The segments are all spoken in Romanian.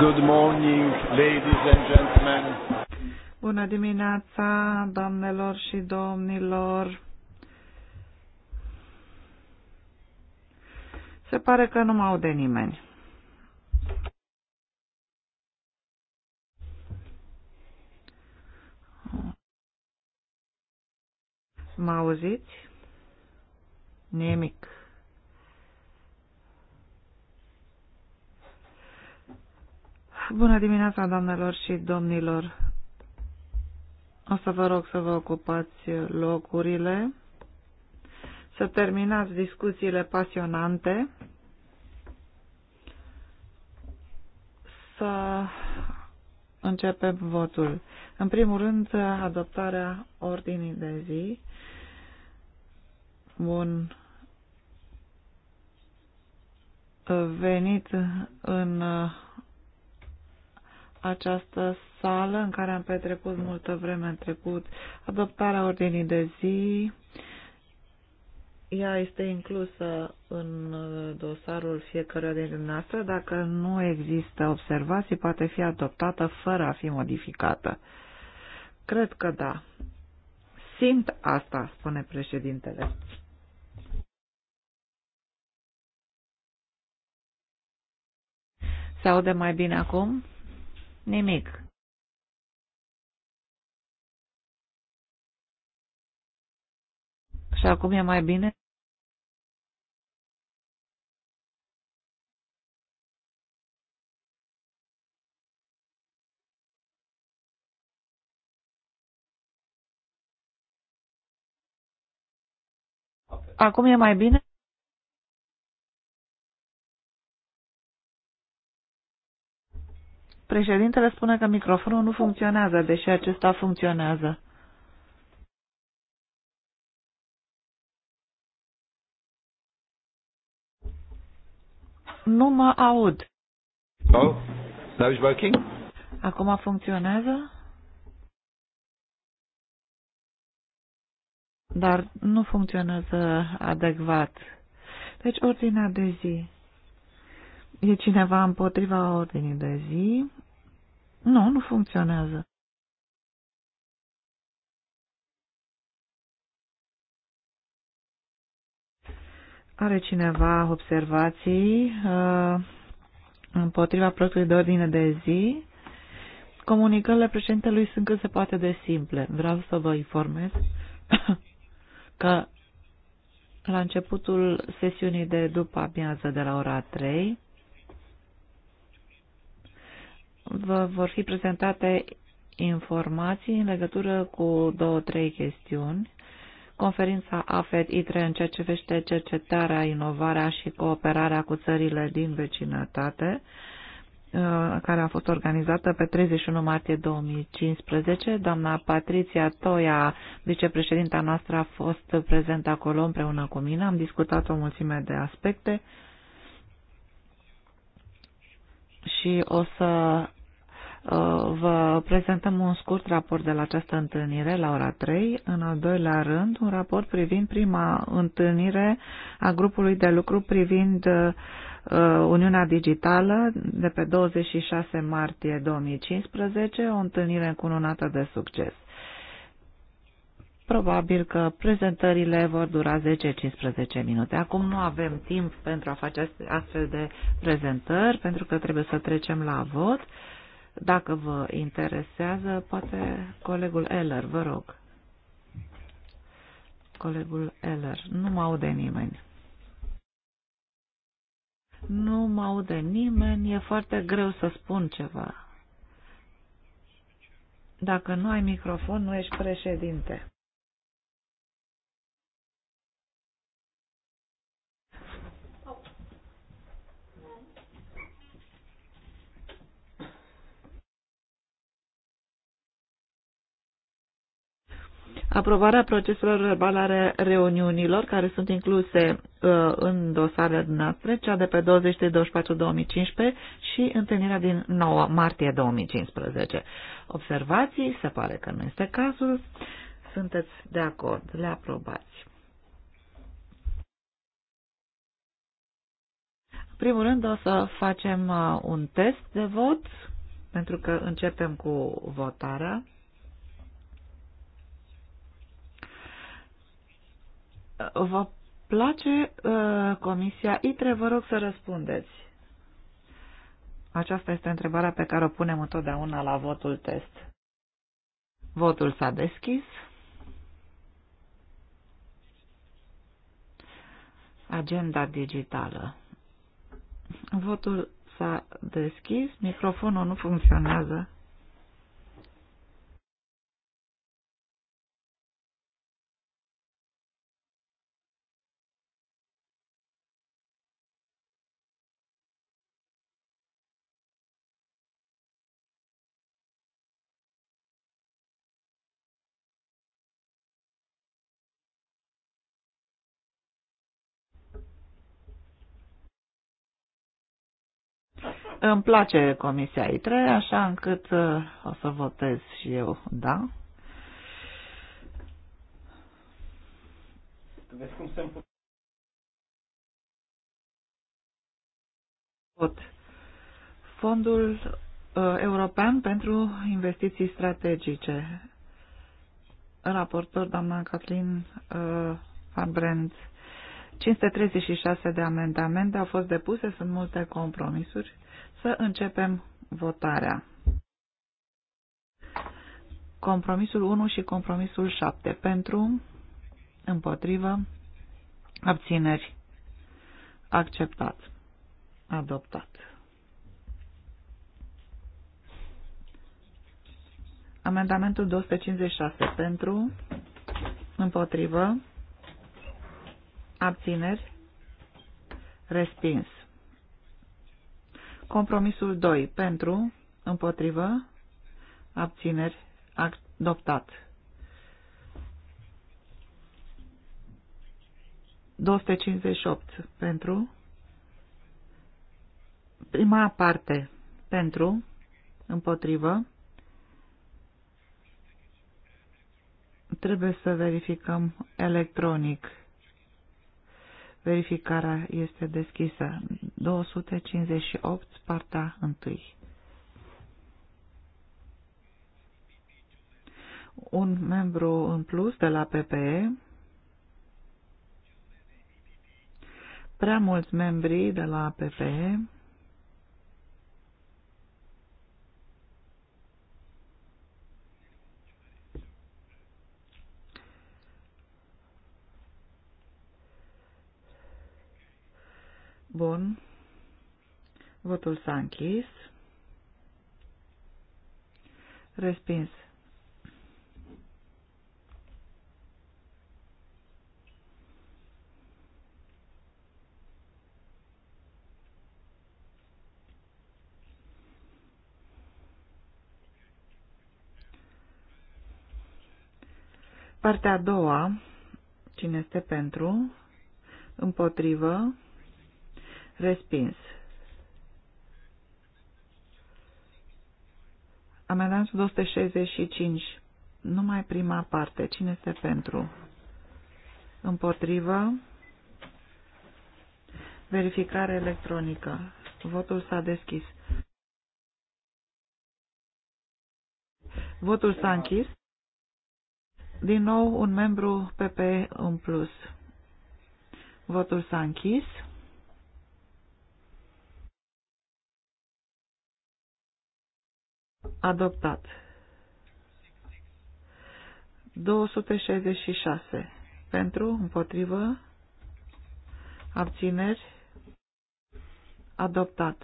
Good morning, ladies and gentlemen. Bună dimineața, doamnelor și domnilor. Se pare că nu mă aude nimeni. Mă auziți? Nimic. Bună dimineața, doamnelor și domnilor. O să vă rog să vă ocupați locurile, să terminați discuțiile pasionante, să începem votul. În primul rând, adoptarea ordinii de zi. Bun venit în această sală în care am petrecut multă vreme în trecut, adoptarea ordinii de zi, ea este inclusă în dosarul fiecăruia dintre dumneavoastră. Dacă nu există observații, poate fi adoptată fără a fi modificată. Cred că da. Simt asta, spune președintele. Se aude mai bine acum? Nimic. Și acum e mai bine? Acum e mai bine? Președintele spune că microfonul nu funcționează, deși acesta funcționează. Nu mă aud. Oh, now it's working? Acum funcționează? Dar nu funcționează adecvat. Deci ordinea de zi. E cineva împotriva ordinii de zi? Nu, nu funcționează. Are cineva observații uh, împotriva proiectului de ordine de zi? Comunicările președintelui sunt cât se poate de simple. Vreau să vă informez că la începutul sesiunii de după amiază de la ora 3 vă vor fi prezentate informații în legătură cu două, trei chestiuni. Conferința AFED-ITRE în ceea ce vește cercetarea, inovarea și cooperarea cu țările din vecinătate, uh, care a fost organizată pe 31 martie 2015. Doamna Patricia Toia, vicepreședinta noastră, a fost prezentă acolo împreună cu mine. Am discutat o mulțime de aspecte și o să Uh, vă prezentăm un scurt raport de la această întâlnire la ora 3, în al doilea rând un raport privind prima întâlnire a grupului de lucru privind uh, uh, Uniunea Digitală de pe 26 martie 2015, o întâlnire încununată de succes. Probabil că prezentările vor dura 10-15 minute. Acum nu avem timp pentru a face astfel de prezentări, pentru că trebuie să trecem la vot. Dacă vă interesează, poate colegul Eller, vă rog. Colegul Eller, nu mă aude nimeni. Nu mă aude nimeni, e foarte greu să spun ceva. Dacă nu ai microfon, nu ești președinte. aprobarea proceselor verbale ale reuniunilor care sunt incluse uh, în dosarele noastre, cea de pe 23-24-2015 și întâlnirea din 9 martie 2015. Observații? Se pare că nu este cazul. Sunteți de acord, le aprobați. În primul rând o să facem uh, un test de vot, pentru că începem cu votarea. Vă place uh, Comisia ITRE? Vă rog să răspundeți. Aceasta este întrebarea pe care o punem întotdeauna la votul test. Votul s-a deschis. Agenda digitală. Votul s-a deschis, microfonul nu funcționează. Îmi place Comisia I3, așa încât uh, o să votez și eu, da. Vezi cum se Vot. Fondul uh, European pentru Investiții Strategice. Raportor doamna Kathleen uh, Van 536 de amendamente au fost depuse, sunt multe compromisuri. Să începem votarea. Compromisul 1 și compromisul 7 pentru, împotrivă, abțineri, acceptat, adoptat. Amendamentul 256 pentru, împotrivă, abțineri, respins. Compromisul 2. Pentru, împotrivă, abțineri, adoptat. 258 pentru prima parte pentru împotrivă trebuie să verificăm electronic Verificarea este deschisă. 258, partea 1. Un membru în plus de la PPE. Prea mulți membri de la PPE. Bun. Votul s-a închis. Respins. Partea a doua, cine este pentru, împotrivă, Respins. Amendamentul 265. Numai prima parte. Cine este pentru? Împotrivă. Verificare electronică. Votul s-a deschis. Votul s-a închis. Din nou un membru PP în plus. Votul s-a închis. Adoptat. 266. Pentru, împotrivă, abțineri, adoptat.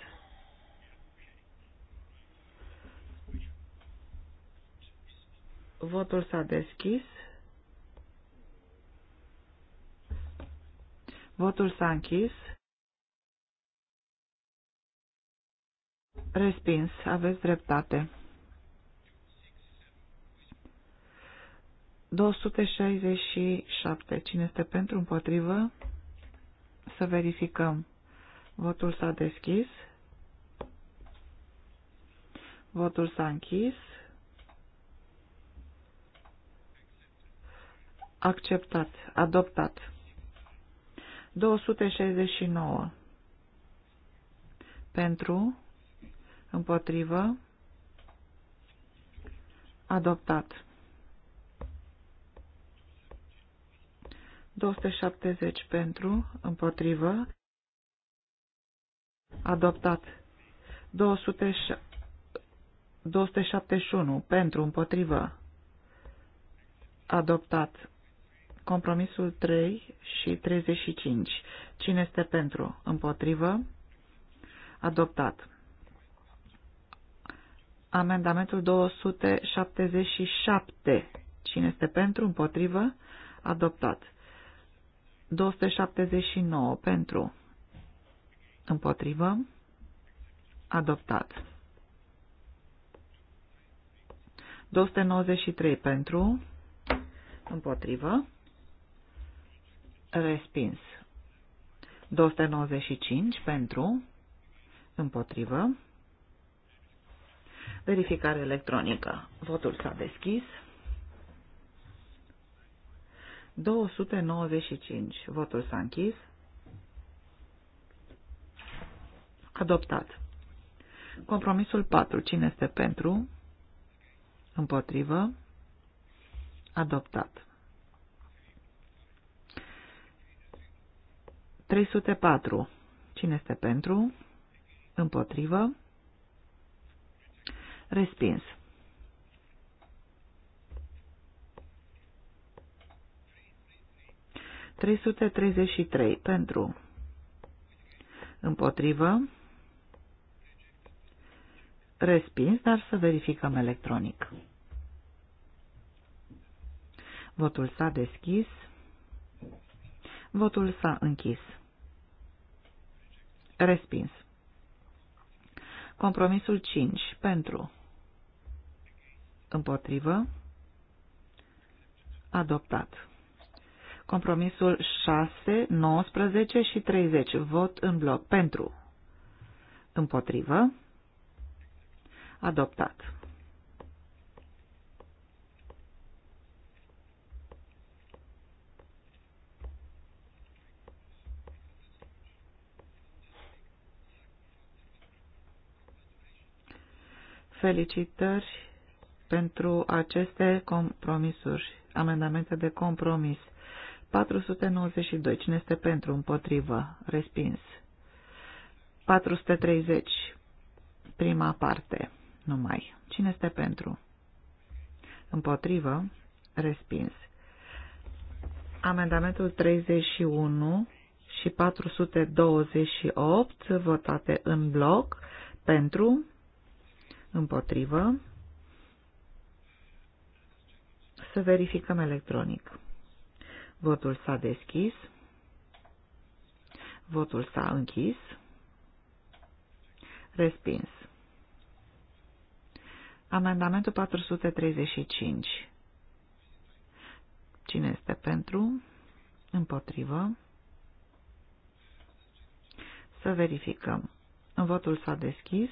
Votul s-a deschis. Votul s-a închis. Respins. Aveți dreptate. 267. Cine este pentru, împotrivă? Să verificăm. Votul s-a deschis. Votul s-a închis. Acceptat. Adoptat. 269. Pentru. Împotrivă. Adoptat. 270 pentru, împotrivă, adoptat. 200, 271 pentru, împotrivă, adoptat. Compromisul 3 și 35. Cine este pentru, împotrivă, adoptat amendamentul 277. Cine este pentru, împotrivă, adoptat. 279 pentru, împotrivă, adoptat. 293 pentru, împotrivă, respins. 295 pentru, împotrivă, Verificare electronică. Votul s-a deschis. 295. Votul s-a închis. Adoptat. Compromisul 4. Cine este pentru? Împotrivă. Adoptat. 304. Cine este pentru? Împotrivă. Respins. 333 pentru împotrivă respins, dar să verificăm electronic. Votul s-a deschis. Votul s-a închis. Respins. Compromisul 5 pentru Împotrivă. Adoptat. Compromisul 6, 19 și 30. Vot în bloc. Pentru. Împotrivă. Adoptat. Felicitări pentru aceste compromisuri, amendamente de compromis. 492. Cine este pentru? Împotrivă. Respins. 430. Prima parte. Numai. Cine este pentru? Împotrivă. Respins. Amendamentul 31 și 428 votate în bloc pentru, împotrivă, să verificăm electronic. Votul s-a deschis. Votul s-a închis. Respins. Amendamentul 435. Cine este pentru? Împotrivă. Să verificăm. Votul s-a deschis.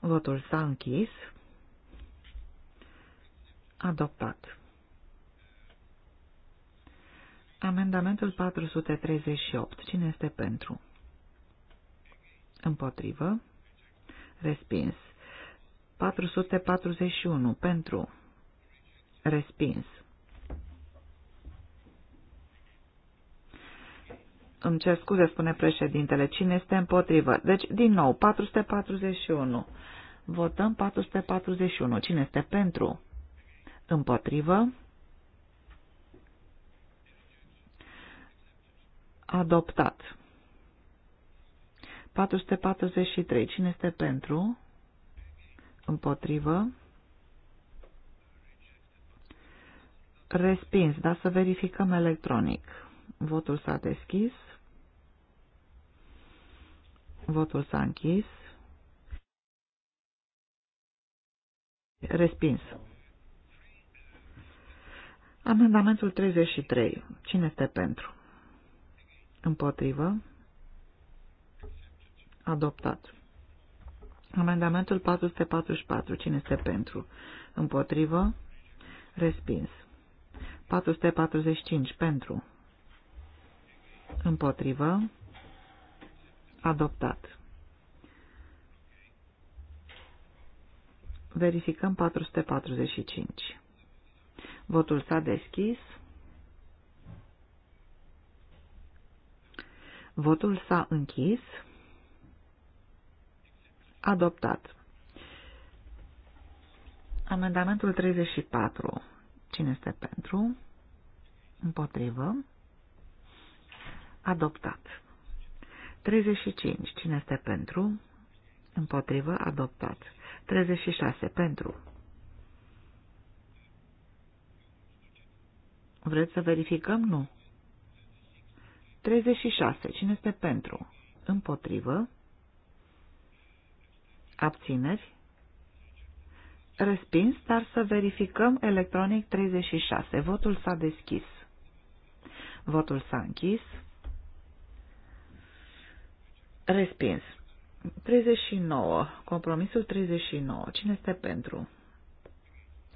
Votul s-a închis. Adoptat. Amendamentul 438. Cine este pentru? Împotrivă. Respins. 441. Pentru. Respins. Îmi cer scuze, spune președintele. Cine este împotrivă? Deci, din nou, 441. Votăm 441. Cine este pentru? Împotrivă. Adoptat. 443. Cine este pentru? Împotrivă. Respins, Da să verificăm electronic. Votul s-a deschis. Votul s-a închis. Respins. Amendamentul 33. Cine este pentru? Împotrivă. Adoptat. Amendamentul 444. Cine este pentru? Împotrivă. Respins. 445. Pentru. Împotrivă. Adoptat. Verificăm 445. Votul s-a deschis. Votul s-a închis. Adoptat. Amendamentul 34. Cine este pentru? Împotrivă. Adoptat. 35. Cine este pentru? Împotrivă. Adoptat. 36. Pentru. Vreți să verificăm? Nu. 36. Cine este pentru? Împotrivă. Abțineri. Respins, dar să verificăm electronic 36. Votul s-a deschis. Votul s-a închis. Respins. 39. Compromisul 39. Cine este pentru?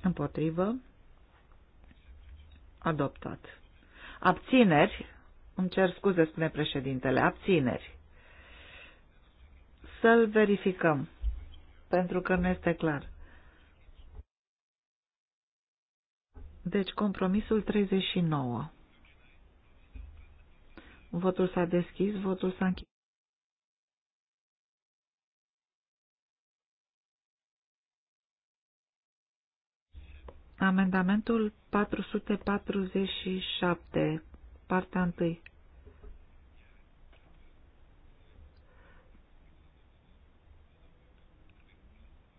Împotrivă. Adoptat. Abțineri. Îmi cer scuze, spune președintele. Abțineri. Să-l verificăm, pentru că nu este clar. Deci, compromisul 39. Votul s-a deschis, votul s-a închis. Amendamentul 447, partea 1.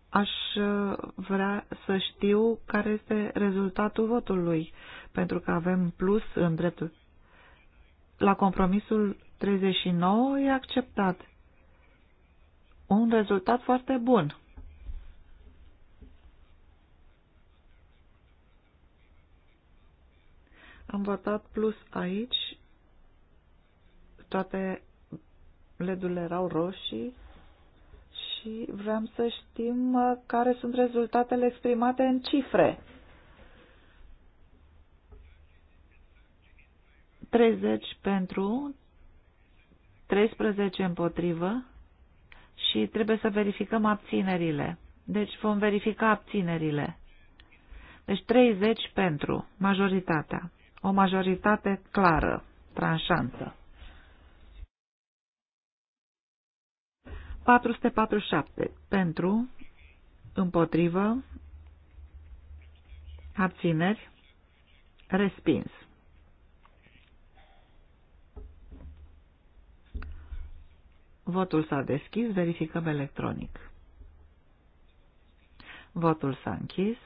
Aș uh, vrea să știu care este rezultatul votului, pentru că avem plus în dreptul. La compromisul 39 e acceptat. Un rezultat foarte bun. Am votat plus aici. Toate ledurile erau roșii și vreau să știm uh, care sunt rezultatele exprimate în cifre. 30 pentru, 13 împotrivă și trebuie să verificăm abținerile. Deci vom verifica abținerile. Deci 30 pentru, majoritatea o majoritate clară, tranșantă. 447. Pentru, împotrivă, abțineri, respins. Votul s-a deschis, verificăm electronic. Votul s-a închis.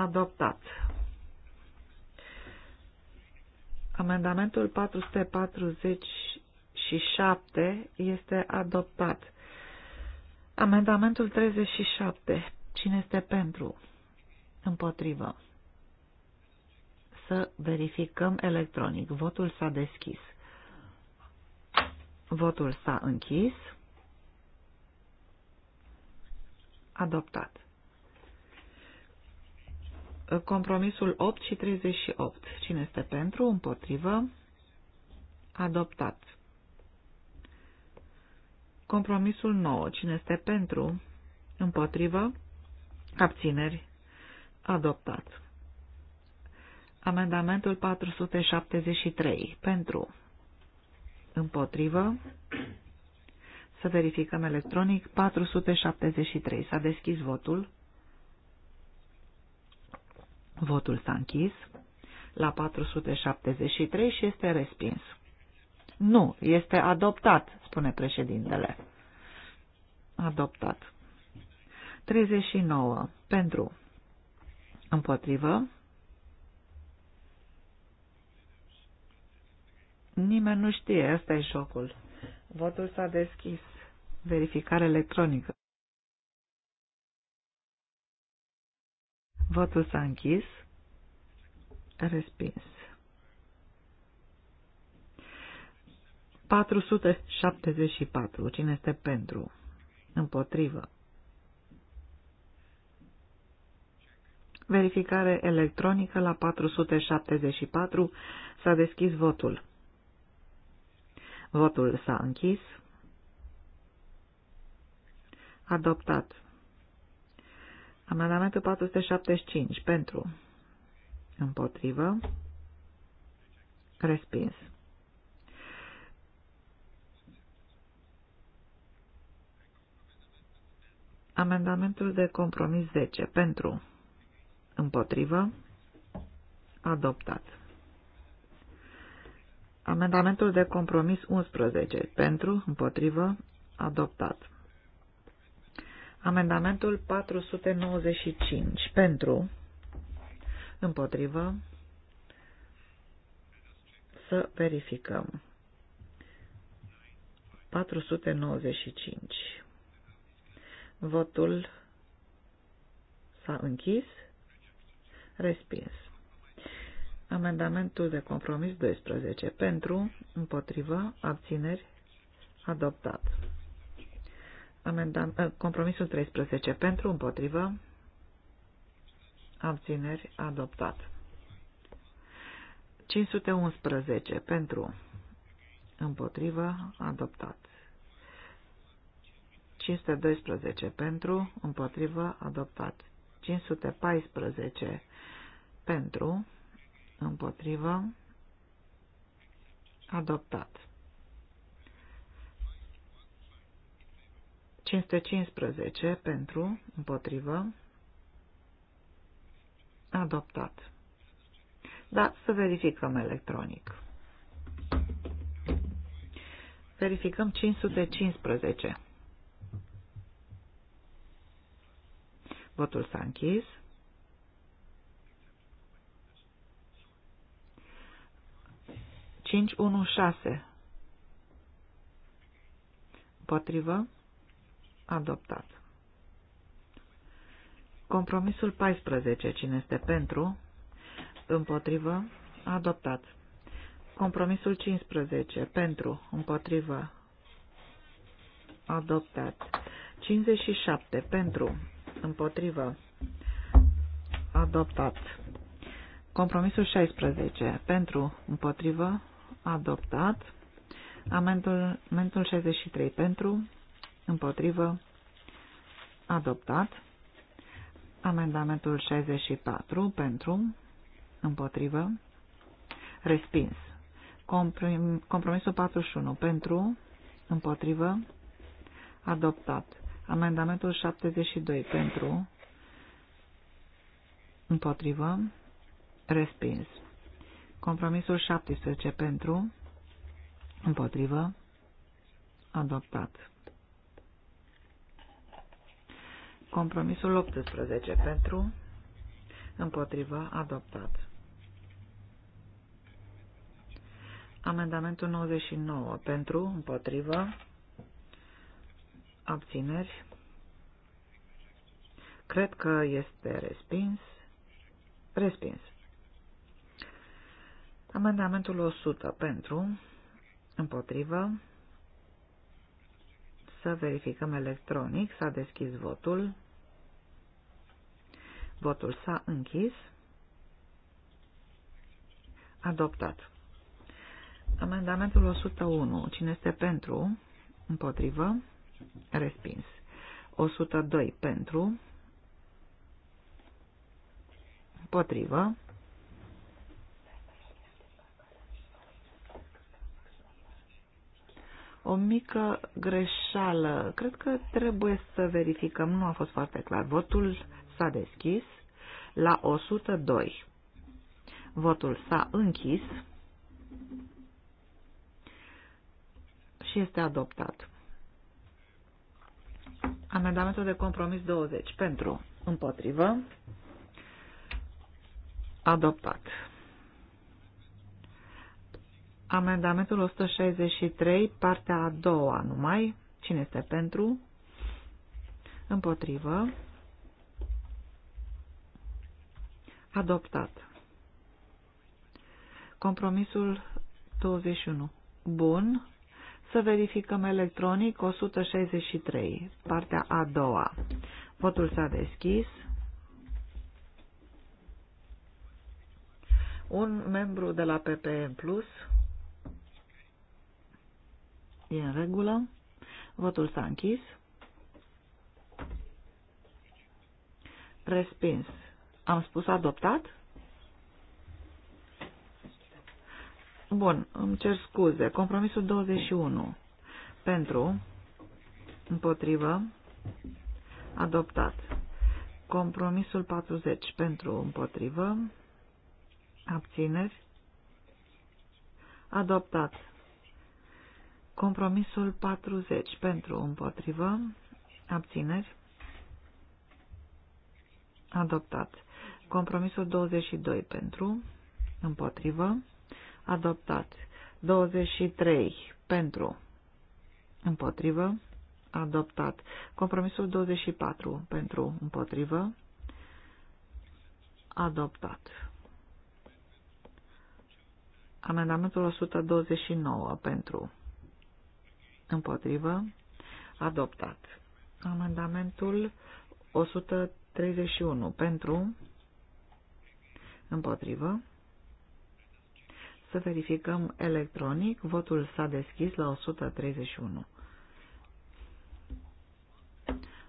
adoptat. Amendamentul 447 este adoptat. Amendamentul 37. Cine este pentru? Împotrivă. Să verificăm electronic. Votul s-a deschis. Votul s-a închis. Adoptat compromisul 8 și 38. Cine este pentru, împotrivă, adoptat. Compromisul 9. Cine este pentru, împotrivă, abțineri, adoptat. Amendamentul 473. Pentru, împotrivă, să verificăm electronic, 473. S-a deschis votul. Votul s-a închis la 473 și este respins. Nu, este adoptat, spune președintele. Adoptat. 39. Pentru. Împotrivă. Nimeni nu știe, Asta e șocul. Votul s-a deschis. Verificare electronică. Votul s-a închis. Respins. 474. Cine este pentru? Împotrivă. Verificare electronică la 474. S-a deschis votul. Votul s-a închis. Adoptat. Amendamentul 475 pentru împotrivă respins. Amendamentul de compromis 10 pentru împotrivă adoptat. Amendamentul de compromis 11 pentru împotrivă adoptat. Amendamentul 495 pentru, împotrivă, să verificăm. 495. Votul s-a închis, respins. Amendamentul de compromis 12 pentru, împotrivă, abțineri, adoptat. Amendam, uh, compromisul 13. Pentru, împotrivă, abțineri, adoptat. 511. Pentru, împotrivă, adoptat. 512. Pentru, împotrivă, adoptat. 514. Pentru, împotrivă, adoptat. 515 pentru, împotrivă, adoptat. Da, să verificăm electronic. Verificăm 515. Votul s-a închis. Cinci, unu, șase. Potrivă adoptat. Compromisul 14. Cine este pentru? Împotrivă. Adoptat. Compromisul 15. Pentru. Împotrivă. Adoptat. 57. Pentru. Împotrivă. Adoptat. Compromisul 16. Pentru. Împotrivă. Adoptat. Amendul, 63. Pentru împotrivă, adoptat. Amendamentul 64 pentru, împotrivă, respins. Comprim, compromisul 41 pentru, împotrivă, adoptat. Amendamentul 72 pentru, împotrivă, respins. Compromisul 17 pentru, împotrivă, adoptat. Compromisul 18 pentru, împotriva, adoptat. Amendamentul 99 pentru, împotriva, abțineri. Cred că este respins. Respins. Amendamentul 100 pentru, împotrivă, să verificăm electronic. S-a deschis votul. Votul s-a închis. Adoptat. Amendamentul 101. Cine este pentru? Împotrivă? Respins. 102 pentru? Împotrivă? o mică greșeală. Cred că trebuie să verificăm, nu a fost foarte clar. Votul s-a deschis la 102. Votul s-a închis și este adoptat. Amendamentul de compromis 20 pentru împotrivă adoptat. Amendamentul 163, partea a doua numai. Cine este pentru? Împotrivă. Adoptat. Compromisul 21. Bun. Să verificăm electronic 163, partea a doua. Votul s-a deschis. Un membru de la PPM Plus E în regulă. Votul s-a închis. Respins. Am spus adoptat? Bun, îmi cer scuze. Compromisul 21. Pentru, împotrivă, adoptat. Compromisul 40. Pentru, împotrivă, abțineri, adoptat. Compromisul 40 pentru împotrivă, abțineri, adoptat. Compromisul 22 pentru împotrivă, adoptat. 23 pentru împotrivă, adoptat. Compromisul 24 pentru împotrivă, adoptat. Amendamentul 129 pentru Împotrivă. Adoptat. Amendamentul 131. Pentru. Împotrivă. Să verificăm electronic. Votul s-a deschis la 131.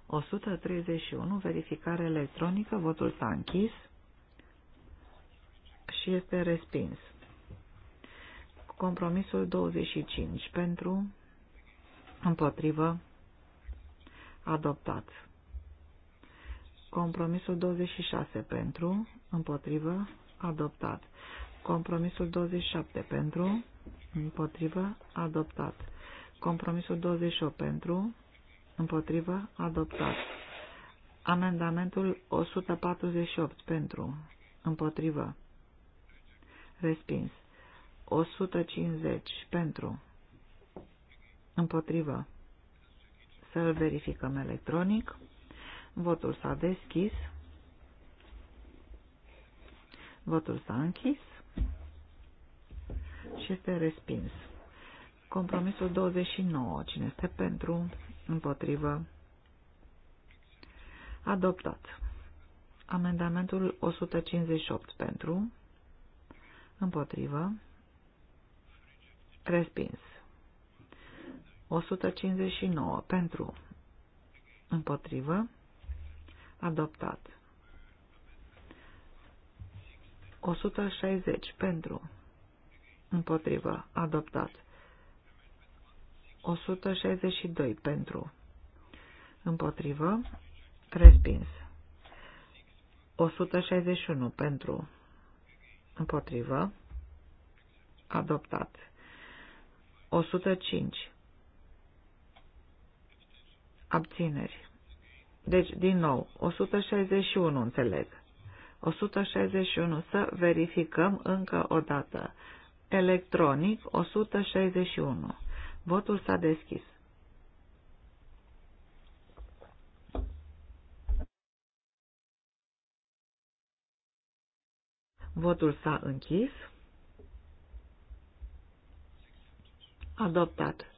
131. Verificare electronică. Votul s-a închis și este respins. Compromisul 25. Pentru împotrivă, adoptat. Compromisul 26 pentru, împotrivă, adoptat. Compromisul 27 pentru, împotrivă, adoptat. Compromisul 28 pentru, împotrivă, adoptat. Amendamentul 148 pentru, împotrivă, respins. 150 pentru, Împotrivă. Să-l verificăm electronic. Votul s-a deschis. Votul s-a închis și este respins. Compromisul 29. Cine este pentru? Împotrivă? Adoptat. Amendamentul 158 pentru? Împotrivă? Respins. 159 pentru împotrivă adoptat 160 pentru împotrivă adoptat 162 pentru împotrivă respins 161 pentru împotrivă adoptat 105 Abțineri. Deci, din nou, 161, înțeleg. 161, să verificăm încă o dată. Electronic, 161. Votul s-a deschis. Votul s-a închis. Adoptat.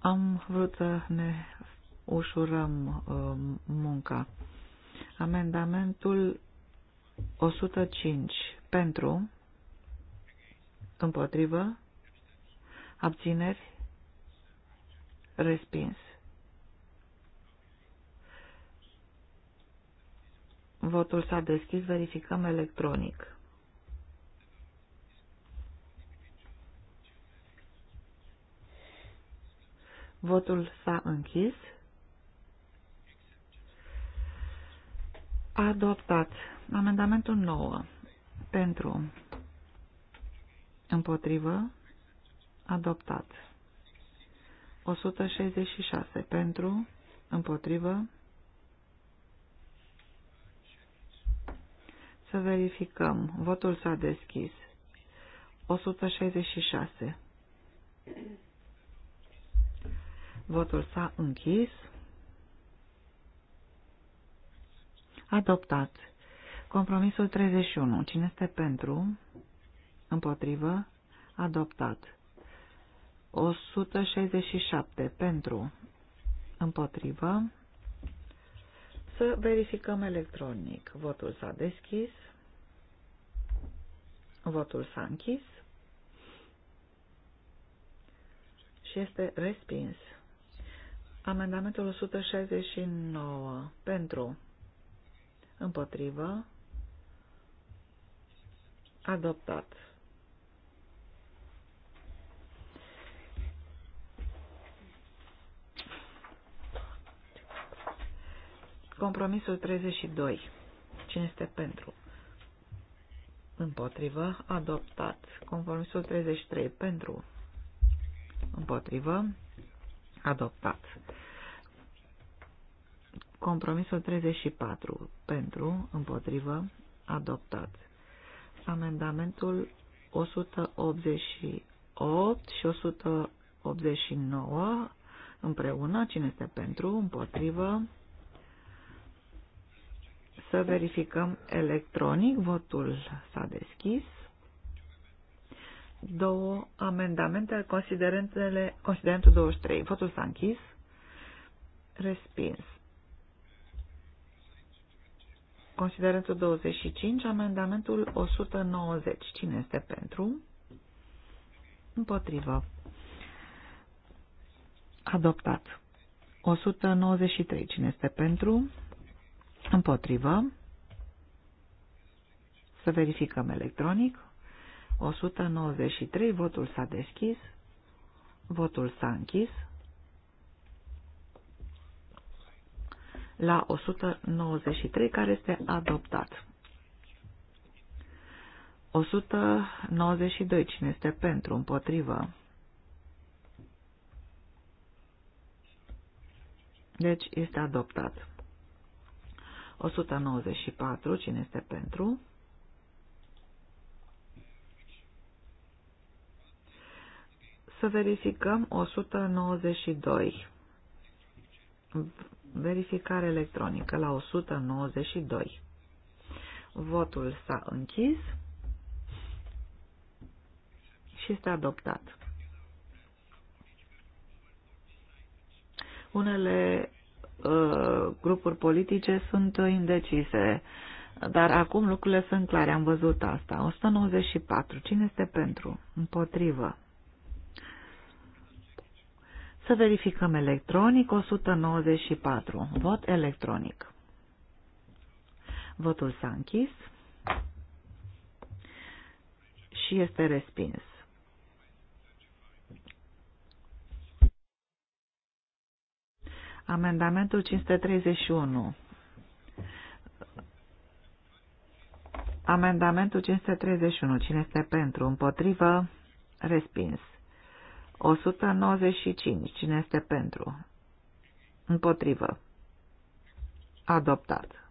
Am vrut să ne ușurăm uh, munca. Amendamentul 105 pentru, împotrivă, abțineri, respins. Votul s-a deschis, verificăm electronic. Votul s-a închis. Adoptat. Amendamentul 9. Pentru. Împotrivă. Adoptat. 166. Pentru. Împotrivă. Să verificăm. Votul s-a deschis. 166. Votul s-a închis. Adoptat. Compromisul 31. Cine este pentru? Împotrivă. Adoptat. 167. Pentru. Împotrivă. Să verificăm electronic. Votul s-a deschis. Votul s-a închis. Și este respins. Amendamentul 169 pentru împotrivă adoptat. Compromisul 32. Cine este pentru? Împotrivă. Adoptat. Compromisul 33. Pentru. Împotrivă adoptat. Compromisul 34 pentru, împotrivă, adoptat. Amendamentul 188 și 189 împreună, cine este pentru, împotrivă, să verificăm electronic, votul s-a deschis două amendamente, considerentele, considerentul 23. Votul s-a închis. Respins. Considerentul 25, amendamentul 190. Cine este pentru? Împotrivă. Adoptat. 193. Cine este pentru? Împotrivă. Să verificăm electronic. 193, votul s-a deschis, votul s-a închis. La 193, care este adoptat. 192, cine este pentru, împotrivă. Deci este adoptat. 194, cine este pentru, Să verificăm 192. Verificare electronică la 192. Votul s-a închis și este adoptat. Unele uh, grupuri politice sunt indecise, dar acum lucrurile sunt clare, am văzut asta. 194. Cine este pentru? Împotrivă. Să verificăm electronic 194. Vot electronic. Votul s-a închis și este respins. Amendamentul 531. Amendamentul 531. Cine este pentru? Împotrivă? Respins. 195. Cine este pentru? Împotrivă. Adoptat.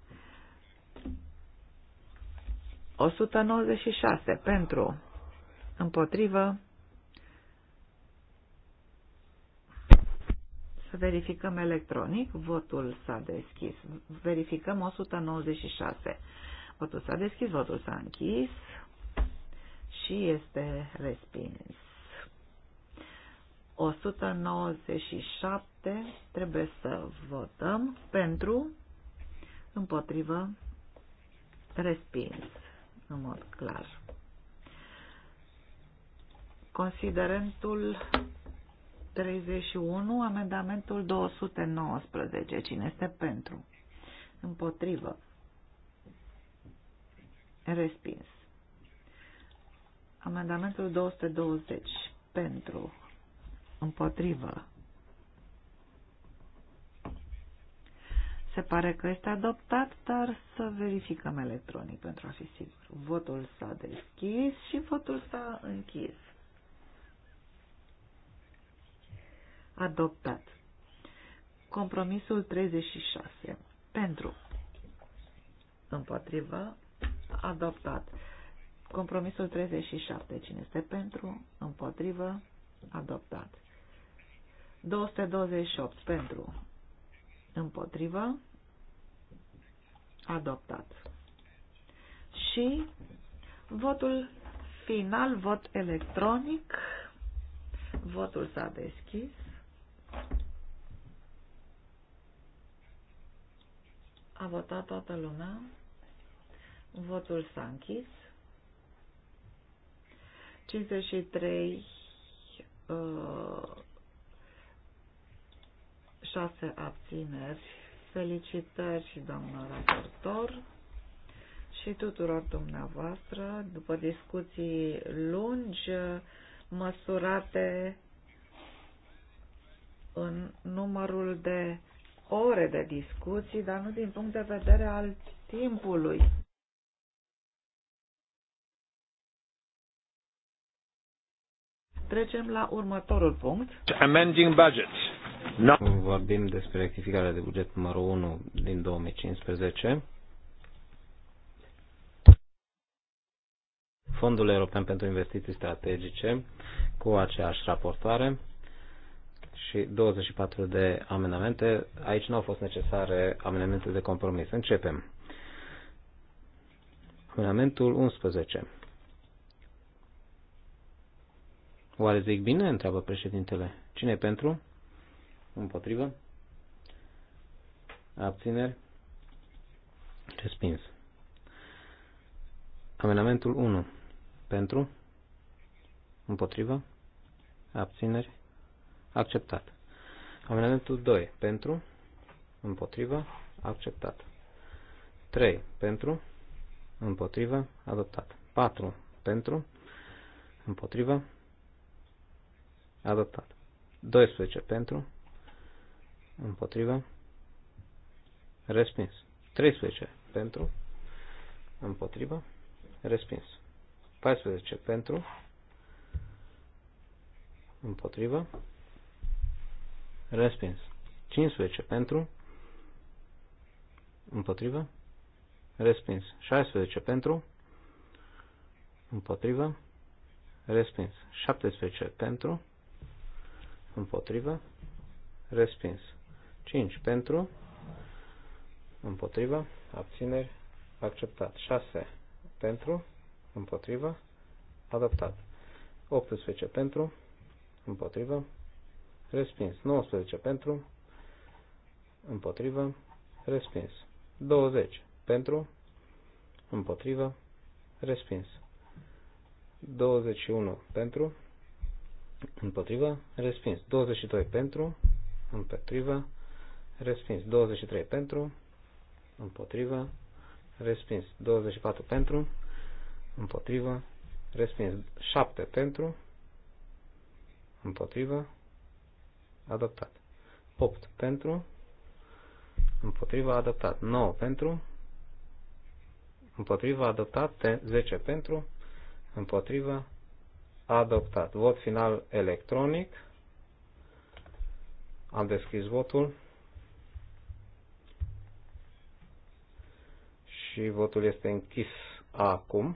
196. Pentru. Împotrivă. Să verificăm electronic. Votul s-a deschis. Verificăm 196. Votul s-a deschis, votul s-a închis și este respins. 197 trebuie să votăm pentru, împotrivă, respins în mod clar. Considerentul 31, amendamentul 219. Cine este pentru? Împotrivă. Respins. Amendamentul 220. Pentru. Împotrivă. Se pare că este adoptat, dar să verificăm electronic pentru a fi sigur. Votul s-a deschis și votul s-a închis. Adoptat. Compromisul 36. Pentru. Împotrivă. Adoptat. Compromisul 37. Cine este pentru? Împotrivă. Adoptat. 228 pentru, împotrivă, adoptat. Și votul final, vot electronic, votul s-a deschis. A votat toată lumea. Votul s-a închis. 53 uh, șase abțineri. Felicitări și doamnă raportor și tuturor dumneavoastră după discuții lungi, măsurate în numărul de ore de discuții, dar nu din punct de vedere al timpului. Trecem la următorul punct. Amending budgets. Da. Vorbim despre rectificarea de buget numărul 1 din 2015. Fondul European pentru Investiții Strategice cu aceeași raportare și 24 de amendamente. Aici nu au fost necesare amendamente de compromis. Începem. Amendamentul 11. Oare zic bine? Întreabă președintele. Cine e pentru? Împotrivă. Abțineri. Respins. Amenamentul 1. Pentru. Împotrivă. Abțineri. Acceptat. Amendamentul 2. Pentru. Împotrivă. Acceptat. 3. Pentru. Împotrivă. Adoptat. 4. Pentru. Împotrivă. Adoptat. 12. Pentru împotriva, respins. 13 pentru, împotriva, respins. 14 pentru, împotriva, respins. 15 pentru, împotriva, respins. 16 pentru, împotriva, respins. 17 pentru, împotriva, respins. 5 pentru, împotriva, abțineri, acceptat. 6 pentru, împotriva, adoptat. 18 pentru, împotriva, respins. 19 pentru, împotriva, respins. 20 pentru, împotriva, respins. 21 pentru, împotriva, respins. 22 pentru, împotriva, respins 23 pentru, împotrivă, respins 24 pentru, împotrivă, respins 7 pentru, împotrivă, adoptat 8 pentru, împotrivă, adoptat 9 pentru, împotrivă, adoptat 10 pentru, împotrivă, adoptat. Vot final electronic. Am deschis votul. și votul este închis acum.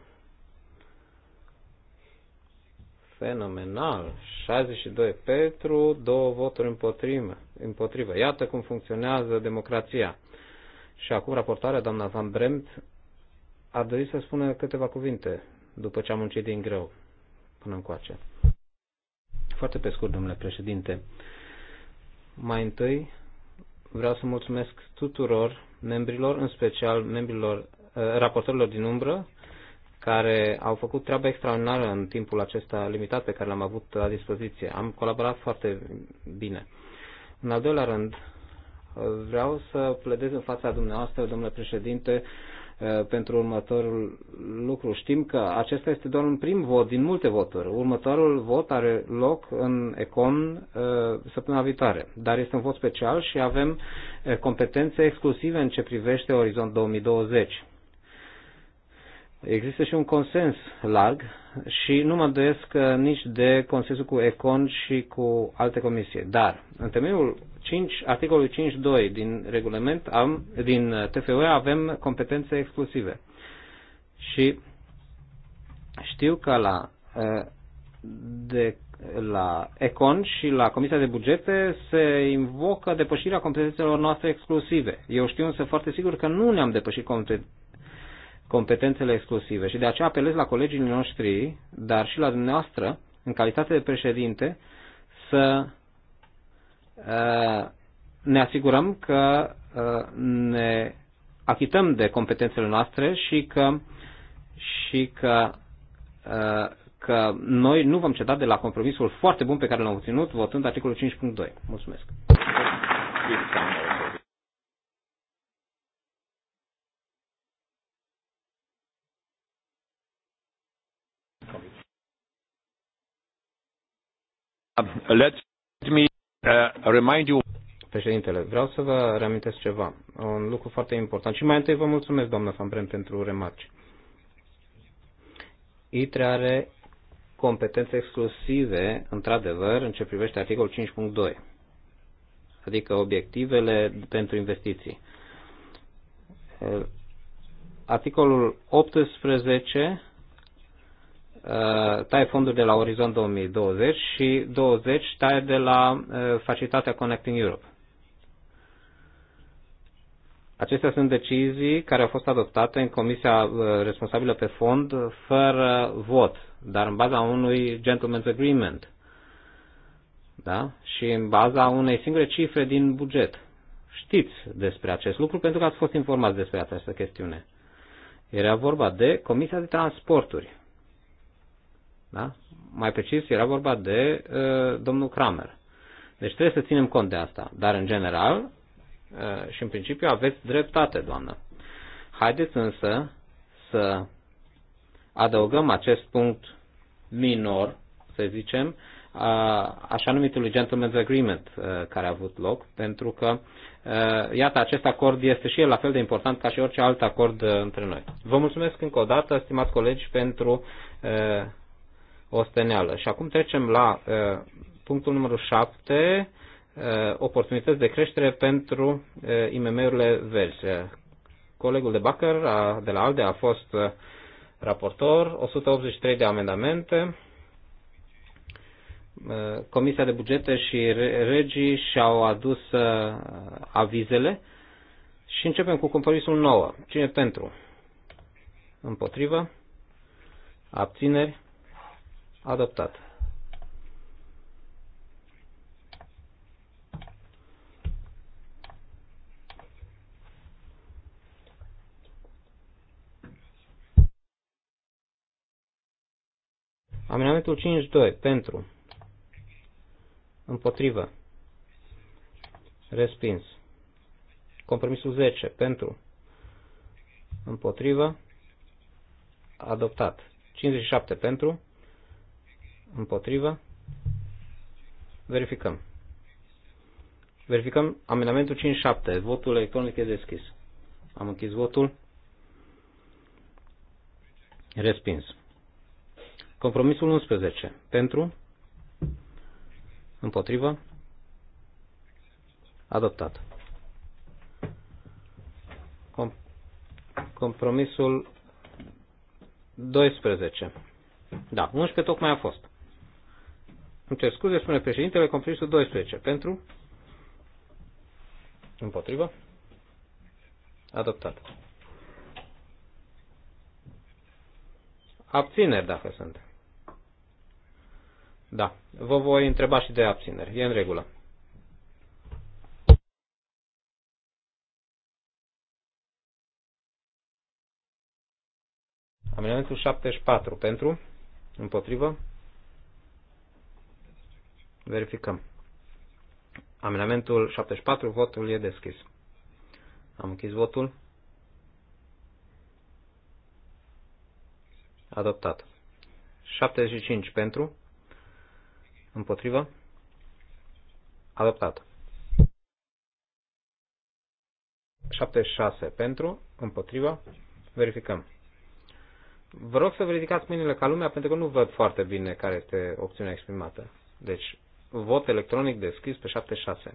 Fenomenal! 62 pentru, două voturi împotrivă. împotrivă. Iată cum funcționează democrația. Și acum raportarea, doamna Van Bremt, a dorit să spună câteva cuvinte după ce am muncit din greu până încoace. Foarte pe scurt, domnule președinte. Mai întâi, vreau să mulțumesc tuturor membrilor, în special membrilor, eh, raportorilor din umbră, care au făcut treaba extraordinară în timpul acesta limitat pe care l-am avut la dispoziție. Am colaborat foarte bine. În al doilea rând, eh, vreau să pledez în fața dumneavoastră, domnule președinte, Uh, pentru următorul lucru. Știm că acesta este doar un prim vot din multe voturi. Următorul vot are loc în Econ uh, săptămâna viitoare, dar este un vot special și avem uh, competențe exclusive în ce privește Orizont 2020. Există și un consens larg și nu mă doiesc uh, nici de consensul cu Econ și cu alte comisii. Dar, în temeiul 5, articolul 5.2 din regulament, am, din TFUE, avem competențe exclusive. Și știu că la, uh, de, la Econ și la Comisia de Bugete se invocă depășirea competențelor noastre exclusive. Eu știu însă foarte sigur că nu ne-am depășit competențele exclusive. Și de aceea apelez la colegii noștri, dar și la dumneavoastră, în calitate de președinte, să uh, ne asigurăm că uh, ne achităm de competențele noastre și că, și că, uh, că noi nu vom ceda de la compromisul foarte bun pe care l-am obținut votând articolul 5.2. Mulțumesc! Uh, let me uh, remind you. Președintele, vreau să vă reamintesc ceva, un lucru foarte important. Și mai întâi vă mulțumesc, doamnă Fambrem, pentru remarci. ITRE are competențe exclusive, într-adevăr, în ce privește articolul 5.2, adică obiectivele pentru investiții. Uh, articolul 18 Uh, tai fonduri de la Orizont 2020 și 20 tai de la uh, facilitatea Connecting Europe. Acestea sunt decizii care au fost adoptate în comisia uh, responsabilă pe fond fără vot, dar în baza unui gentleman's agreement. Da? Și în baza unei singure cifre din buget. Știți despre acest lucru pentru că ați fost informați despre această chestiune. Era vorba de Comisia de Transporturi. Da? Mai precis, era vorba de uh, domnul Kramer. Deci trebuie să ținem cont de asta. Dar, în general, uh, și în principiu, aveți dreptate, doamnă. Haideți însă să adăugăm acest punct minor, să zicem, așa numitului gentleman's agreement uh, care a avut loc, pentru că, uh, iată, acest acord este și el la fel de important ca și orice alt acord uh, între noi. Vă mulțumesc încă o dată, stimați colegi, pentru osteneală. Și acum trecem la uh, punctul numărul 7, uh, oportunități de creștere pentru uh, IMM-urile verzi. colegul de Bacăr de la ALDE a fost raportor, 183 de amendamente. Comisia de bugete și regii și-au adus avizele și începem cu compromisul 9. Cine pentru? Împotrivă? Abțineri? Adoptat. Amendamentul 5.2. Pentru. Împotrivă. Respins. Compromisul 10. Pentru. Împotrivă. Adoptat. 57 pentru. Împotrivă. Verificăm. Verificăm amendamentul 57. Votul electronic e deschis. Am închis votul. Respins. Compromisul 11. Pentru. Împotrivă. Adoptat. Com compromisul 12. Da, 11 tocmai a fost. Îmi cer scuze, spune președintele, compromisul 12. Pentru? Împotrivă? Adoptat. Abțineri, dacă sunt. Da. Vă voi întreba și de abțineri. E în regulă. Amendamentul 74 pentru, împotrivă, Verificăm. Amendamentul 74, votul e deschis. Am închis votul. Adoptat. 75 pentru. Împotrivă. Adoptat. 76 pentru. Împotrivă. Verificăm. Vă rog să vă ridicați mâinile ca lumea pentru că nu văd foarte bine care este opțiunea exprimată. Deci, Vot electronic deschis pe 76.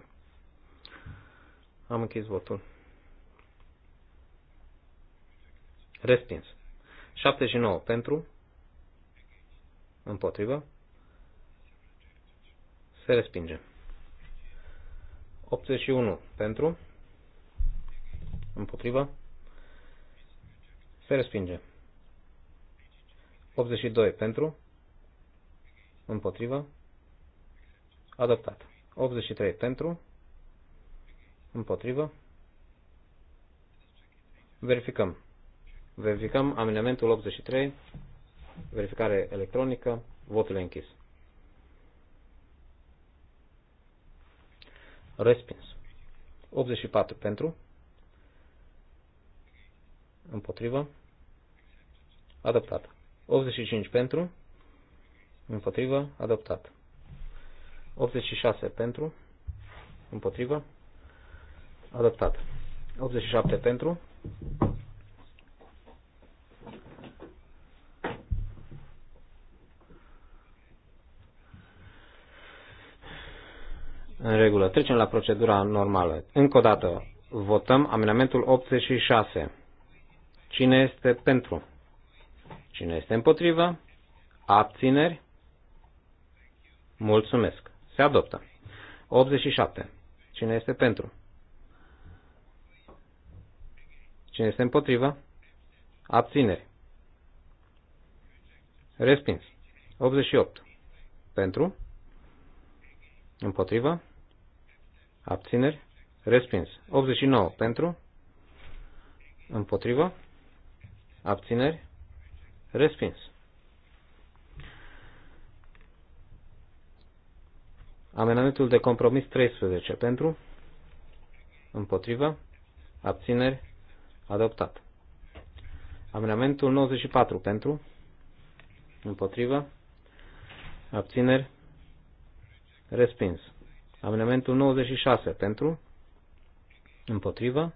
Am închis votul. Respins. 79 pentru. Împotrivă. Se respinge. 81 pentru. Împotrivă. Se respinge. 82 pentru. Împotrivă. Adoptat. 83 pentru. Împotrivă. Verificăm. Verificăm amendamentul 83. Verificare electronică. Votul e închis. Respins. 84 pentru. Împotrivă. Adoptat. 85 pentru. Împotrivă. Adoptat. 86 pentru, împotrivă, adaptat. 87 pentru, În regulă. Trecem la procedura normală. Încă o dată, votăm amendamentul 86. Cine este pentru? Cine este împotrivă? Abțineri? Mulțumesc. Se adoptă. 87. Cine este pentru? Cine este împotrivă? Abțineri. Respins. 88. Pentru? Împotrivă? Abțineri? Respins. 89. Pentru? Împotrivă? Abțineri? Respins. Amendamentul de compromis 13 pentru, împotrivă, abțineri, adoptat. Amendamentul 94 pentru, împotrivă, abțineri, respins. Amendamentul 96 pentru, împotrivă,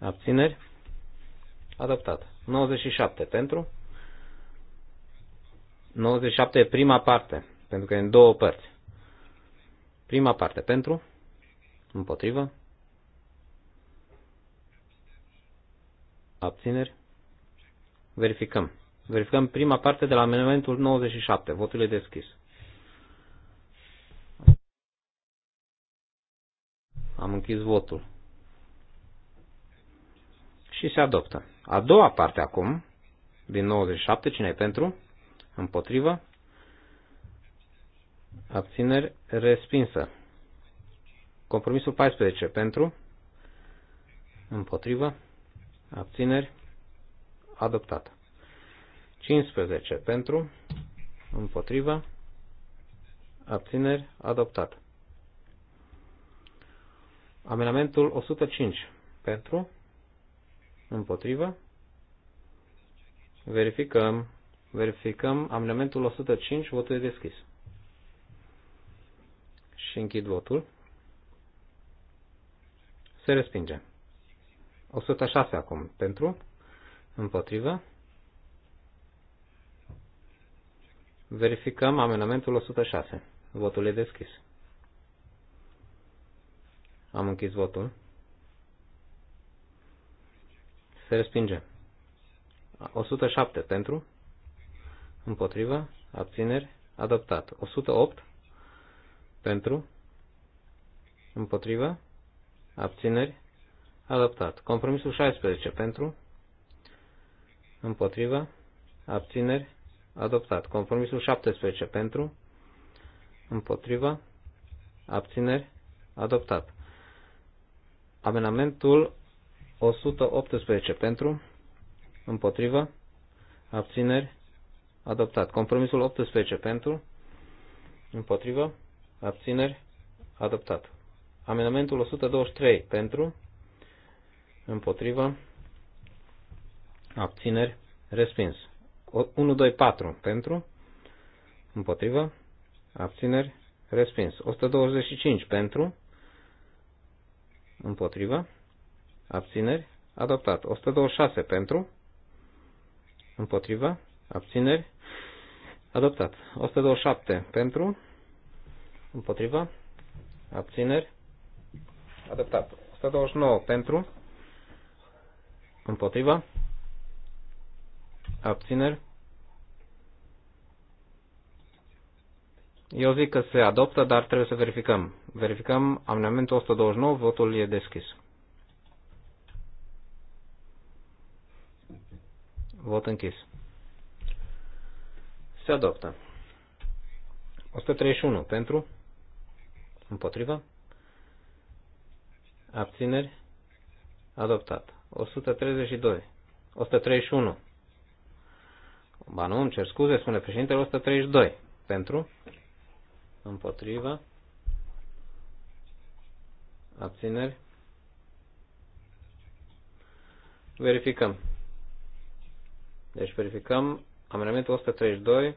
abțineri, adoptat. 97 pentru, 97 prima parte, pentru că e în două părți. Prima parte pentru, împotrivă, abțineri. Verificăm. Verificăm prima parte de la amendamentul 97. Votul e deschis. Am închis votul. Și se adoptă. A doua parte acum, din 97, cine e pentru? Împotrivă? abțineri, respinsă. Compromisul 14 pentru, împotrivă, abțineri, adoptat. 15 pentru, împotrivă, abțineri, adoptat. Amenamentul 105 pentru, împotrivă, verificăm, verificăm amenamentul 105, votul e deschis și închid votul. Se respinge. 106 acum pentru, împotrivă. Verificăm amenamentul 106. Votul e deschis. Am închis votul. Se respinge. 107 pentru, împotrivă, abțineri, adoptat. 108 pentru? Împotrivă? Abțineri? Adoptat. Compromisul 16. Pentru? Împotrivă? Abțineri? Adoptat. Compromisul 17. Pentru? Împotrivă? Abțineri? Adoptat. Amenamentul 118. Pentru? Împotrivă? Abțineri? Adoptat. Compromisul 18. Pentru? Împotrivă? abțineri, adoptat. Amendamentul 123 pentru, împotriva, abțineri, respins. 124 pentru, împotriva, abțineri, respins. 125 pentru, împotriva, abțineri, adoptat. 126 pentru, împotriva, abțineri, adoptat. 127 pentru, Împotriva. Abțineri. Adoptat. 129 pentru. Împotriva. Abțineri. Eu zic că se adoptă, dar trebuie să verificăm. Verificăm amendamentul 129, votul e deschis. Vot închis. Se adoptă. 131 pentru. Împotrivă? Abțineri? Adoptat. 132. 131. Ba nu, îmi cer scuze, spune președintele 132. Pentru? Împotrivă? Abțineri? Verificăm. Deci verificăm amendamentul 132,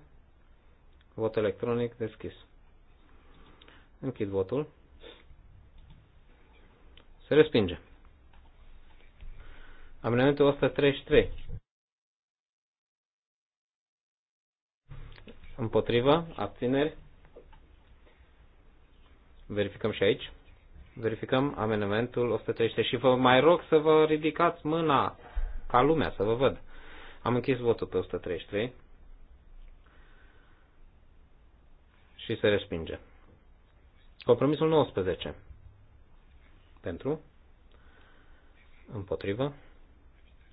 vot electronic deschis. Închid votul. Se respinge. Amendamentul 133. Împotriva, abțineri. Verificăm și aici. Verificăm amendamentul 133 și vă mai rog să vă ridicați mâna ca lumea să vă văd. Am închis votul pe 133 și se respinge. Compromisul 19. Pentru. Împotrivă.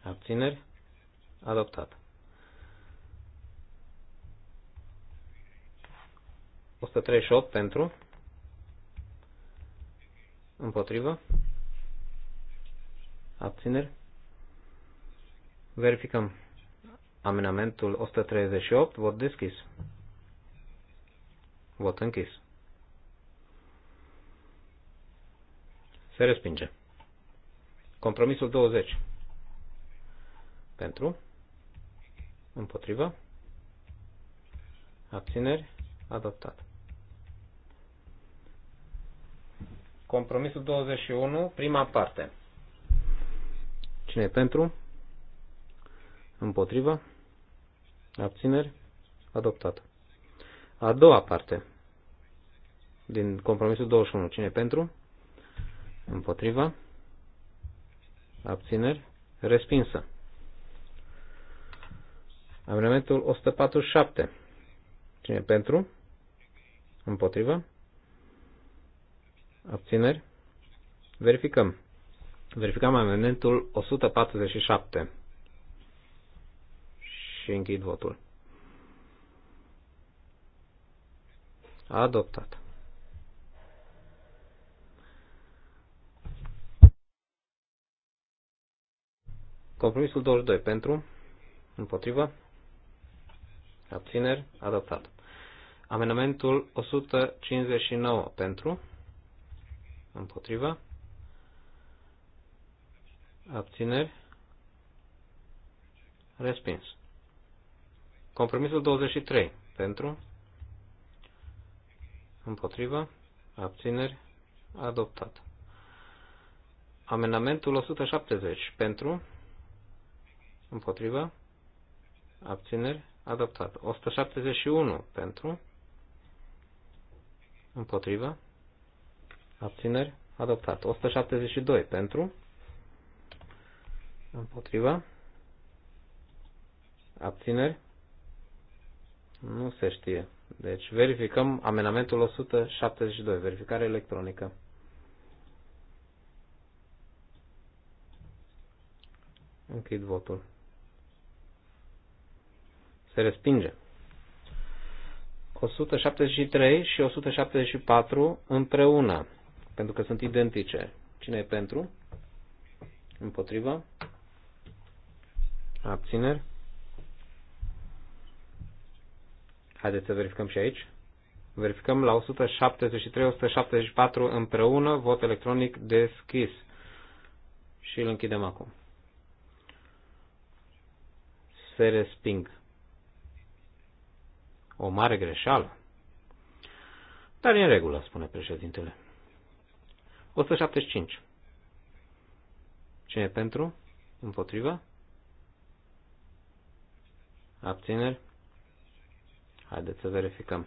Abțineri. Adoptat. 138 pentru. Împotrivă. Abțineri. Verificăm. Amenamentul 138. Vot deschis. Vot închis. Se respinge. Compromisul 20. Pentru. Împotrivă. Abțineri. Adoptat. Compromisul 21, prima parte. Cine e pentru? Împotrivă. Abțineri. Adoptat. A doua parte. Din compromisul 21. Cine e pentru? Împotriva. Abțineri. Respinsă. Amendamentul 147. Cine pentru? Împotriva. Abțineri. Verificăm. Verificăm amendamentul 147. Și închid votul. Adoptat. Compromisul 22 pentru, împotrivă, abțineri, adoptat. Amendamentul 159 pentru, împotrivă, abțineri, respins. Compromisul 23 pentru, împotrivă, abțineri, adoptat. Amendamentul 170 pentru, împotrivă, abțineri, adoptat. 171 pentru, împotrivă, abțineri, adoptat. 172 pentru, împotrivă, abțineri, nu se știe. Deci verificăm amenamentul 172, verificare electronică. Închid votul. Se respinge. 173 și 174 împreună, pentru că sunt identice. Cine e pentru? Împotriva? Abțineri? Haideți să verificăm și aici. Verificăm la 173-174 împreună, vot electronic deschis. Și îl închidem acum. Se resping o mare greșeală. Dar e în regulă, spune președintele. 175. Cine e pentru? Împotrivă? Abțineri? Haideți să verificăm.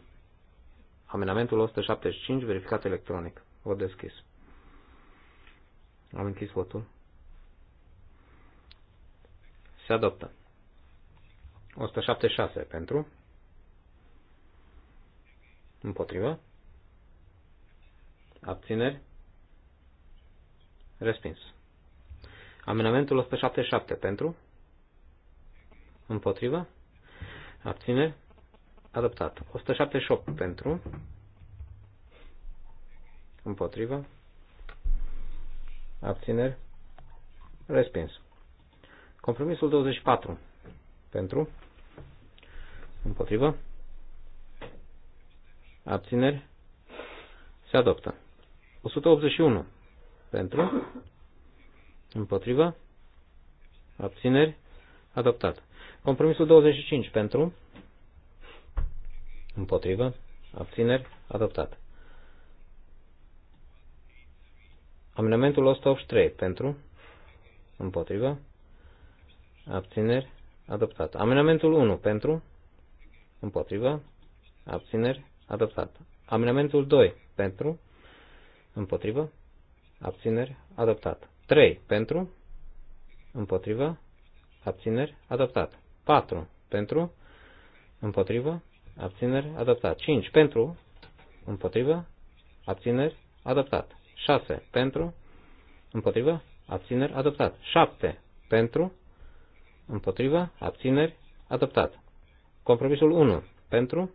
Amenamentul 175, verificat electronic. O deschis. Am închis votul. Se adoptă. 176 pentru, Împotrivă. Abțineri. Respins. Amendamentul 177 pentru. Împotrivă. Abțineri. Adoptat. 178 pentru. Împotrivă. Abțineri. Respins. Compromisul 24 pentru. Împotrivă abțineri, se adoptă. 181 pentru, împotriva, abțineri, adoptat. Compromisul 25 pentru, împotriva, abțineri, adoptat. Amendamentul 183 pentru, împotriva, abțineri, adoptat. Amendamentul 1 pentru, împotriva, abțineri, adoptat. Amendamentul 2 pentru, împotrivă, abțineri, adoptat. 3 pentru, împotrivă, abțineri, adoptat. 4 pentru, împotrivă, abțineri, adoptat. 5 pentru, împotrivă, abțineri, adoptat. 6 pentru, împotrivă, abțineri, adoptat. 7 pentru, împotrivă, abțineri, adoptat. Compromisul 1 pentru,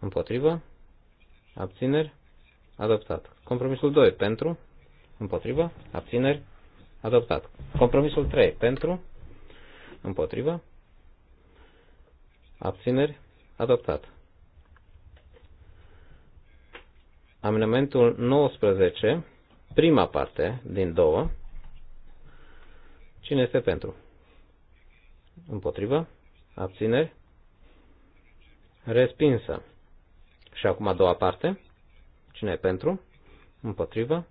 Împotrivă. Abțineri. Adoptat. Compromisul 2. Pentru. Împotrivă. Abțineri. Adoptat. Compromisul 3. Pentru. Împotrivă. Abțineri. Adoptat. Amendamentul 19, prima parte din două. Cine este pentru? Împotrivă? Abțineri? Respinsă. Și acum a doua parte. Cine e pentru? Împotrivă.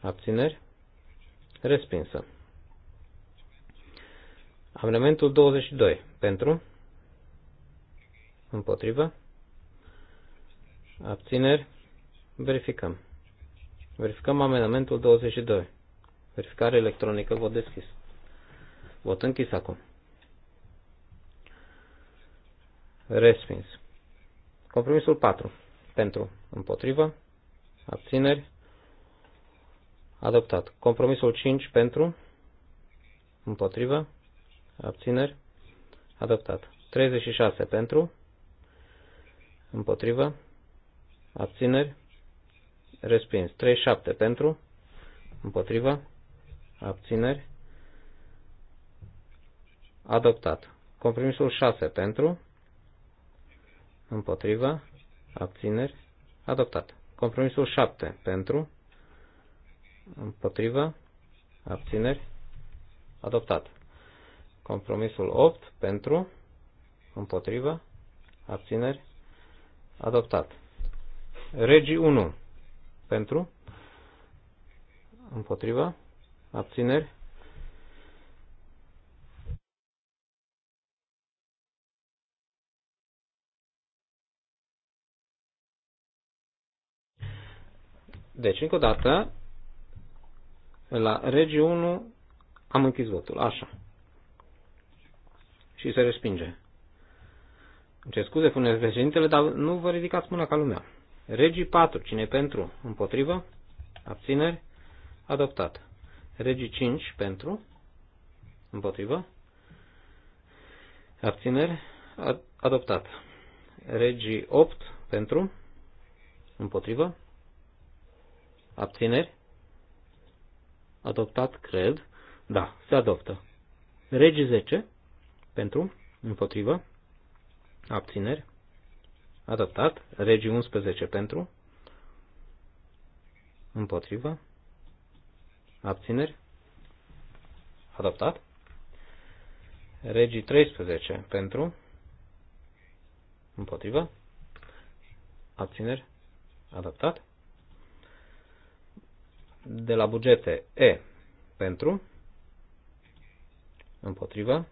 Abțineri. Respinsă. Amendamentul 22. Pentru. Împotrivă. Abțineri. Verificăm. Verificăm amendamentul 22. Verificare electronică. Vot deschis. Vot închis acum. Respins. Compromisul 4. Pentru, împotrivă, abțineri, adoptat. Compromisul 5 pentru, împotrivă, abțineri, adoptat. 36 pentru, împotrivă, abțineri, respins. 37 pentru, împotrivă, abțineri, adoptat. Compromisul 6 pentru, împotriva, abțineri, adoptat. Compromisul 7 pentru, împotriva, abțineri, adoptat. Compromisul 8 pentru, împotriva, abțineri, adoptat. Regii 1 pentru, împotriva, abțineri, Deci, încă o dată, la regi 1 am închis votul, așa. Și se respinge. Ce scuze, puneți președintele, dar nu vă ridicați mâna ca lumea. Regii 4, cine pentru? Împotrivă? Abțineri? Adoptat. Regii 5, pentru? Împotrivă? Abțineri? Ad adoptat. Regii 8, pentru? Împotrivă? Abțineri? Adoptat, cred. Da, se adoptă. Regi 10. Pentru? Împotrivă? Abțineri? Adoptat. Regi 11. Pentru? Împotrivă? Abțineri? Adoptat. Regi 13 pentru, împotrivă, abțineri, adoptat de la bugete E pentru, împotrivă,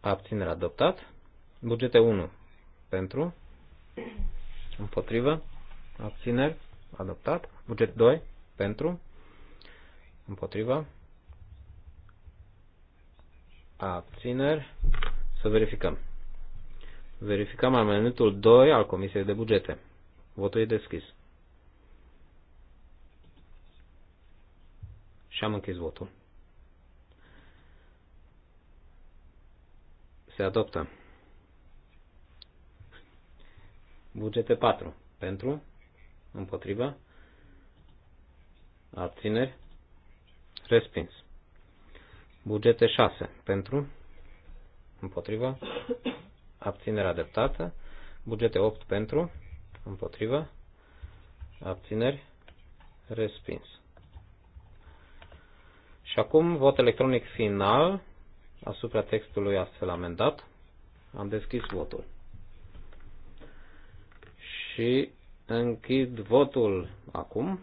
abținere adoptat, bugete 1 pentru, împotrivă, abțineri adoptat, buget 2 pentru, împotrivă, abțineri, să verificăm. Verificăm amendamentul 2 al Comisiei de Bugete. Votul e deschis. Și am închis votul. Se adoptă. Bugete 4. Pentru, împotrivă abțineri, respins. Bugete 6. Pentru, împotrivă abținere adaptată. Bugete 8 pentru, împotrivă abțineri, respins. Și acum vot electronic final asupra textului astfel amendat. Am deschis votul. Și închid votul acum.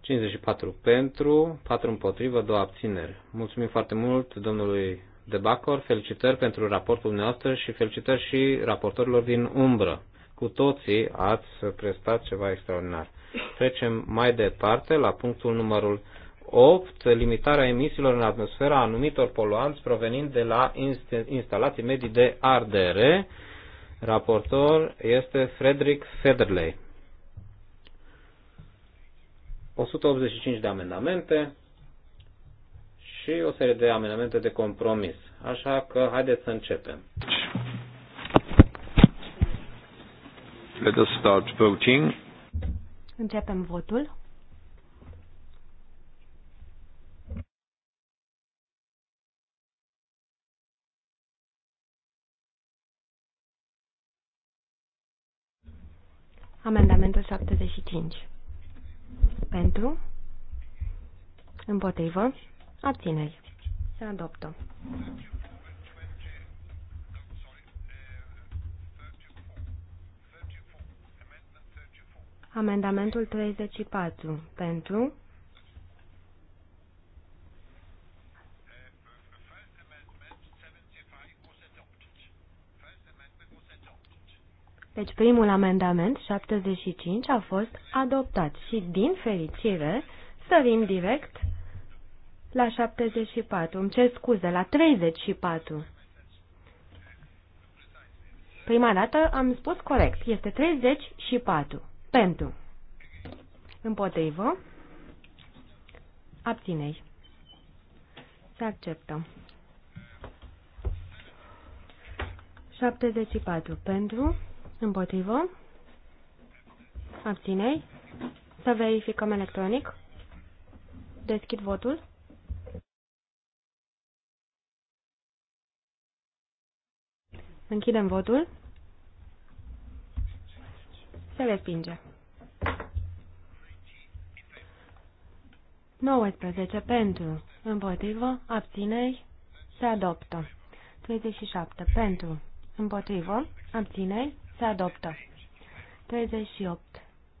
54 pentru, 4 împotrivă, 2 abțineri. Mulțumim foarte mult domnului Debacor, felicitări pentru raportul dumneavoastră și felicitări și raportorilor din umbră cu toții ați prestat ceva extraordinar. Trecem mai departe la punctul numărul 8, limitarea emisiilor în atmosfera anumitor poluanți provenind de la instalații medii de ardere. Raportor este Frederick Federley. 185 de amendamente și o serie de amendamente de compromis. Așa că haideți să începem. Let us start voting. Începem votul. Amendamentul 75. Pentru. Împotrivă. Abțineri. Se adoptă. Amendamentul 34. Pentru. Deci primul amendament, 75, a fost adoptat și, din fericire, sărim direct la 74. Îmi cer scuze, la 34. Prima dată am spus corect, este 34. Pentru. Împotrivă. Abținei. Se acceptă. 74. Pentru. Împotrivă. Abținei. Să verificăm electronic. Deschid votul. Închidem votul. Se respinge. 19 pentru, împotrivă, abținei, se adoptă. 37 pentru, împotrivă, abținei, se adoptă. 38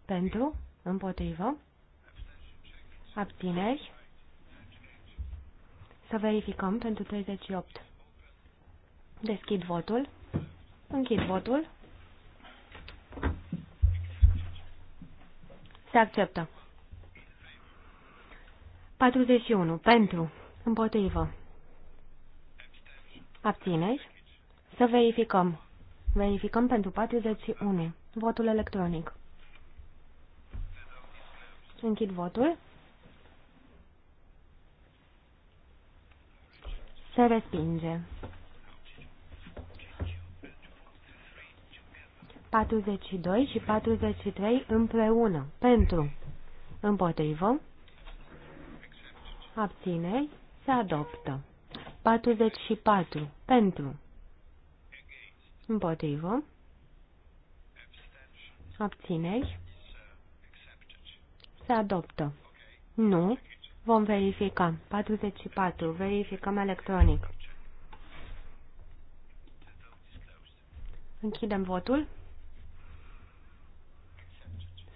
pentru, împotrivă, abținei. Să verificăm pentru 38. Deschid votul. Închid votul. Se acceptă. 41. Pentru. Împotrivă. Abțineri. Să verificăm. Verificăm pentru 41. Votul electronic. Închid votul. Se respinge. 42 și 43 împreună. Pentru. Împotrivă. Abțineri. Se adoptă. 44. Pentru. Împotrivă. Abțineri. Se adoptă. Nu. Vom verifica. 44. Verificăm electronic. Închidem votul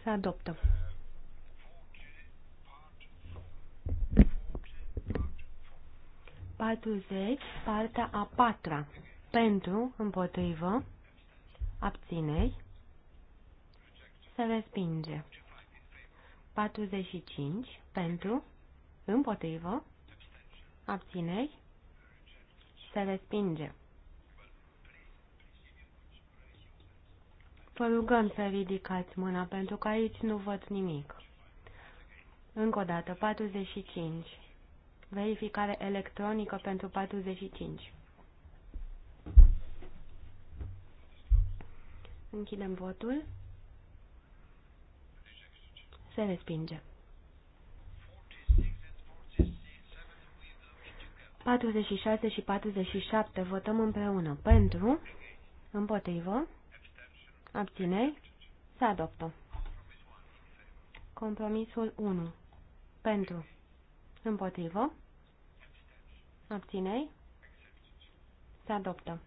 să adoptăm. Patruzeci, partea a patra. Pentru, împotrivă, abținei, se respinge. 45, pentru, împotrivă, abținei, se respinge. Vă rugăm să ridicați mâna, pentru că aici nu văd nimic. Încă o dată, 45. Verificare electronică pentru 45. Închidem votul. Se respinge. 46 și 47 votăm împreună pentru, împotrivă, Abțineri. Se adoptă. Compromisul 1. Pentru. Împotrivă. Abțineri. Se adoptă.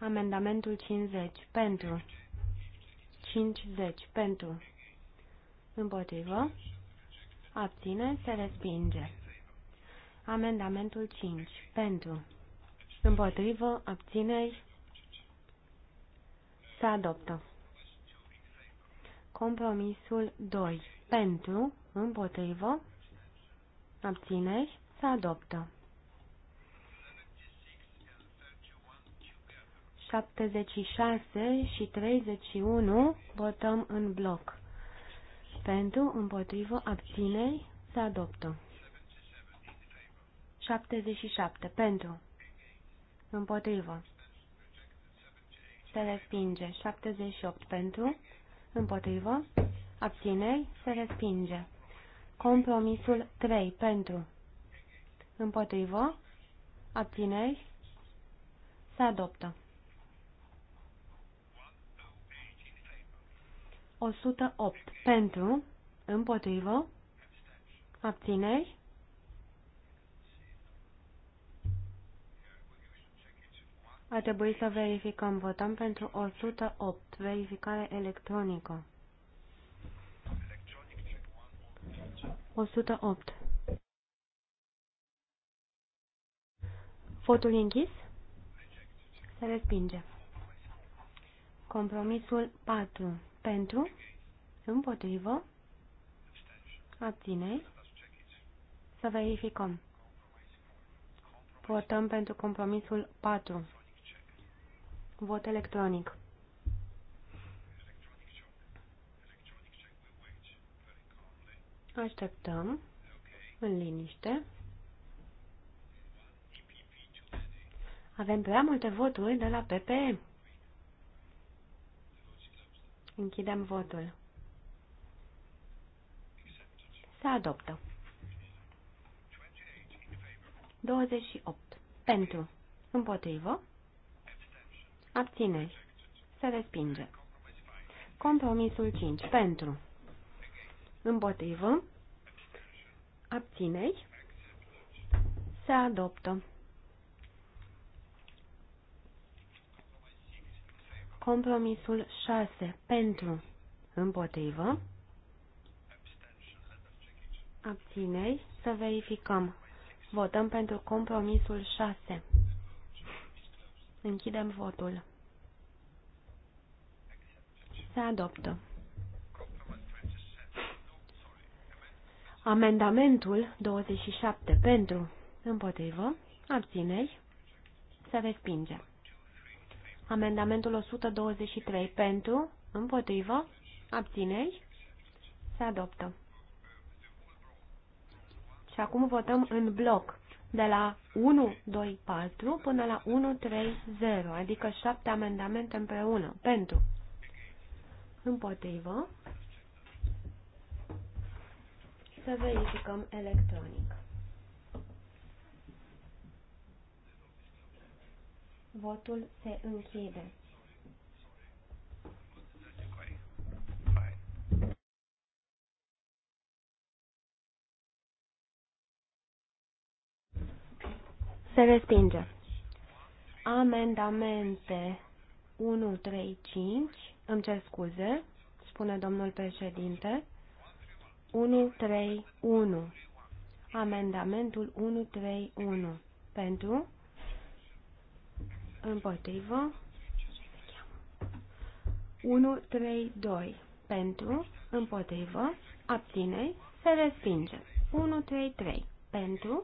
Amendamentul 50. Pentru. 50. Pentru. Împotrivă. Abține. Se respinge. Amendamentul 5. Pentru. Împotrivă. Abțineri. Se adoptă. Compromisul 2. Pentru, împotrivă, abțineri, se adoptă. 76 și 31 votăm în bloc. Pentru, împotrivă, abțineri, se adoptă. 77. Pentru. Împotrivă se respinge. 78 pentru, împotrivă, abțineri, se respinge. Compromisul 3 pentru, împotrivă, abțineri, se adoptă. 108 pentru, împotrivă, abțineri, A trebuit să verificăm. Votăm pentru 108. Verificare electronică. 108. Votul închis. Se respinge. Compromisul 4. Pentru. Împotrivă. Abținei. Să verificăm. Votăm pentru compromisul 4. Vot electronic. Așteptăm în liniște. Avem prea multe voturi de la PP. Închidem votul. Se adoptă. 28. Pentru. Împotrivă. Abțineri. Se respinge. Compromisul 5. Pentru. Împotrivă. Abțineri. Se adoptă. Compromisul 6. Pentru. Împotrivă. Abțineri. Să verificăm. Votăm pentru compromisul 6. Închidem votul. Se adoptă. Amendamentul 27 pentru, împotrivă, abțineri, se respinge. Amendamentul 123 pentru, împotrivă, abțineri, se adoptă. Și acum votăm în bloc de la 124 până la 130, adică șapte amendamente împreună. Pentru. Împotrivă. Să verificăm electronic. Votul se închide. se respinge. Amendamente 135, îmi cer scuze, spune domnul președinte. 131. Amendamentul 131. Pentru. Împotrivă. 132. Pentru. Împotrivă. Abținei. Se respinge. 133. Pentru.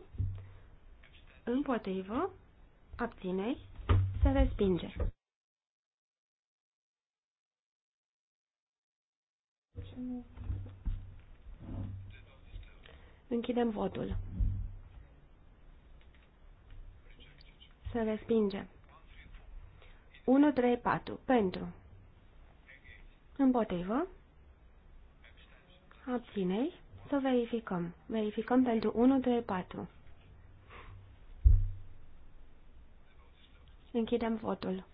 Împotrivă. Abțineri. Se respinge. Închidem votul. Se respinge. 1, 3, 4. Pentru. Împotrivă. Abținei. Să verificăm. Verificăm pentru 1, 3, 4. Închidem votul.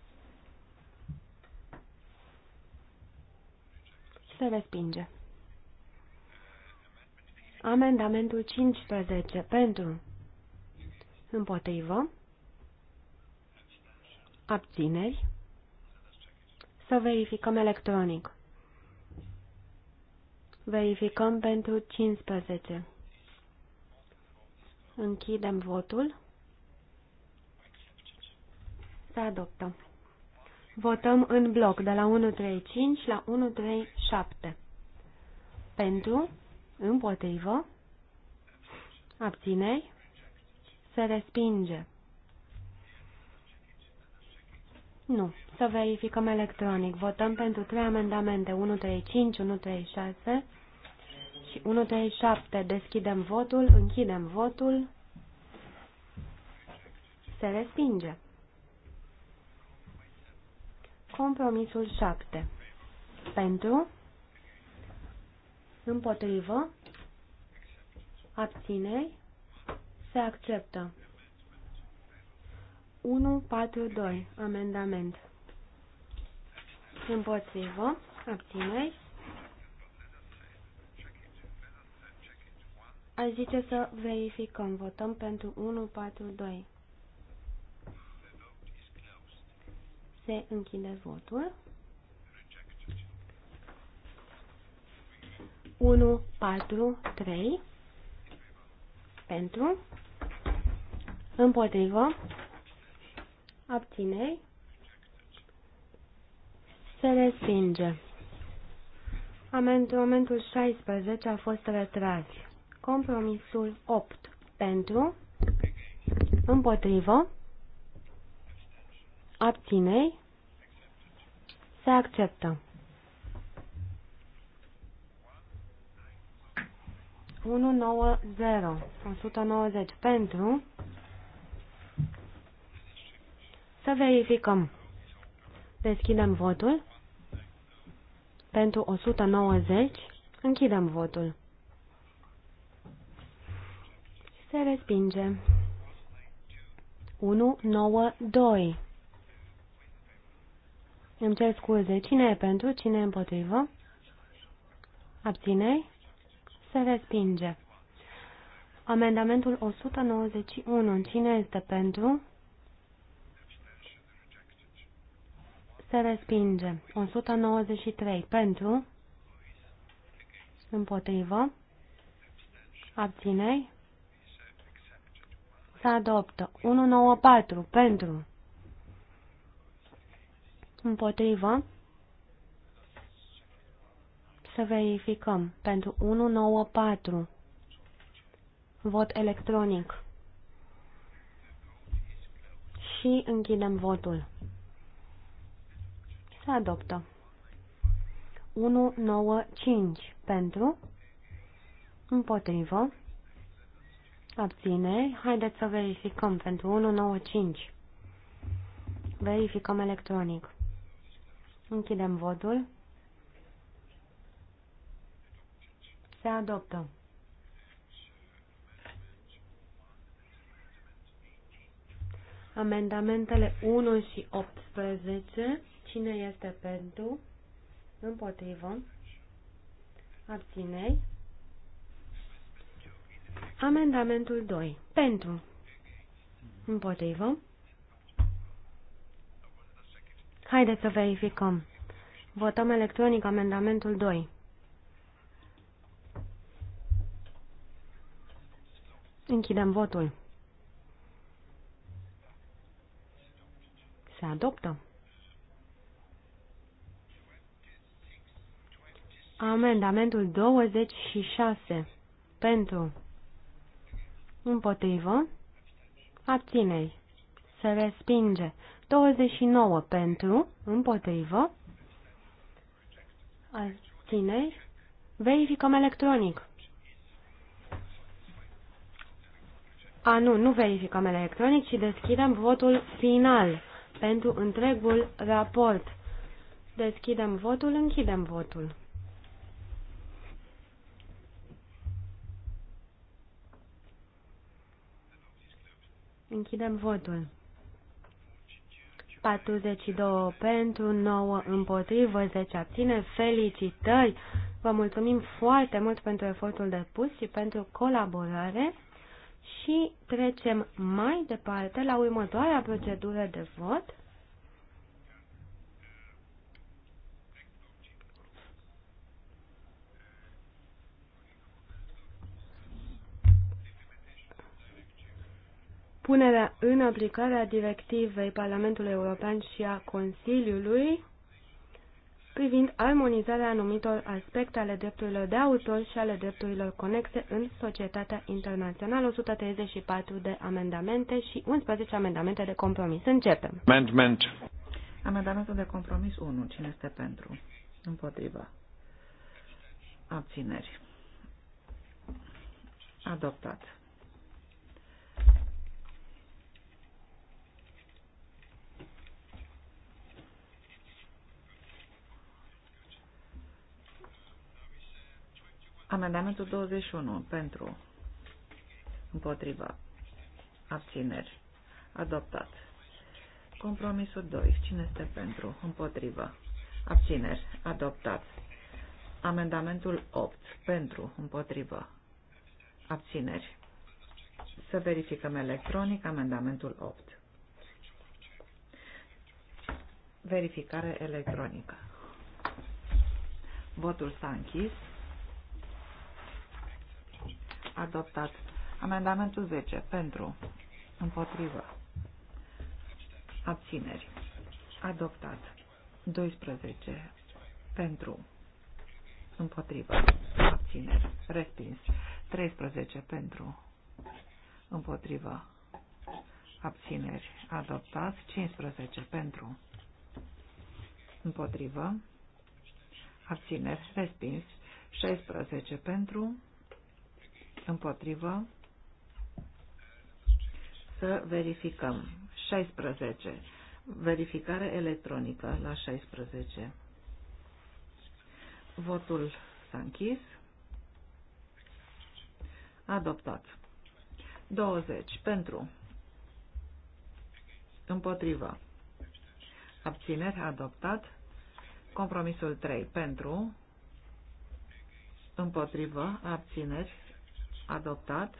Se respinge. Amendamentul 15 pentru împotrivă abțineri să verificăm electronic. Verificăm pentru 15. Închidem votul. Se adoptă. Votăm în bloc de la 135 la 137. Pentru, împotrivă, abțineri, se respinge. Nu. Să verificăm electronic. Votăm pentru trei amendamente, 135, 136 și 137. Deschidem votul, închidem votul. Se respinge. Compromisul 7. Pentru, împotrivă, abțineri, se acceptă. 142. Amendament. Împotrivă, abțineri. Aș zice să verificăm. Votăm pentru 142. Se închide votul. 1, 4, 3 pentru, împotrivă, abținei, se respinge. Amendamentul 16 a fost retras. Compromisul 8 pentru, împotrivă, abținei se acceptă. 190, 190 pentru să verificăm. Deschidem votul. Pentru 190, închidem votul. Se respinge. 192 îmi cer scuze. Cine e pentru? Cine e împotrivă? Abținei? Se respinge. Amendamentul 191. Cine este pentru? Se respinge. 193. Pentru? Împotrivă? Abținei? Se adoptă. 194. Pentru? împotrivă, să verificăm pentru 194, vot electronic și închidem votul. Se adoptă. 195 pentru, împotrivă, abțineri. Haideți să verificăm pentru 195. Verificăm electronic. Închidem votul. Se adoptă. Amendamentele 1 și 18. Cine este pentru? Împotrivă. Abținei. Amendamentul 2. Pentru. Împotrivă. Haideți să verificăm. Votăm electronic amendamentul 2. Închidem votul. Se adoptă. Amendamentul 26. Pentru. Împotrivă. Abțineri se respinge. 29 pentru, împotrivă, abțineri, verificăm electronic. A, nu, nu verificăm electronic, ci deschidem votul final pentru întregul raport. Deschidem votul, închidem votul. Închidem votul. 42 pentru, 9 împotrivă, 10 abține. Felicitări! Vă mulțumim foarte mult pentru efortul depus și pentru colaborare și trecem mai departe la următoarea procedură de vot. punerea în aplicare a directivei Parlamentului European și a Consiliului privind armonizarea anumitor aspecte ale drepturilor de autor și ale drepturilor conexe în societatea internațională, 134 de amendamente și 11 amendamente de compromis. Începem. Amendment. Amendamentul de compromis 1. Cine este pentru? Împotriva. Abțineri. Adoptat. Amendamentul 21 pentru împotriva abțineri adoptat. Compromisul 2. Cine este pentru? împotriva Abțineri. Adoptat. Amendamentul 8. Pentru. împotriva Abțineri. Să verificăm electronic amendamentul 8. Verificare electronică. Votul s-a închis adoptat. Amendamentul 10. Pentru. Împotrivă. Abțineri. Adoptat. 12. Pentru. Împotrivă. Abțineri. Respins. 13. Pentru. Împotrivă. Abțineri. Adoptat. 15. Pentru. Împotrivă. Abțineri. Respins. 16. Pentru împotrivă, să verificăm. 16. Verificare electronică la 16. Votul s-a închis. Adoptat. 20. Pentru. Împotrivă. Abțineri. Adoptat. Compromisul 3. Pentru. Împotrivă. Abțineri adoptat.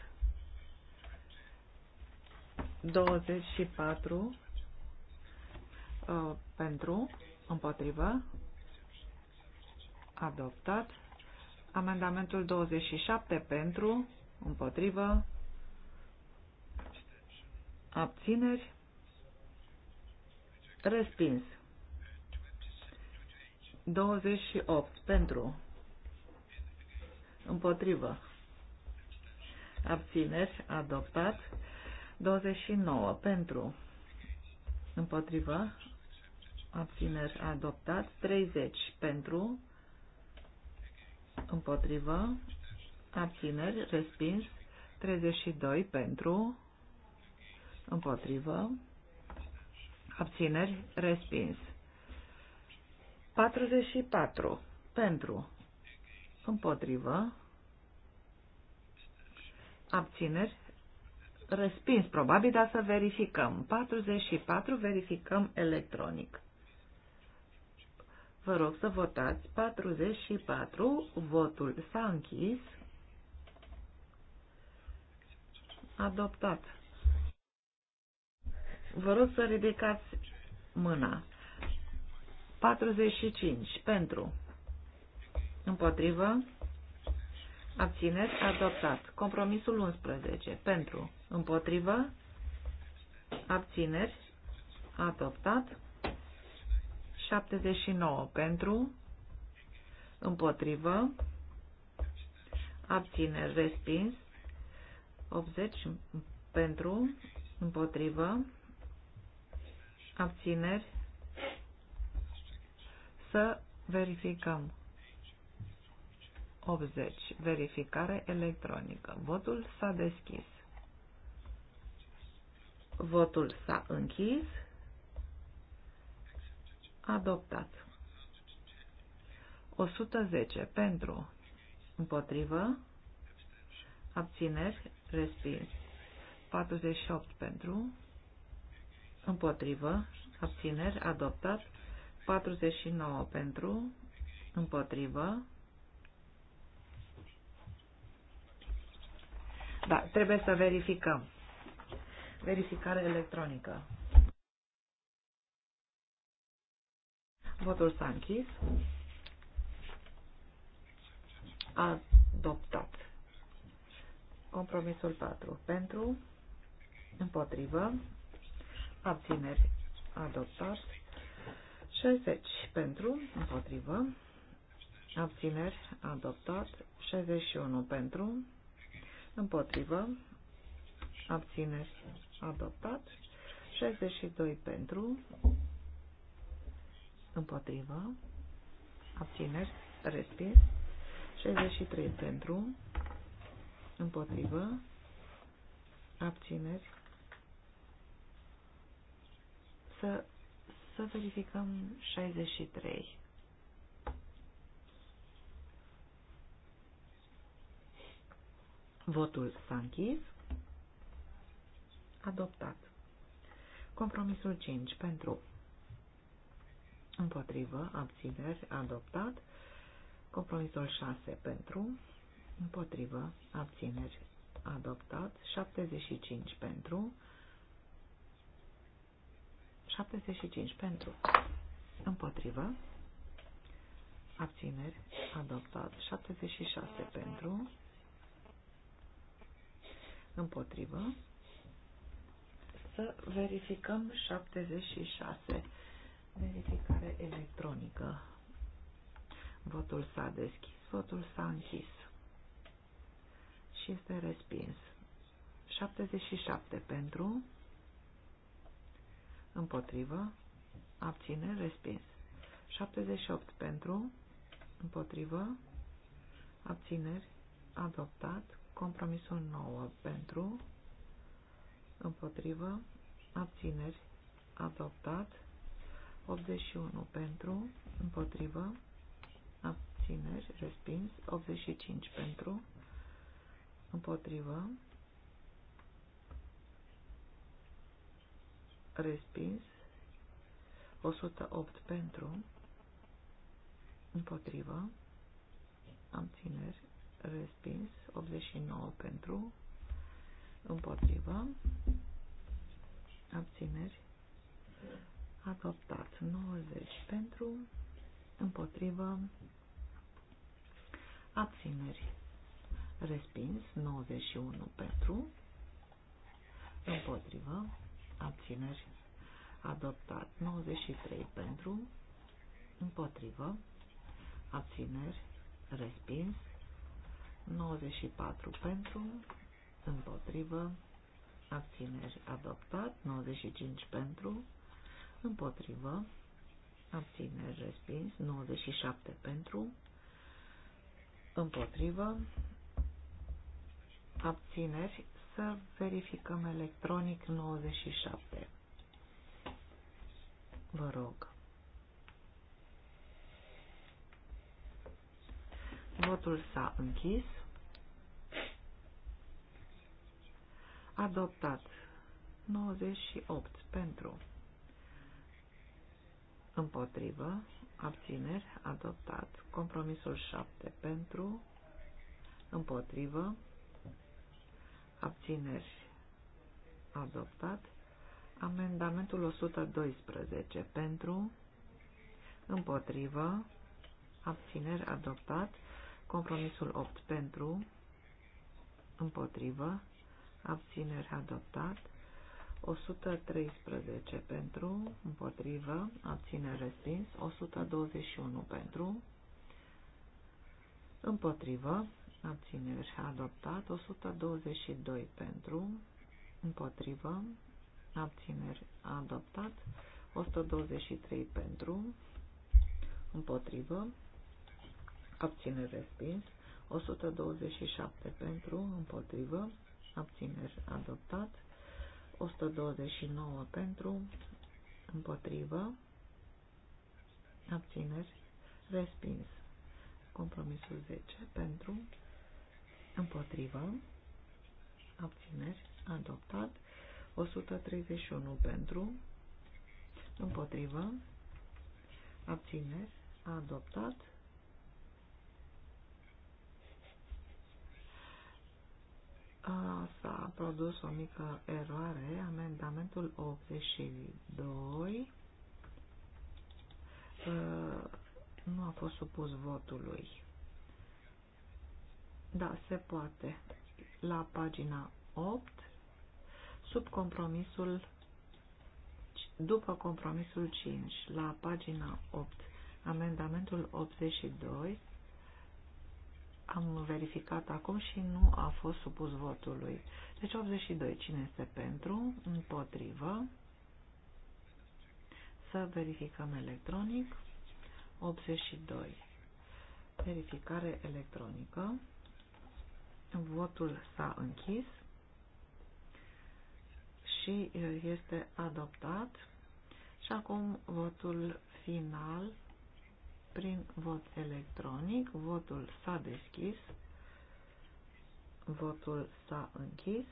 24 uh, pentru, împotrivă, adoptat. Amendamentul 27 pentru, împotrivă, abțineri, respins. 28 pentru, împotrivă, abțineri, adoptat. 29 pentru, împotriva, abțineri, adoptat. 30 pentru, împotriva, abțineri, respins. 32 pentru, împotrivă, abțineri, respins. 44 pentru, împotrivă, abțineri, respins probabil, dar să verificăm. 44, verificăm electronic. Vă rog să votați 44, votul s-a închis, adoptat. Vă rog să ridicați mâna. 45, pentru, împotrivă, Abțineri adoptat. Compromisul 11. Pentru. Împotrivă. Abțineri adoptat. 79. Pentru. Împotrivă. Abțineri respins. 80. Pentru. Împotrivă. Abțineri. Să verificăm. 80. Verificare electronică. Votul s-a deschis. Votul s-a închis. Adoptat. 110. Pentru. Împotrivă. Abțineri. Respins. 48 pentru. Împotrivă. Abțineri. Adoptat. 49 pentru. Împotrivă. Da, trebuie să verificăm. Verificare electronică. Votul s-a închis. Adoptat. Compromisul 4. Pentru, împotrivă, abțineri, adoptat. 60 pentru, împotrivă, abțineri, adoptat. 61 pentru, împotrivă, abțineri, adoptat, 62 pentru, împotrivă, abțineri, respins, 63 pentru, împotrivă, abțineri, să, să verificăm 63. Votul s-a închis. Adoptat. Compromisul 5 pentru. Împotrivă, abțineri, adoptat. Compromisul 6 pentru. Împotrivă, abțineri, adoptat. 75 pentru. 75 pentru. Împotrivă. Abțineri, adoptat. 76 pentru Împotrivă. Să verificăm 76. Verificare electronică. Votul s-a deschis, votul s-a închis. Și este respins. 77 pentru, împotrivă, abține, respins. 78 pentru, împotrivă, abțineri, adoptat. Compromisul 9 pentru, împotrivă, abțineri, adoptat. 81 pentru, împotrivă, abțineri, respins. 85 pentru, împotrivă, respins. 108 pentru, împotrivă, abțineri, respins, 89 pentru, împotrivă, abțineri, adoptat, 90 pentru, împotrivă, abțineri, respins, 91 pentru, împotrivă, abțineri, adoptat, 93 pentru, împotrivă, abțineri, respins, 94 pentru, împotrivă, abțineri adoptat, 95 pentru, împotrivă, abțineri respins, 97 pentru, împotrivă, abțineri, să verificăm electronic 97. Vă rog. Votul s-a închis. Adoptat. 98 pentru. Împotrivă. Abțineri. Adoptat. Compromisul 7 pentru. Împotrivă. Abțineri. Adoptat. Amendamentul 112 pentru. Împotrivă. Abțineri adoptat. Compromisul 8 pentru, împotrivă, abțineri adoptat. 113 pentru, împotrivă, abțineri respins. 121 pentru, împotrivă, abțineri adoptat. 122 pentru, împotrivă, abțineri adoptat. 123 pentru, împotrivă, abțineri respins, 127 pentru, împotrivă, abțineri adoptat, 129 pentru, împotrivă, abțineri respins, compromisul 10 pentru, împotrivă, abțineri adoptat, 131 pentru, împotrivă, abțineri adoptat, s-a produs o mică eroare, amendamentul 82 uh, nu a fost supus votului. Da, se poate. La pagina 8, sub compromisul, după compromisul 5, la pagina 8, amendamentul 82 am verificat acum și nu a fost supus votului. Deci 82. Cine este pentru? Împotrivă. Să verificăm electronic. 82. Verificare electronică. Votul s-a închis și este adoptat. Și acum votul final prin vot electronic. Votul s-a deschis. Votul s-a închis.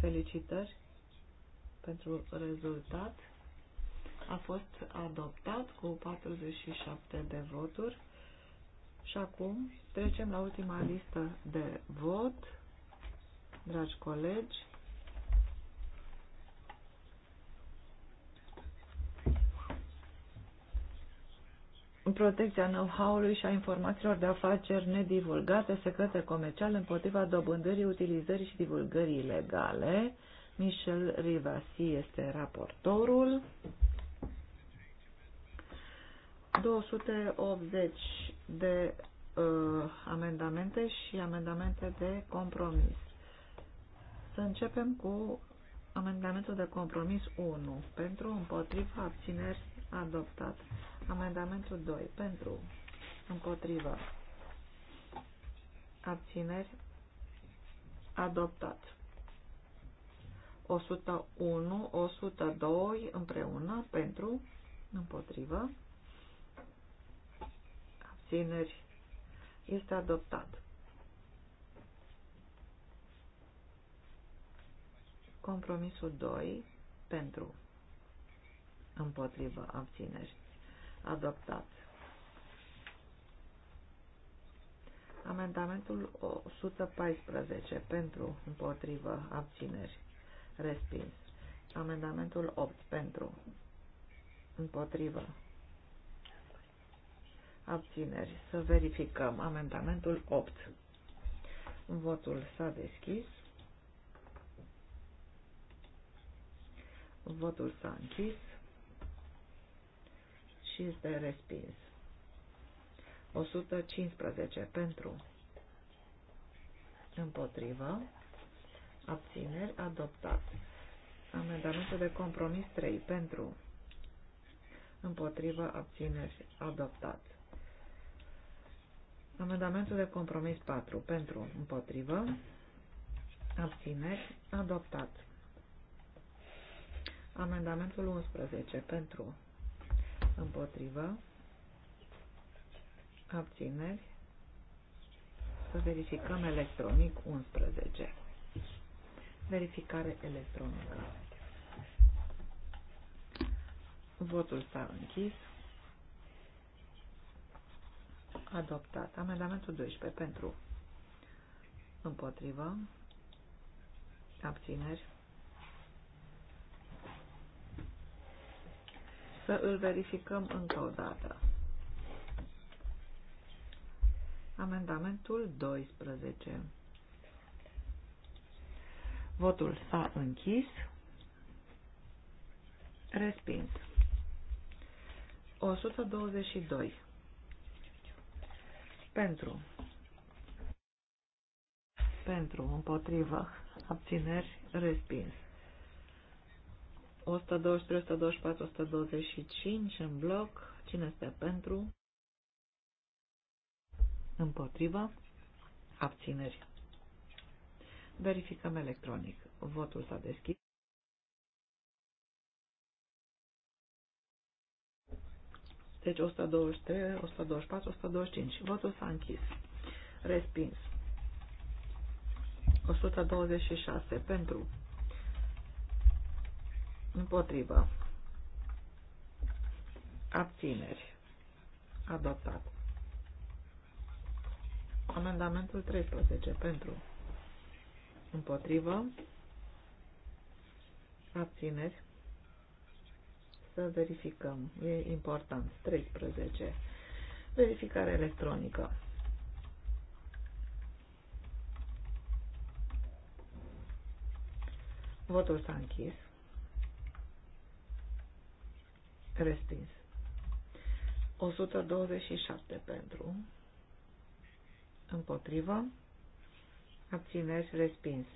Felicitări pentru rezultat. A fost adoptat cu 47 de voturi. Și acum trecem la ultima listă de vot. Dragi colegi, protecția know-how-ului și a informațiilor de afaceri nedivulgate, secrete comerciale împotriva dobândării, utilizării și divulgării ilegale. Michel Rivasi este raportorul. 280 de uh, amendamente și amendamente de compromis. Să începem cu amendamentul de compromis 1. Pentru împotriva abțineri adoptat. Amendamentul 2 pentru, împotrivă, abțineri, adoptat. 101, 102 împreună pentru, împotrivă, abțineri, este adoptat. Compromisul 2 pentru împotrivă, abțineri, adoptat. Amendamentul 114 pentru, împotrivă, abțineri, respins. Amendamentul 8 pentru, împotrivă, abțineri. Să verificăm amendamentul 8. Votul s-a deschis. Votul s-a închis și este respins. 115 pentru împotrivă abțineri adoptat. Amendamentul de compromis 3 pentru împotrivă abțineri adoptat. Amendamentul de compromis 4 pentru împotrivă abțineri adoptat. Amendamentul 11 pentru împotrivă, abțineri, să verificăm electronic 11. Verificare electronică. Votul s-a închis. Adoptat. Amendamentul 12 pentru împotrivă, abțineri, să îl verificăm încă o dată. Amendamentul 12. Votul s-a închis. Respind. 122. Pentru. Pentru, împotrivă, abțineri, respins. 123, 124, 125 în bloc. Cine este pentru? Împotriva? Abțineri. Verificăm electronic. Votul s-a deschis. Deci 123, 124, 125. Votul s-a închis. Respins. 126 pentru Împotrivă. Abțineri. Adoptat. Amendamentul 13. Pentru. Împotrivă. Abțineri. Să verificăm. E important. 13. Verificare electronică. Votul s-a închis. Respins. 127 pentru. Împotrivă. Abțineri. Respins.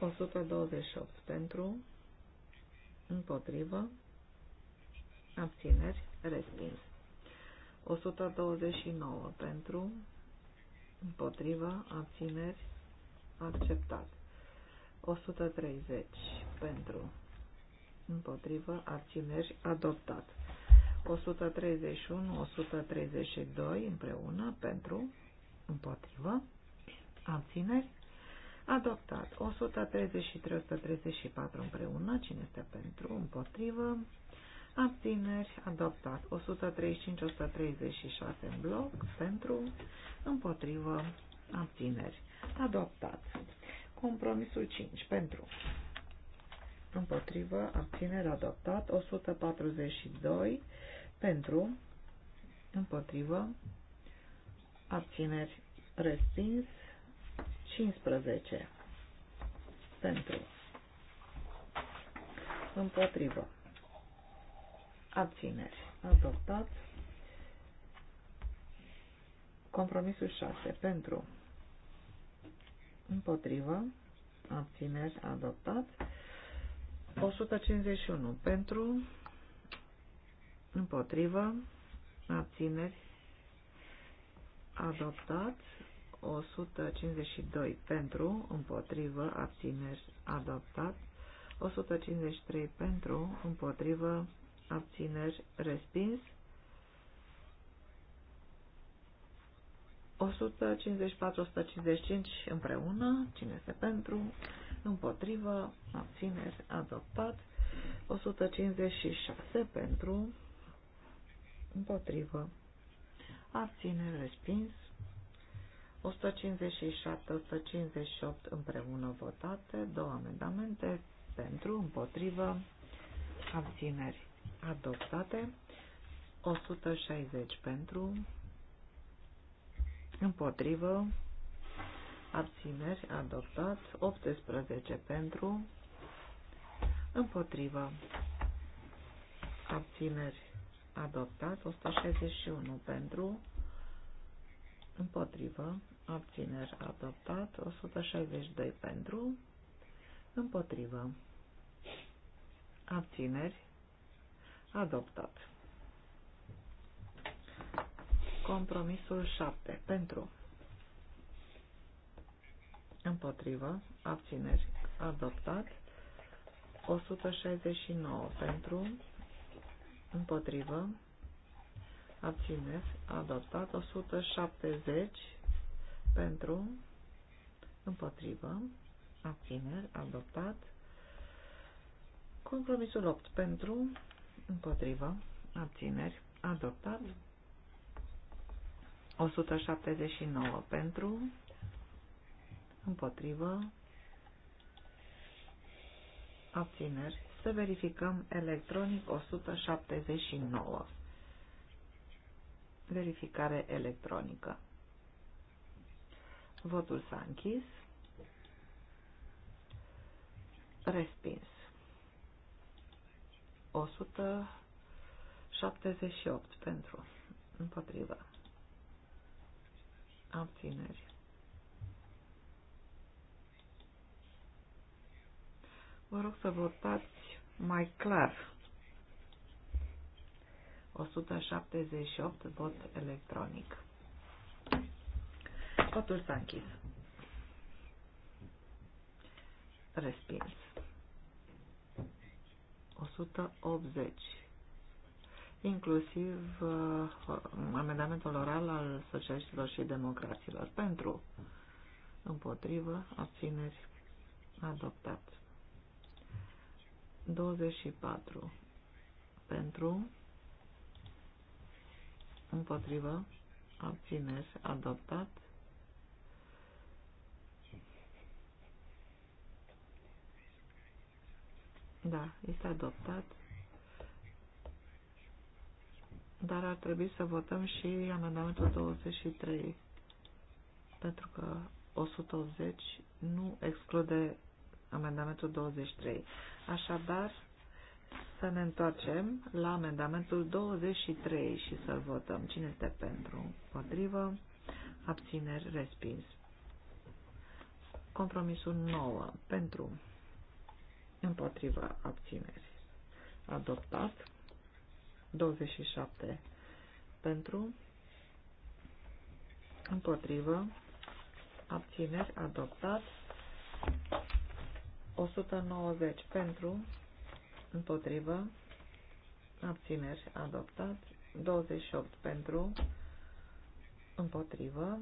128 pentru. Împotrivă. Abțineri. Respins. 129 pentru. Împotrivă. Abțineri. Acceptat. 130 pentru împotrivă, arcimer adoptat. 131, 132 împreună, pentru, împotrivă, abțineri, adoptat. 133, 134 împreună, cine este pentru, împotrivă, abțineri, adoptat. 135, 136 în bloc, pentru, împotrivă, abțineri, adoptat. Compromisul 5, pentru, împotrivă, abțineri adoptat, 142 pentru, împotrivă, abțineri respins, 15 pentru, împotrivă, abțineri adoptat, compromisul 6 pentru, împotrivă, abțineri adoptat, 151 pentru, împotrivă, abțineri, adoptat, 152 pentru, împotrivă, abțineri, adoptat, 153 pentru, împotrivă, abțineri, respins, 154-155 împreună, cine este pentru, împotrivă, abțineri, adoptat. 156 pentru, împotrivă, abțineri, respins. 157-158 împreună votate, două amendamente pentru, împotrivă, abțineri adoptate, 160 pentru, împotrivă, abțineri, adoptat, 18 pentru, împotrivă, abțineri, adoptat, 161 pentru, împotrivă, abțineri, adoptat, 162 pentru, împotrivă, abțineri, adoptat. Compromisul 7 pentru împotrivă, abțineri, adoptat, 169 pentru, împotrivă, abțineri, adoptat, 170 pentru, împotrivă, abțineri, adoptat, compromisul 8 pentru, împotrivă, abțineri, adoptat, 179 pentru, împotrivă, abțineri, să verificăm electronic 179. Verificare electronică. Votul s-a închis. Respins. 178 pentru împotrivă. Abțineri. Vă rog să votați mai clar. 178 vot electronic. Votul s-a închis. Respins. 180. Inclusiv uh, amendamentul oral al socialiștilor și democraților. Pentru, împotrivă, abțineri, adoptat. 24 pentru, împotrivă, abțineri, adoptat. Da, este adoptat. Dar ar trebui să votăm și amendamentul 23, pentru că 180 nu exclude amendamentul 23. Așadar, să ne întoarcem la amendamentul 23 și să-l votăm. Cine este pentru? Potrivă? Abțineri? Respins. Compromisul 9. Pentru? Împotrivă? Abțineri? Adoptat. 27. Pentru? Împotrivă? Abțineri? Adoptat. 190 pentru, împotrivă, abțineri adoptat, 28 pentru, împotrivă,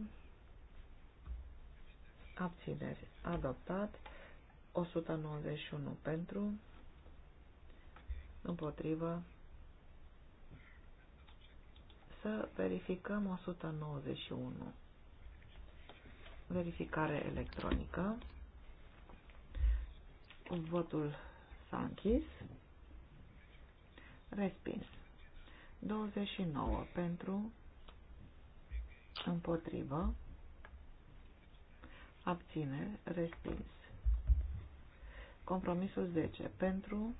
abțineri adoptat, 191 pentru, împotrivă, să verificăm 191. Verificare electronică. Votul s-a închis. Respins. 29 pentru, împotrivă, abține, respins. Compromisul 10 pentru,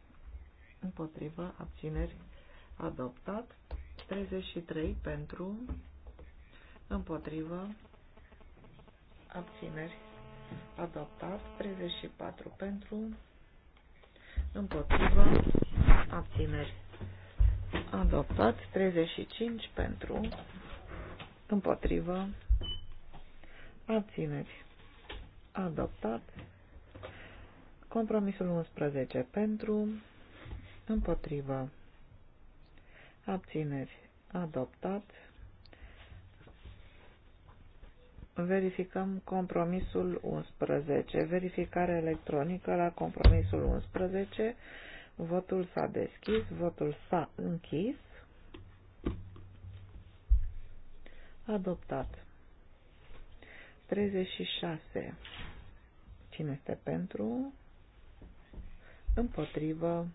împotrivă, abțineri, adoptat. 33 pentru, împotrivă, abțineri, adoptat, 34 pentru, împotriva abțineri, adoptat, 35 pentru, împotriva abțineri, adoptat, compromisul 11 pentru, împotriva abțineri, adoptat, verificăm compromisul 11. Verificare electronică la compromisul 11. Votul s-a deschis, votul s-a închis. Adoptat. 36. Cine este pentru? Împotrivă.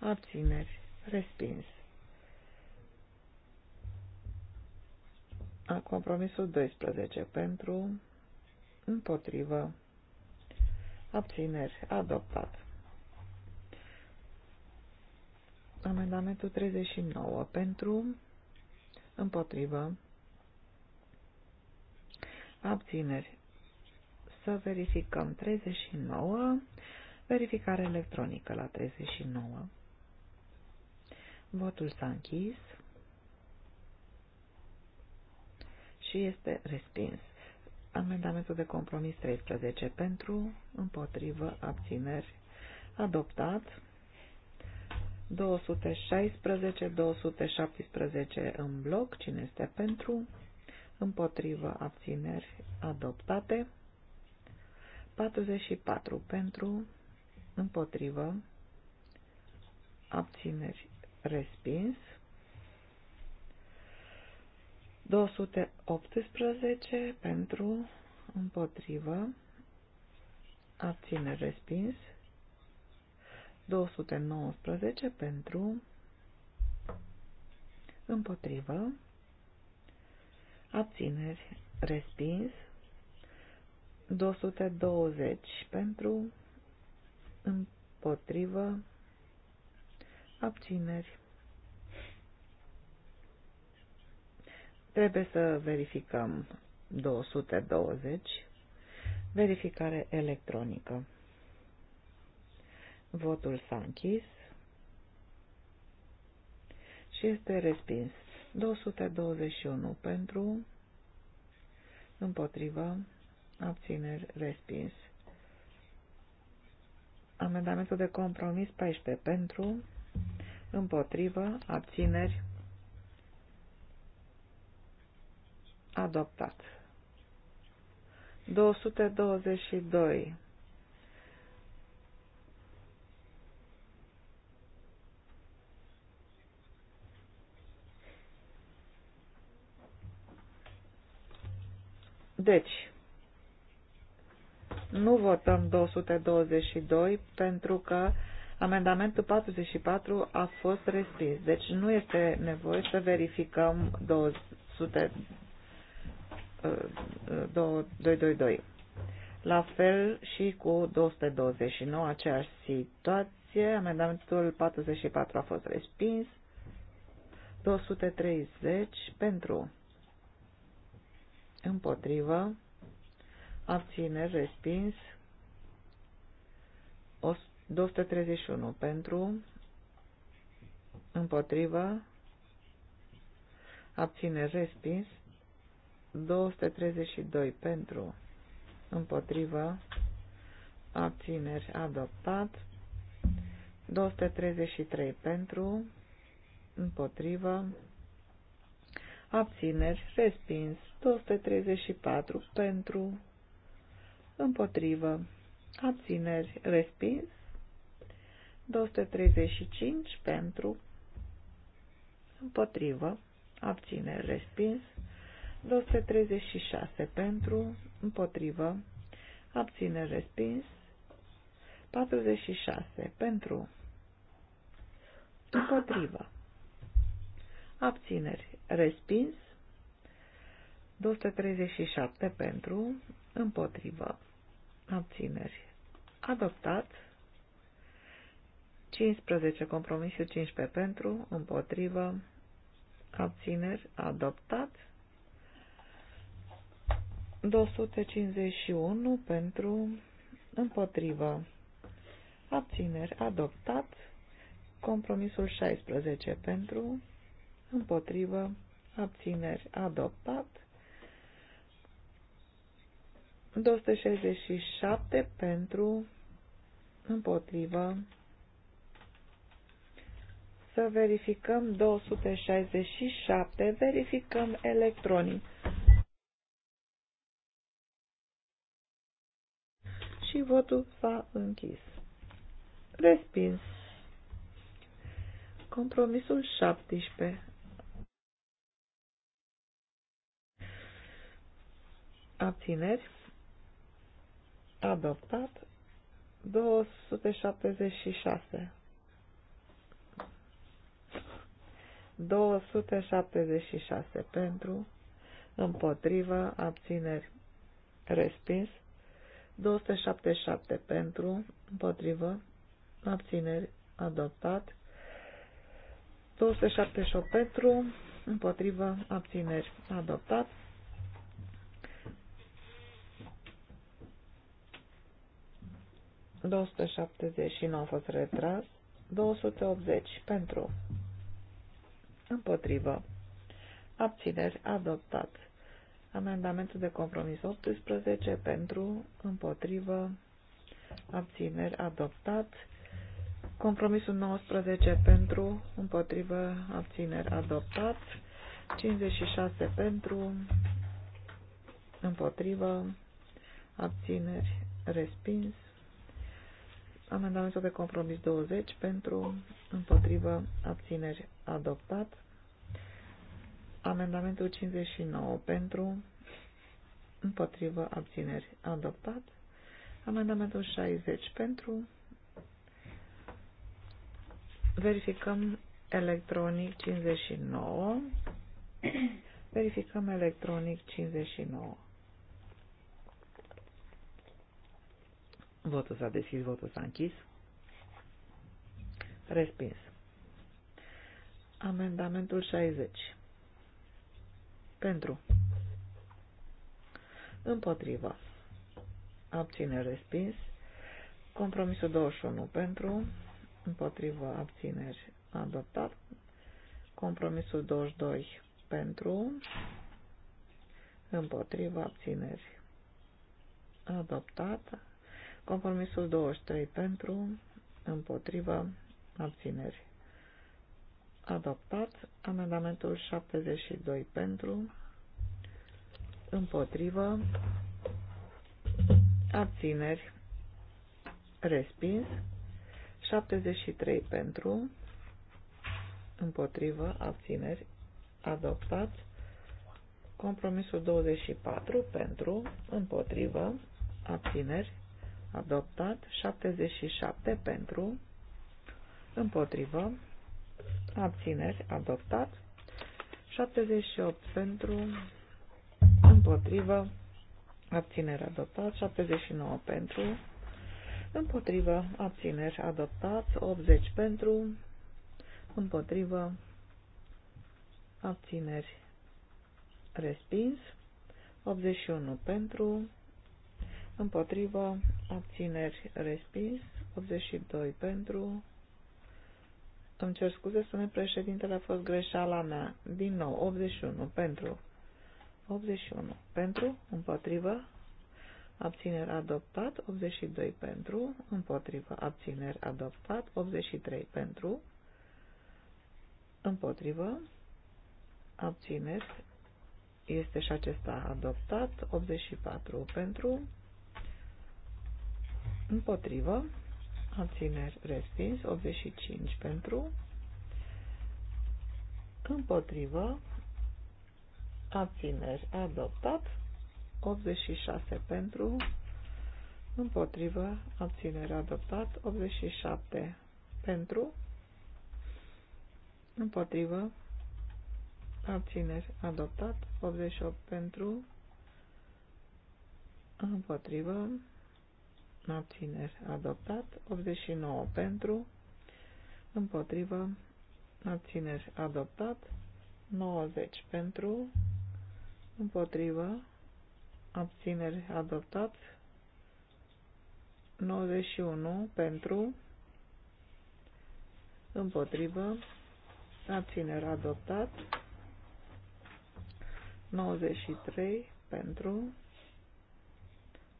Abțineri. Respins. a compromisul 12 pentru împotrivă abțineri adoptat. Amendamentul 39 pentru împotrivă abțineri. Să verificăm 39, verificare electronică la 39. Votul s-a închis. și este respins. Amendamentul de compromis 13 pentru, împotrivă, abțineri, adoptat. 216, 217 în bloc, cine este pentru, împotrivă, abțineri, adoptate. 44 pentru, împotrivă, abțineri, respins. 218 pentru, împotrivă, abține respins. 219 pentru, împotrivă, abțineri respins. 220 pentru, împotrivă, abțineri Trebuie să verificăm 220. Verificare electronică. Votul s-a închis și este respins. 221 pentru, împotrivă, abțineri, respins. Amendamentul de compromis 14 pentru, împotrivă, abțineri, adoptat. 222 Deci, nu votăm 222 pentru că amendamentul 44 a fost respins. Deci nu este nevoie să verificăm 200 222. La fel și cu 229, aceeași situație, amendamentul 44 a fost respins. 230 pentru împotrivă, abțineri, respins, 231 pentru, împotrivă, abțineri, respins, 232 pentru împotriva abțineri adoptat 233 pentru împotriva abțineri respins 234 pentru împotrivă abțineri respins 235 pentru împotrivă abțineri respins 236 pentru, împotrivă, abține respins, 46 pentru, împotrivă, abțineri respins, 237 pentru, împotrivă, abțineri adoptat, 15 compromisul 15 pentru, împotrivă, abțineri adoptat, 251 pentru împotrivă. Abțineri adoptat. Compromisul 16 pentru împotrivă. Abțineri adoptat. 267 pentru împotrivă. Să verificăm 267. Verificăm electronic. și votul s-a închis. Respins. Compromisul 17. Abțineri. Adoptat. 276. 276 pentru, împotrivă, abțineri, respins, 277 pentru, împotrivă, abțineri, adoptat. 278 pentru, împotrivă, abțineri, adoptat. ...279 a fost retras, 280 pentru, împotrivă, abțineri, adoptat, Amendamentul de compromis 18 pentru, împotrivă, abțineri, adoptat. Compromisul 19 pentru, împotrivă, abțineri, adoptat. 56 pentru, împotrivă, abțineri, respins. Amendamentul de compromis 20 pentru, împotrivă, abțineri, adoptat. Amendamentul 59 pentru, împotrivă, abțineri, adoptat. Amendamentul 60 pentru, verificăm electronic 59, verificăm electronic 59. Votul s-a deschis, votul s-a închis. Respins. Amendamentul 60. Pentru. Împotrivă. Abține respins. Compromisul 21 pentru. Împotrivă abțineri adoptat. Compromisul 22 pentru. Împotrivă abțineri adoptat. Compromisul 23 pentru. Împotrivă abțineri adoptat. Amendamentul 72 pentru, împotrivă, abțineri, respins. 73 pentru, împotrivă, abțineri, adoptat. Compromisul 24 pentru, împotrivă, abțineri, adoptat. 77 pentru, împotrivă, abțineri, adoptat. 78 pentru, împotrivă, abțineri, adoptat. 79 pentru, împotrivă, abțineri, adoptat. 80 pentru, împotrivă, abțineri, respins. 81 pentru, împotrivă, abțineri, respins. 82 pentru, îmi cer scuze, spune președintele, a fost greșeala mea. Din nou, 81 pentru. 81 pentru, împotrivă, abțineri adoptat, 82 pentru, împotrivă, abțineri adoptat, 83 pentru, împotrivă, abțineri, este și acesta adoptat, 84 pentru, împotrivă, abțineri respins, 85 pentru, împotrivă, abțineri adoptat, 86 pentru, împotrivă, abțineri adoptat, 87 pentru, împotrivă, abțineri adoptat, 88 pentru, împotrivă, abțineri adoptat, 89 pentru, împotrivă, abțineri adoptat, 90 pentru, împotrivă, abțineri adoptat, 91 pentru, împotrivă, abțineri adoptat, 93 pentru,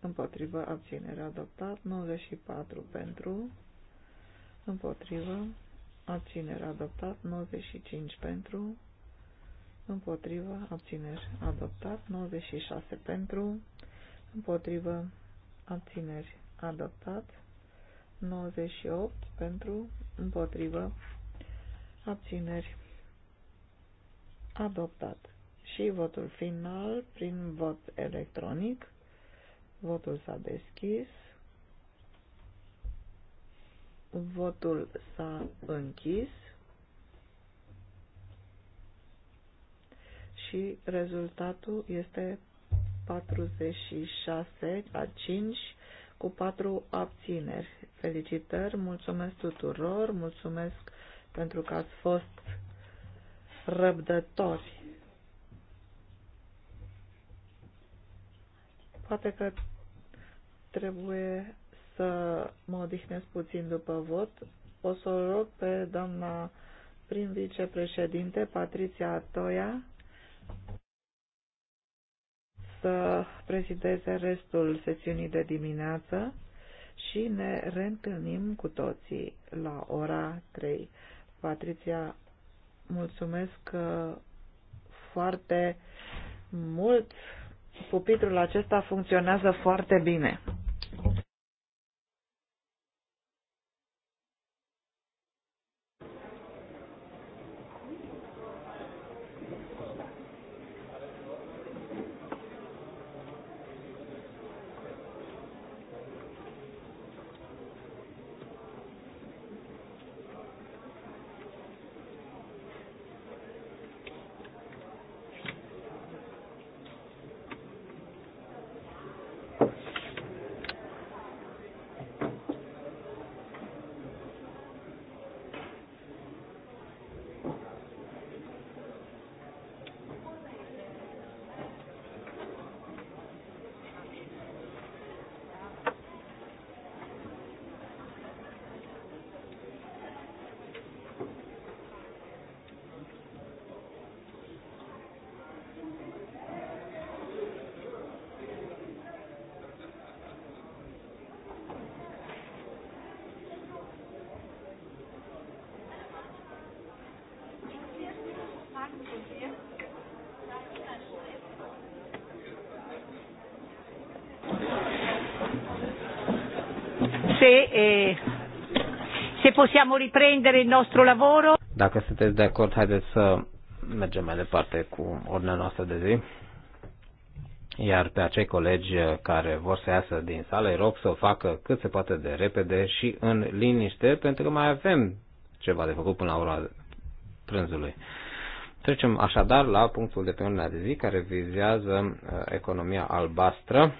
împotrivă, abținere adoptat, 94 pentru, împotrivă, abținere adoptat, 95 pentru, împotrivă, abțineri adoptat, 96 pentru, împotrivă, abțineri adoptat, 98 pentru, împotrivă, abțineri adoptat. Și votul final prin vot electronic. Votul s-a deschis. Votul s-a închis. Și rezultatul este 46 la 5 cu 4 abțineri. Felicitări, mulțumesc tuturor, mulțumesc pentru că ați fost răbdători Poate că trebuie să mă odihnesc puțin după vot. O să o rog pe doamna prim vicepreședinte Patricia Toia să prezideze restul sesiunii de dimineață și ne reîntâlnim cu toții la ora 3. Patricia, mulțumesc uh, foarte mult pupitrul acesta funcționează foarte bine. possiamo riprendere il nostro lavoro. Dacă sunteți de acord, haideți să mergem mai departe cu ordinea noastră de zi. Iar pe acei colegi care vor să iasă din sală, îi rog să o facă cât se poate de repede și în liniște, pentru că mai avem ceva de făcut până la ora prânzului. Trecem așadar la punctul de pe ordinea de zi care vizează uh, economia albastră.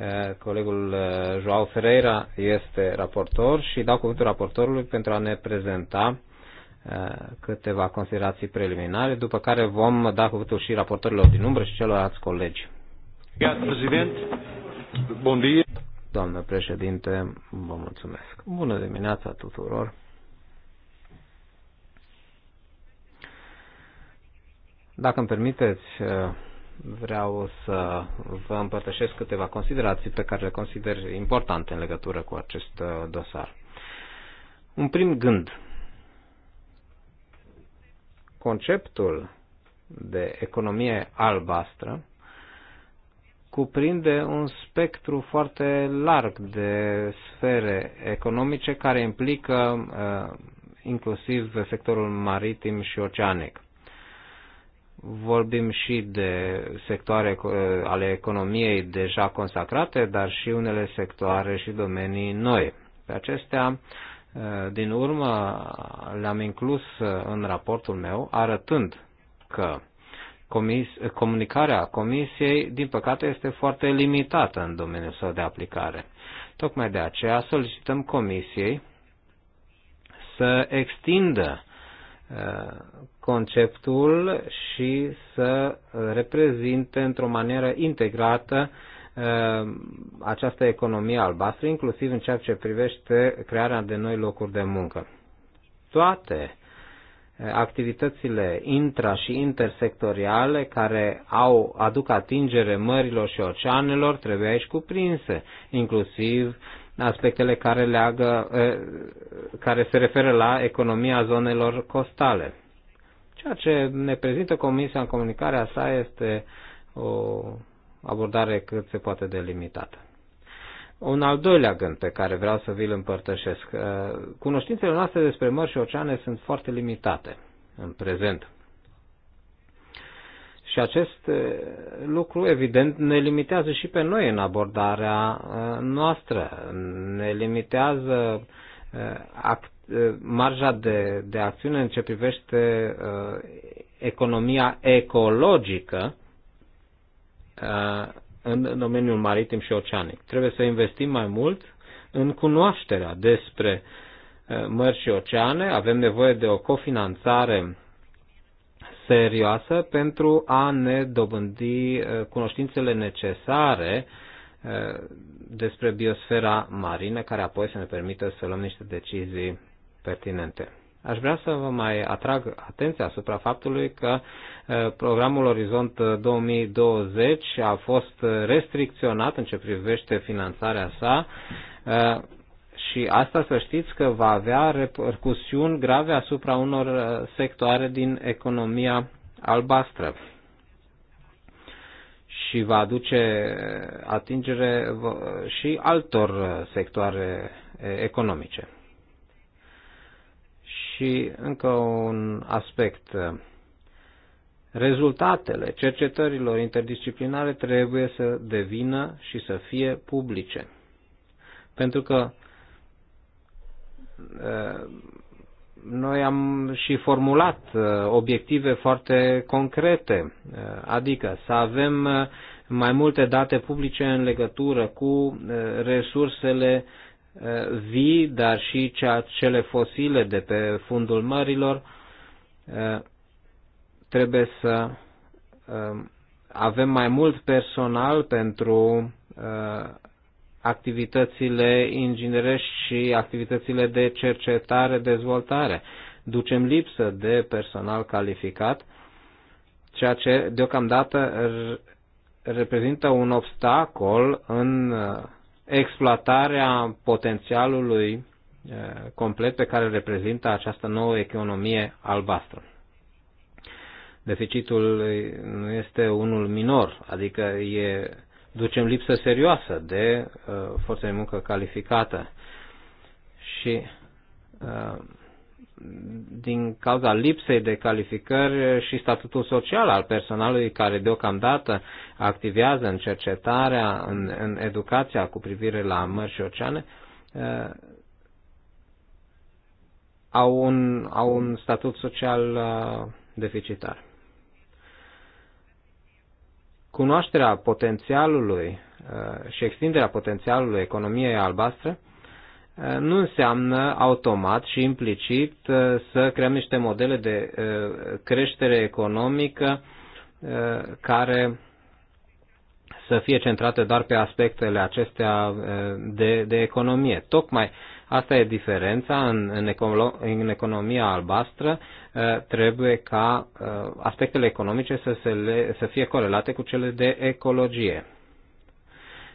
Eh, colegul eh, Joao Ferreira este raportor și dau cuvântul raportorului pentru a ne prezenta eh, câteva considerații preliminare, după care vom da cuvântul și raportorilor din umbră și celorlalți colegi. dia. Doamnă președinte, vă mulțumesc. Bună dimineața tuturor. Dacă îmi permiteți, vreau să vă împărtășesc câteva considerații pe care le consider importante în legătură cu acest uh, dosar. Un prim gând. Conceptul de economie albastră cuprinde un spectru foarte larg de sfere economice care implică uh, inclusiv sectorul maritim și oceanic vorbim și de sectoare eh, ale economiei deja consacrate, dar și unele sectoare și domenii noi. Pe acestea, eh, din urmă, le-am inclus eh, în raportul meu, arătând că comis, comunicarea Comisiei, din păcate, este foarte limitată în domeniul său de aplicare. Tocmai de aceea solicităm Comisiei să extindă conceptul și să reprezinte într-o manieră integrată uh, această economie albastră, inclusiv în ceea ce privește crearea de noi locuri de muncă. Toate uh, activitățile intra și intersectoriale care au, aduc atingere mărilor și oceanelor trebuie aici cuprinse, inclusiv aspectele care, leagă, uh, care se referă la economia zonelor costale. Ceea ce ne prezintă Comisia în comunicarea sa este o abordare cât se poate de limitată. Un al doilea gând pe care vreau să vi-l împărtășesc. Uh, cunoștințele noastre despre mări și oceane sunt foarte limitate în prezent. Și acest uh, lucru, evident, ne limitează și pe noi în abordarea uh, noastră. Ne limitează act marja de, de acțiune în ce privește uh, economia ecologică uh, în domeniul maritim și oceanic. Trebuie să investim mai mult în cunoașterea despre uh, mări și oceane. Avem nevoie de o cofinanțare serioasă pentru a ne dobândi cunoștințele necesare despre biosfera marină, care apoi să ne permită să luăm niște decizii pertinente. Aș vrea să vă mai atrag atenția asupra faptului că programul Orizont 2020 a fost restricționat în ce privește finanțarea sa și asta să știți că va avea repercusiuni grave asupra unor sectoare din economia albastră și va aduce atingere și altor sectoare economice. Și încă un aspect. Rezultatele cercetărilor interdisciplinare trebuie să devină și să fie publice. Pentru că noi am și formulat obiective foarte concrete, adică să avem mai multe date publice în legătură cu resursele vii, dar și cele fosile de pe fundul mărilor, uh, trebuie să um, avem mai mult personal pentru uh, activitățile inginerești și activitățile de cercetare, dezvoltare. Ducem lipsă de personal calificat, ceea ce deocamdată reprezintă un obstacol în uh, exploatarea potențialului eh, complet pe care reprezintă această nouă economie albastră. Deficitul nu este unul minor, adică e, ducem lipsă serioasă de uh, forță de muncă calificată. Și uh, din cauza lipsei de calificări și statutul social al personalului care deocamdată activează în cercetarea, în, în educația cu privire la mări și oceane, eh, au un, au un statut social eh, deficitar. Cunoașterea potențialului eh, și extinderea potențialului economiei albastre Eh, nu înseamnă automat și implicit eh, să creăm niște modele de eh, creștere economică care să fie centrate doar pe aspectele acestea de, de economie. Tocmai asta e diferența în, în, econo, în economia albastră. Trebuie ca aspectele economice să, se le, să fie corelate cu cele de ecologie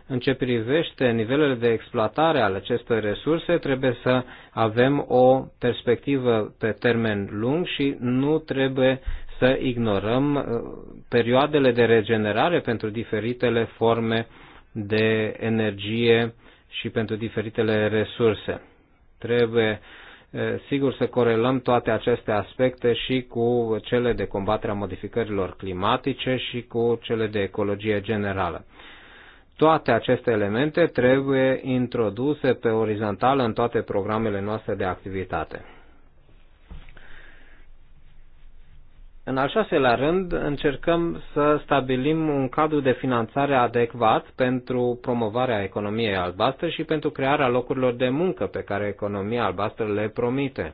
în ce privește nivelele de exploatare ale acestor resurse, trebuie să avem o perspectivă pe termen lung și nu trebuie să ignorăm uh, perioadele de regenerare pentru diferitele forme de energie și pentru diferitele resurse. Trebuie uh, sigur să corelăm toate aceste aspecte și cu cele de combatere a modificărilor climatice și cu cele de ecologie generală. Toate aceste elemente trebuie introduse pe orizontală în toate programele noastre de activitate. În al șaselea rând, încercăm să stabilim un cadru de finanțare adecvat pentru promovarea economiei albastre și pentru crearea locurilor de muncă pe care economia albastră le promite.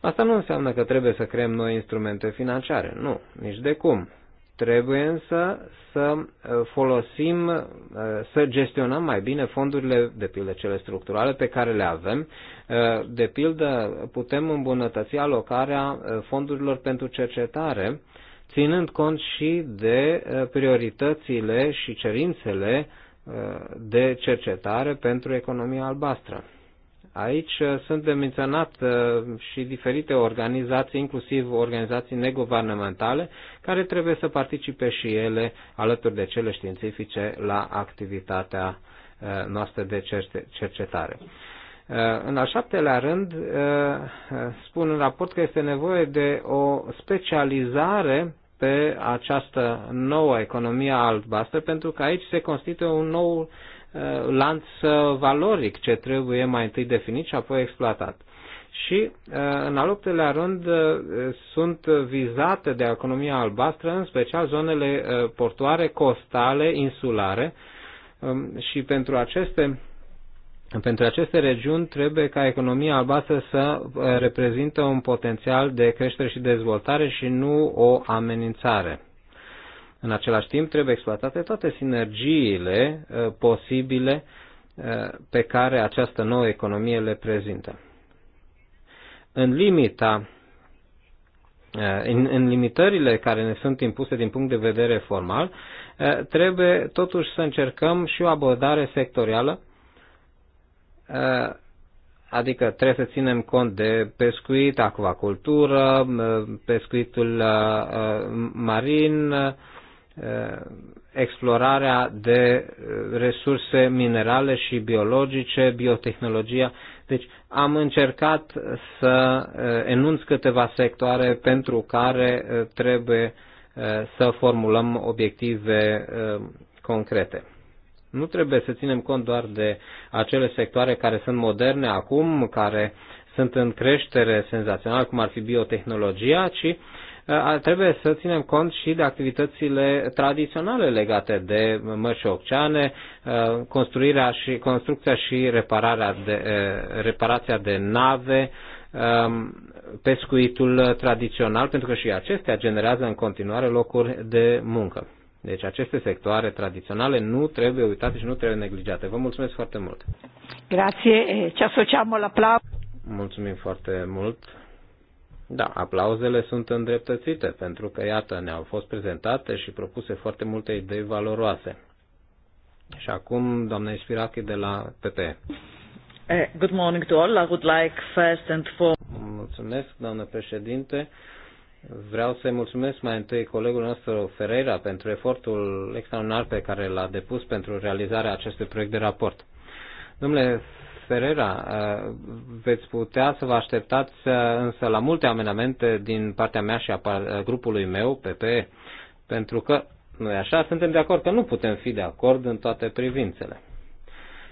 Asta nu înseamnă că trebuie să creăm noi instrumente financiare, nu, nici de cum. Trebuie însă să uh, folosim, uh, să gestionăm mai bine fondurile, de pildă cele structurale pe care le avem. Uh, de pildă, putem îmbunătăți alocarea fondurilor pentru cercetare, ținând cont și de prioritățile și cerințele de cercetare pentru economia albastră. Aici uh, sunt de menționat uh, și diferite organizații, inclusiv organizații neguvernamentale, care trebuie să participe și ele, alături de cele științifice, la activitatea uh, noastră de cercetare. În al șaptelea rând, spun în raport că este nevoie de o specializare pe această nouă economie albastră, pentru că aici se constituie un nou Uh, lanț uh, valoric ce trebuie mai întâi definit și apoi exploatat. Și, uh, în al optelea rând, sunt vizate de economia albastră, în special zonele portoare, costale, insulare, um, și pentru aceste pentru aceste regiuni trebuie ca economia albastră să reprezintă un potențial de creștere și dezvoltare și nu o amenințare. În același timp trebuie exploatate toate sinergiile uh, posibile uh, pe care această nouă economie le prezintă. În limita uh, în, în limitările care ne sunt impuse din punct de vedere formal, trebuie totuși să încercăm și o abordare sectorială, adică trebuie să ținem cont de pescuit, acvacultură, pescuitul marin, Eh, explorarea de eh, resurse minerale și biologice, biotehnologia. Deci am încercat să eh, enunț câteva sectoare pentru care trebuie să formulăm obiective concrete. Nu trebuie să ținem cont doar de acele sectoare care sunt moderne acum, care sunt în creștere senzațională, cum ar fi biotehnologia, ci trebuie să ținem cont și de activitățile tradiționale legate de măși oceane, construirea și, construcția și repararea de, reparația de nave, pescuitul tradițional, pentru că și acestea generează în continuare locuri de muncă. Deci aceste sectoare tradiționale nu trebuie uitate și nu trebuie neglijate. Vă mulțumesc foarte mult. Grazie, ci asociamo la plav. Mulțumim foarte mult. Da, aplauzele sunt îndreptățite, pentru că, iată, ne-au fost prezentate și propuse foarte multe idei valoroase. Și acum, doamna Ispirachi de la PP. Eh, good morning to all. I would like first and foremost... Mulțumesc, doamnă președinte. Vreau să-i mulțumesc mai întâi colegul nostru Ferreira pentru efortul extraordinar pe care l-a depus pentru realizarea acestui proiect de raport. Domnule Ferreira, eh, veți putea să vă așteptați eh, însă la multe amenamente din partea mea și a eh, grupului meu, PPE, pentru că, nu e așa, suntem de acord că nu putem fi de acord în toate privințele.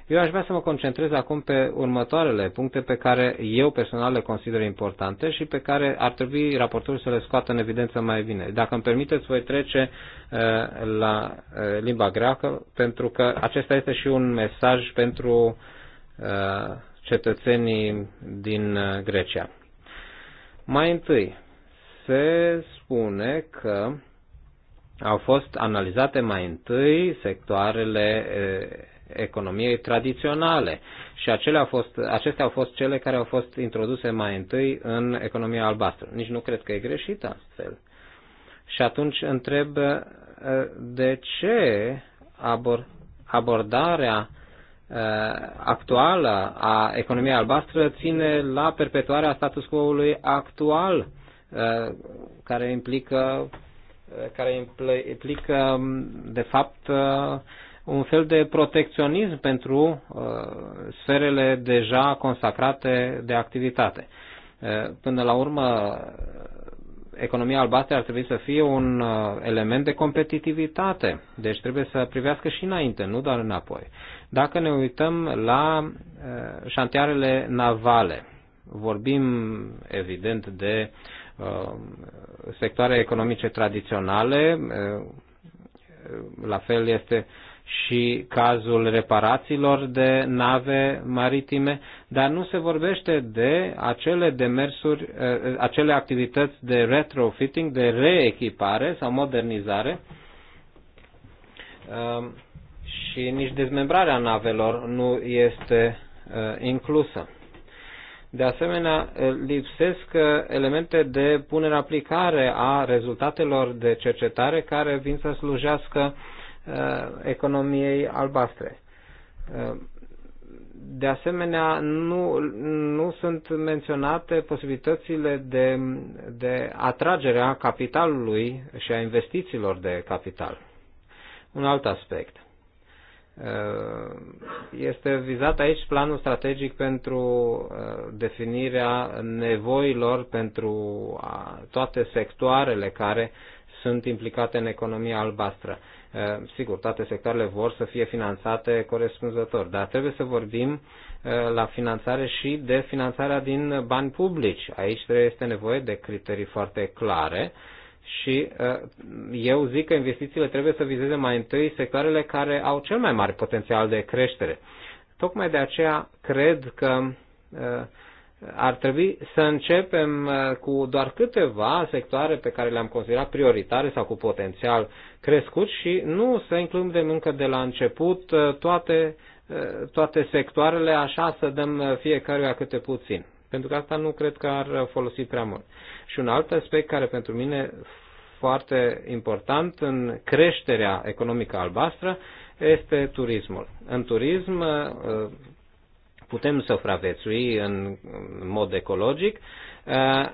Eu aș vrea să mă concentrez acum pe următoarele puncte pe care eu personal le consider importante și pe care ar trebui raportorul să le scoată în evidență mai bine. Dacă îmi permiteți, voi trece la limba greacă, pentru că acesta este și un mesaj pentru Uh, cetățenii din uh, Grecia. Mai întâi, se spune că au fost analizate mai întâi sectoarele uh, economiei tradiționale și acele au fost, acestea au fost cele care au fost introduse mai întâi în economia albastră. Nici nu cred că e greșit astfel. Și atunci întreb de ce abordarea Uh, actuală a economiei albastră ține la perpetuarea status quo-ului actual, uh, care implică, uh, care implică, um, de fapt, un fel de protecționism pentru sferele deja consacrate de activitate. Până la urmă, economia albastră ar trebui să fie un uh, element de competitivitate. Deci trebuie să privească și înainte, nu doar înapoi. Dacă ne uităm la uh, șantiarele navale, vorbim evident de uh, sectoare economice tradiționale, la fel este și cazul reparațiilor de nave maritime, dar nu se vorbește de acele demersuri, eh, acele activități de retrofitting, de reechipare sau modernizare ehm, și nici dezmembrarea navelor nu este eh, inclusă. De asemenea, eh, lipsesc elemente de punere aplicare a rezultatelor de cercetare care vin să slujească Uh, economiei albastre. Uh, de asemenea, nu, nu sunt menționate posibilitățile de, de atragere a capitalului și a investițiilor de capital. Un alt aspect. Uh, este vizat aici planul strategic pentru definirea nevoilor pentru toate sectoarele care sunt implicate în economia albastră. Eh, sigur, toate sectoarele vor să fie finanțate corespunzător, dar trebuie să vorbim eh, la finanțare și de finanțarea din bani publici. Aici trebuie este nevoie de criterii foarte clare și eh, eu zic că investițiile trebuie să vizeze mai întâi sectoarele care au cel mai mare potențial de creștere. Tocmai de aceea cred că ar trebui să începem uh, cu doar câteva sectoare pe care le-am considerat prioritare sau cu potențial crescut și nu să includem încă de la început uh, toate, uh, toate sectoarele, așa să dăm fiecăruia câte puțin. Pentru că asta nu cred că ar folosi prea mult. Și un alt aspect care pentru mine foarte important în creșterea economică albastră este turismul. În turism putem supraviețui în mod ecologic uh,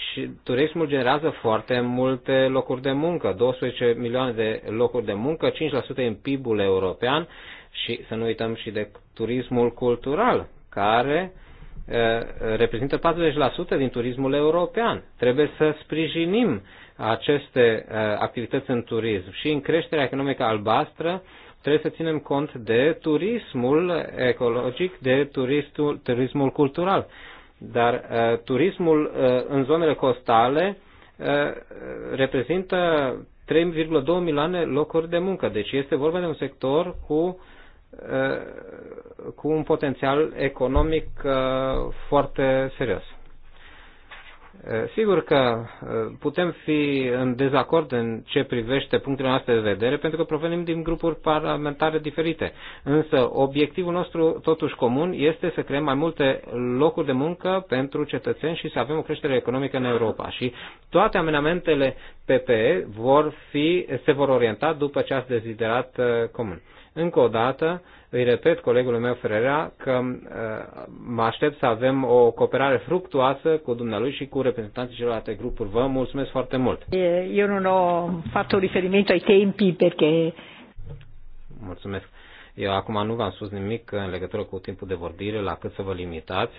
și turismul generează foarte multe locuri de muncă, 12 milioane de locuri de muncă, 5% în PIB-ul european și să nu uităm și de turismul cultural, care uh, reprezintă 40% din turismul european. Trebuie să sprijinim aceste uh, activități în turism și în creșterea economică albastră trebuie să ținem cont de turismul ecologic, de turistul, turismul cultural. Dar uh, turismul uh, în zonele costale uh, reprezintă 3,2 milioane locuri de muncă. Deci este vorba de un sector cu, uh, cu un potențial economic uh, foarte serios. Sigur că putem fi în dezacord în ce privește punctele noastre de vedere, pentru că provenim din grupuri parlamentare diferite. Însă obiectivul nostru, totuși comun, este să creăm mai multe locuri de muncă pentru cetățeni și să avem o creștere economică în Europa. Și toate amenamentele PPE vor fi, se vor orienta după ce ați deziderat comun. Încă o dată, îi repet colegului meu Ferreira că uh, mă aștept să avem o cooperare fructuoasă cu dumnealui și cu reprezentanții celorlalte grupuri. Vă mulțumesc foarte mult. Eu nu am făcut referiment ai tempi, că Mulțumesc. Eu acum nu v-am spus nimic în legătură cu timpul de vorbire, la cât să vă limitați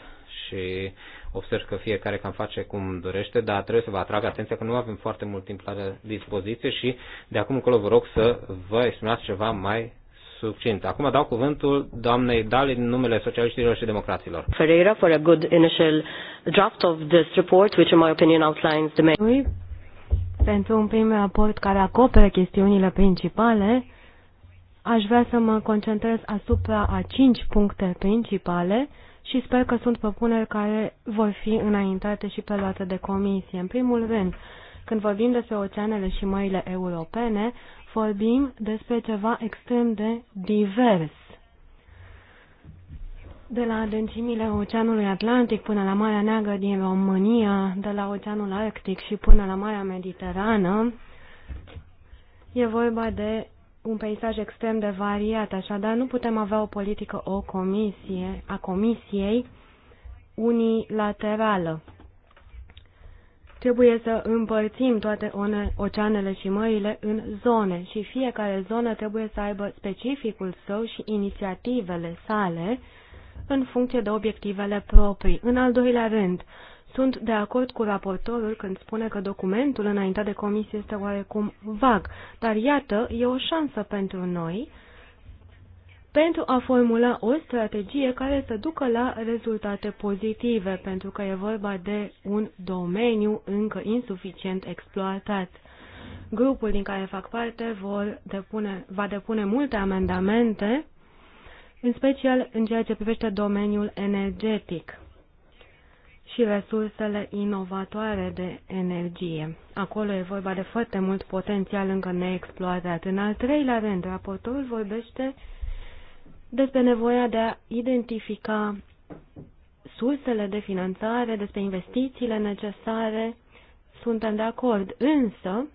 și observ că fiecare cam face cum dorește, dar trebuie să vă atrag atenția că nu avem foarte mult timp la dispoziție și de acum încolo vă rog să vă exprimați ceva mai succint. Acum dau cuvântul doamnei Dali din numele socialiștilor și democraților. Ferreira for a good initial draft of this report, which in my opinion outlines the main... Pentru un prim raport care acoperă chestiunile principale, aș vrea să mă concentrez asupra a cinci puncte principale și sper că sunt propuneri care vor fi înaintate și preluate de comisie. În primul rând, când vorbim despre oceanele și mările europene, vorbim despre ceva extrem de divers. De la adâncimile Oceanului Atlantic până la Marea Neagră din România, de la Oceanul Arctic și până la Marea Mediterană, e vorba de un peisaj extrem de variat, așadar nu putem avea o politică o comisie, a comisiei unilaterală. Trebuie să împărțim toate oceanele și măile în zone și fiecare zonă trebuie să aibă specificul său și inițiativele sale în funcție de obiectivele proprii. În al doilea rând, sunt de acord cu raportorul când spune că documentul înaintat de comisie este oarecum vag, dar iată, e o șansă pentru noi pentru a formula o strategie care să ducă la rezultate pozitive, pentru că e vorba de un domeniu încă insuficient exploatat. Grupul din care fac parte vor depune, va depune multe amendamente, în special în ceea ce privește domeniul energetic și resursele inovatoare de energie. Acolo e vorba de foarte mult potențial încă neexploatat. În al treilea rând, raportorul vorbește despre nevoia de a identifica sursele de finanțare, despre investițiile necesare, suntem de acord. Însă,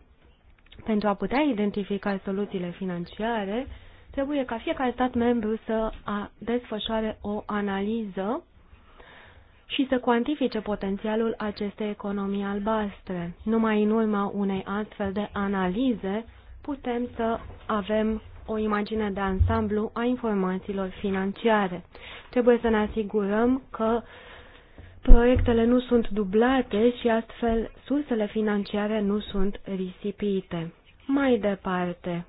pentru a putea identifica soluțiile financiare, trebuie ca fiecare stat membru să desfășoare o analiză și să cuantifice potențialul acestei economii albastre. Numai în urma unei astfel de analize putem să avem o imagine de ansamblu a informațiilor financiare. Trebuie să ne asigurăm că proiectele nu sunt dublate și astfel sursele financiare nu sunt risipite. Mai departe,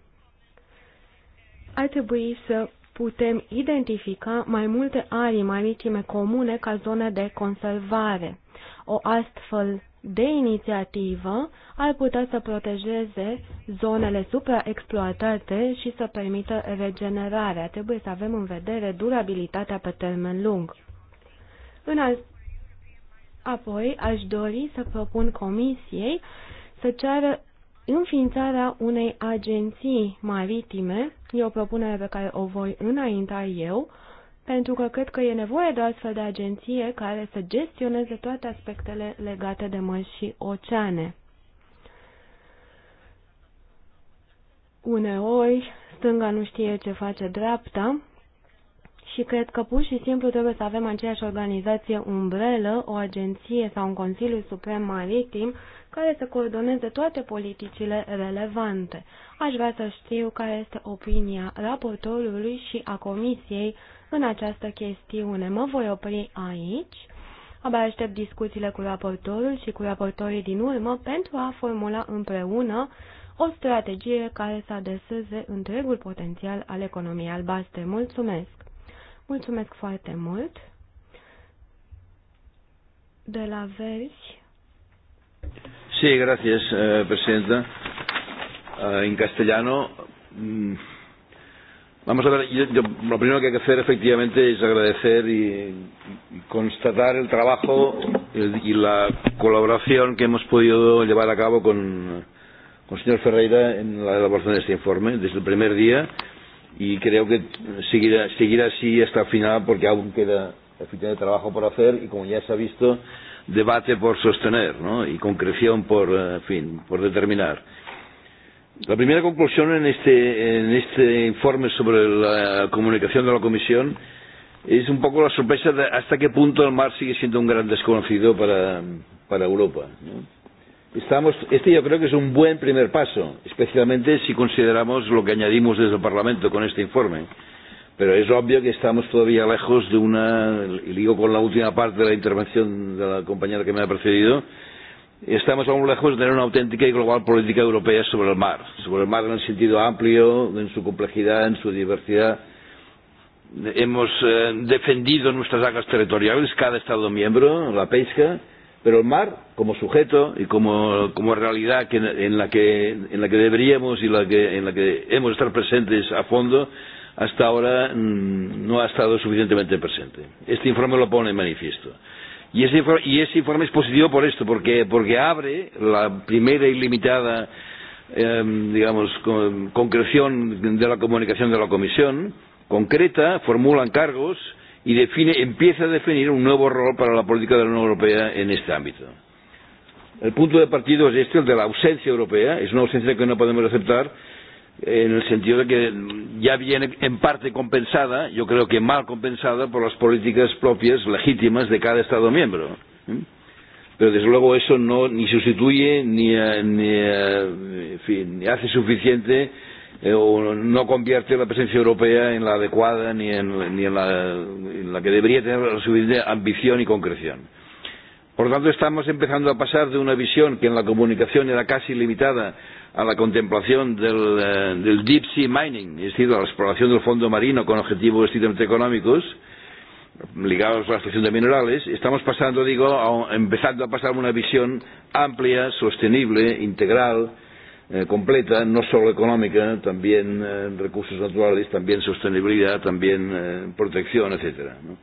ar trebui să putem identifica mai multe arii maritime comune ca zone de conservare. O astfel de inițiativă ar putea să protejeze zonele supraexploatate și să permită regenerarea. Trebuie să avem în vedere durabilitatea pe termen lung. În al... Apoi, aș dori să propun Comisiei să ceară înființarea unei agenții maritime, e o propunere pe care o voi înainta eu, pentru că cred că e nevoie de o astfel de agenție care să gestioneze toate aspectele legate de mări și oceane. Uneori, stânga nu știe ce face dreapta și cred că pur și simplu trebuie să avem aceeași organizație umbrelă, o agenție sau un Consiliu Suprem Maritim care să coordoneze toate politicile relevante. Aș vrea să știu care este opinia raportorului și a Comisiei în această chestiune. Mă voi opri aici. Abia aștept discuțiile cu raportorul și cu raportorii din urmă pentru a formula împreună o strategie care să adeseze întregul potențial al economiei albastre. Mulțumesc! Mulțumesc foarte mult! De la Verzi. Sí, gracias, eh, Presidenta. Eh, en castellano, mm, Vamos a ver, yo, yo, lo primero que hay que hacer efectivamente es agradecer y, y constatar el trabajo y la colaboración que hemos podido llevar a cabo con, con el señor Ferreira en la elaboración de este informe desde el primer día y creo que seguirá, seguirá así hasta el final porque aún queda de trabajo por hacer y como ya se ha visto debate por sostener ¿no? y concreción por, eh, en fin, por determinar. La primera conclusión en este, en este informe sobre la comunicación de la Comisión es un poco la sorpresa de hasta qué punto el mar sigue siendo un gran desconocido para, para Europa. ¿no? Estamos, este yo creo que es un buen primer paso, especialmente si consideramos lo que añadimos desde el Parlamento con este informe. Pero es obvio que estamos todavía lejos de una, y digo con la última parte de la intervención de la compañera que me ha precedido, estamos aún lejos de tener una auténtica y global política europea sobre el mar, sobre el mar en el sentido amplio, en su complejidad, en su diversidad. Hemos eh, defendido nuestras aguas territoriales, cada Estado miembro, la pesca, pero el mar como sujeto y como, como realidad que, en, la que, en la que deberíamos y la que, en la que hemos de estar presentes a fondo, hasta ahora mmm, no ha estado suficientemente presente. Este informe lo pone en manifiesto. Y ese, y ese informe es positivo por esto, porque, porque abre la primera y limitada, eh, digamos, con, concreción de la comunicación de la Comisión, concreta, formula encargos y define, empieza a definir un nuevo rol para la política de la Unión Europea en este ámbito. El punto de partido es este, el de la ausencia europea, es una ausencia que no podemos aceptar en el sentido de que ya viene en parte compensada, yo creo que mal compensada por las políticas propias legítimas de cada Estado miembro. ¿eh? Pero desde luego eso no ni sustituye ni, eh, ni, eh, en fin, ni hace suficiente eh, o no convierte la presencia europea en la adecuada ni en, ni en, la, en la que debería tener la suficiente ambición y concreción. Por lo tanto, estamos empezando a pasar de una visión que en la comunicación era casi limitada a la contemplación del, eh, del deep sea mining, es decir, a la exploración del fondo marino con objetivos estrictamente económicos, ligados a la extracción de minerales, estamos pasando, digo, a, empezando a pasar una visión amplia, sostenible, integral, eh, completa, no solo económica, también eh, recursos naturales, también sostenibilidad, también eh, protección, etcétera. ¿no?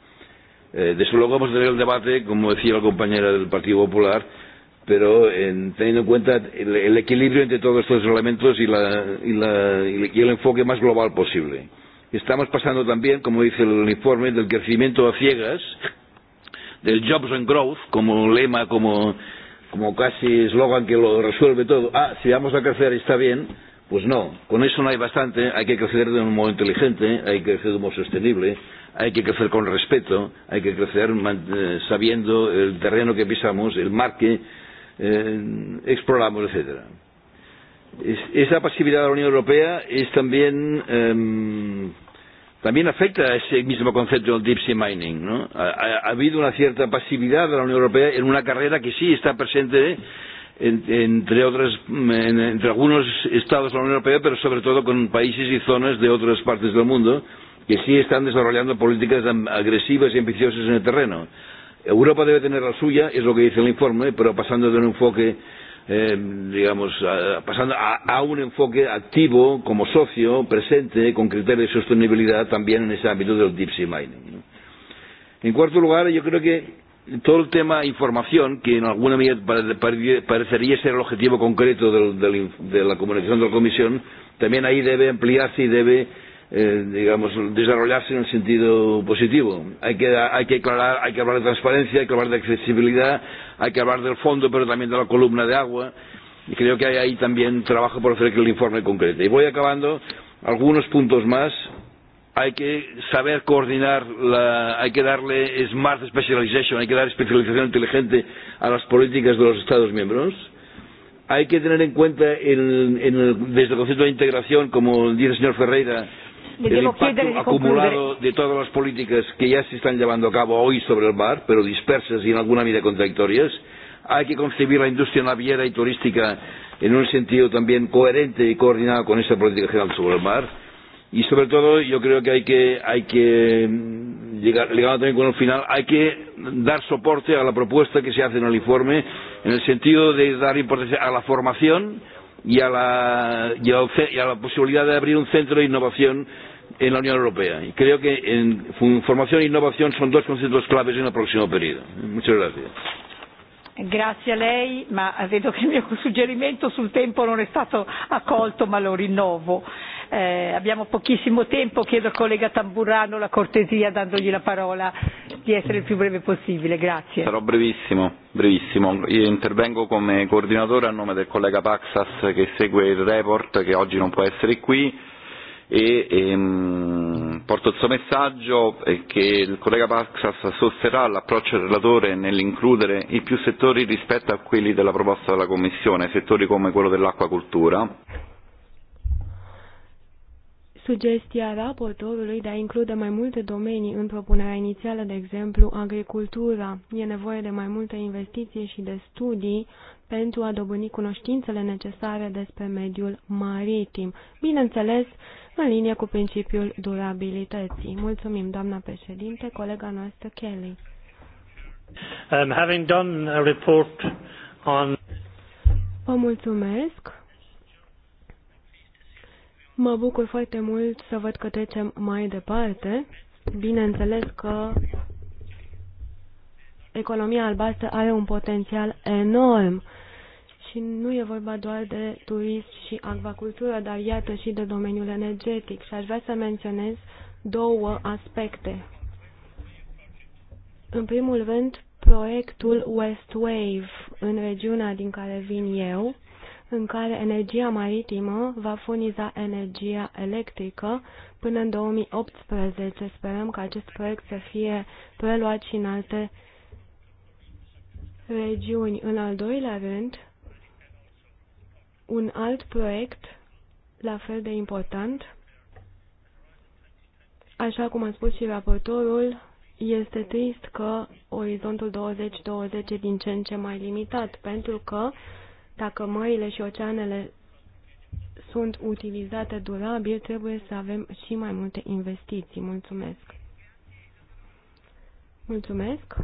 Eh, desde luego vamos a tener el debate, como decía la compañera del Partido Popular, pero en, teniendo en cuenta el, el equilibrio entre todos estos elementos y, la, y, la, y el enfoque más global posible. Estamos pasando también, como dice el informe, del crecimiento a ciegas, del Jobs and Growth, como lema, como, como casi eslogan que lo resuelve todo. Ah, si vamos a crecer está bien, Pues no, con eso no hay bastante, hay que crecer de un modo inteligente, hay que crecer de un modo sostenible, hay que crecer con respeto, hay que crecer eh, sabiendo el terreno que pisamos, el marque eh, exploramos, etc. Es, esa pasividad de la Unión Europea es también eh, también afecta a ese mismo concepto del deep sea mining. ¿no? Ha, ha, ha habido una cierta pasividad de la Unión Europea en una carrera que sí está presente en, entre, otras, mm, en, entre algunos estados de la Unión Europea, pero sobre todo con países y zonas de otras partes del mundo que sí están desarrollando políticas agresivas y ambiciosas en el terreno. Europa debe tener la suya, es lo que dice el informe, pero pasando de un enfoque, eh, digamos, a, pasando a, a un enfoque activo como socio, presente, con criterios de sostenibilidad también en ese ámbito del deep sea mining. ¿no? En cuarto lugar, yo creo que todo el tema información, que en alguna medida parecería ser el objetivo concreto del, del, de la comunicación de la Comisión, también ahí debe ampliarse y debe eh, eh, digamos, desarrollarse en el sentido positivo. Hay que, hay, que aclarar, hay que hablar de transparencia, hay que hablar de accesibilidad, hay que hablar del fondo, pero también de la columna de agua. Y creo que hay ahí también trabajo por hacer que el informe concrete. Y voy acabando algunos puntos más. Hay que saber coordinar, la, hay que darle smart specialization, hay que dar especialización inteligente a las políticas de los Estados miembros hay que tener en cuenta el, en el, desde el concepto de integración, como dice el señor Ferreira, le el devo chiedere di accumulato di todas las políticas que ya se están llevando a cabo hoy sobre el mar, pero dispersas y en alguna medida contradictorias, hay que concebir la industria naviera y turística en un sentido también coherente y coordinado con esta política general sobre el mar. Y sobre todo, yo creo que hay que, hay que mm, llegar, llegando también con el final, hay que dar soporte a la propuesta que se hace en el informe, en el sentido de dar importancia a la formación, y a la, y a, y a la posibilidad de abrir un centro de innovación en la Unión Europea. Y creo que en formación e innovación son dos conceptos claves en el próximo periodo. Muchas gracias. Grazie a lei, ma vedo che il mio suggerimento sul tempo non è stato accolto, ma lo rinnovo. Eh, abbiamo pochissimo tempo, chiedo al collega Tamburrano la cortesia dandogli la parola di essere il più breve possibile. Grazie. Sarò brevissimo, brevissimo. Io intervengo come coordinatore a nome del collega Paxas che segue il report che oggi non può essere qui e e ehm, mh, porto il suo messaggio che il collega Paxas sosterrà l'approccio del relatore nell'includere i più settori rispetto a quelli della proposta della Commissione, settori come quello dell'acquacultura Sugestia raportorului de a include mai multe domenii în propunerea inițială, de exemplu agricultura, e nevoie de mai multe investiții și de studii pentru a dobândi cunoștințele necesare despre mediul maritim, bineînțeles în linie cu principiul durabilității. Mulțumim, doamna președinte, colega noastră Kelly. Um, having done a report on... Vă mulțumesc. Mă bucur foarte mult să văd că trecem mai departe. Bineînțeles că economia albastră are un potențial enorm și nu e vorba doar de turism și acvacultură, dar iată și de domeniul energetic. Și aș vrea să menționez două aspecte. În primul rând, proiectul West Wave în regiunea din care vin eu, în care energia maritimă va furniza energia electrică până în 2018. Sperăm că acest proiect să fie preluat și în alte regiuni. În al doilea rând, un alt proiect la fel de important, așa cum a spus și raportorul, este trist că orizontul 2020 e din ce în ce mai limitat, pentru că uh, dacă mările și oceanele sunt utilizate durabil, trebuie să avem și mai multe investiții. Mulțumesc! Mulțumesc!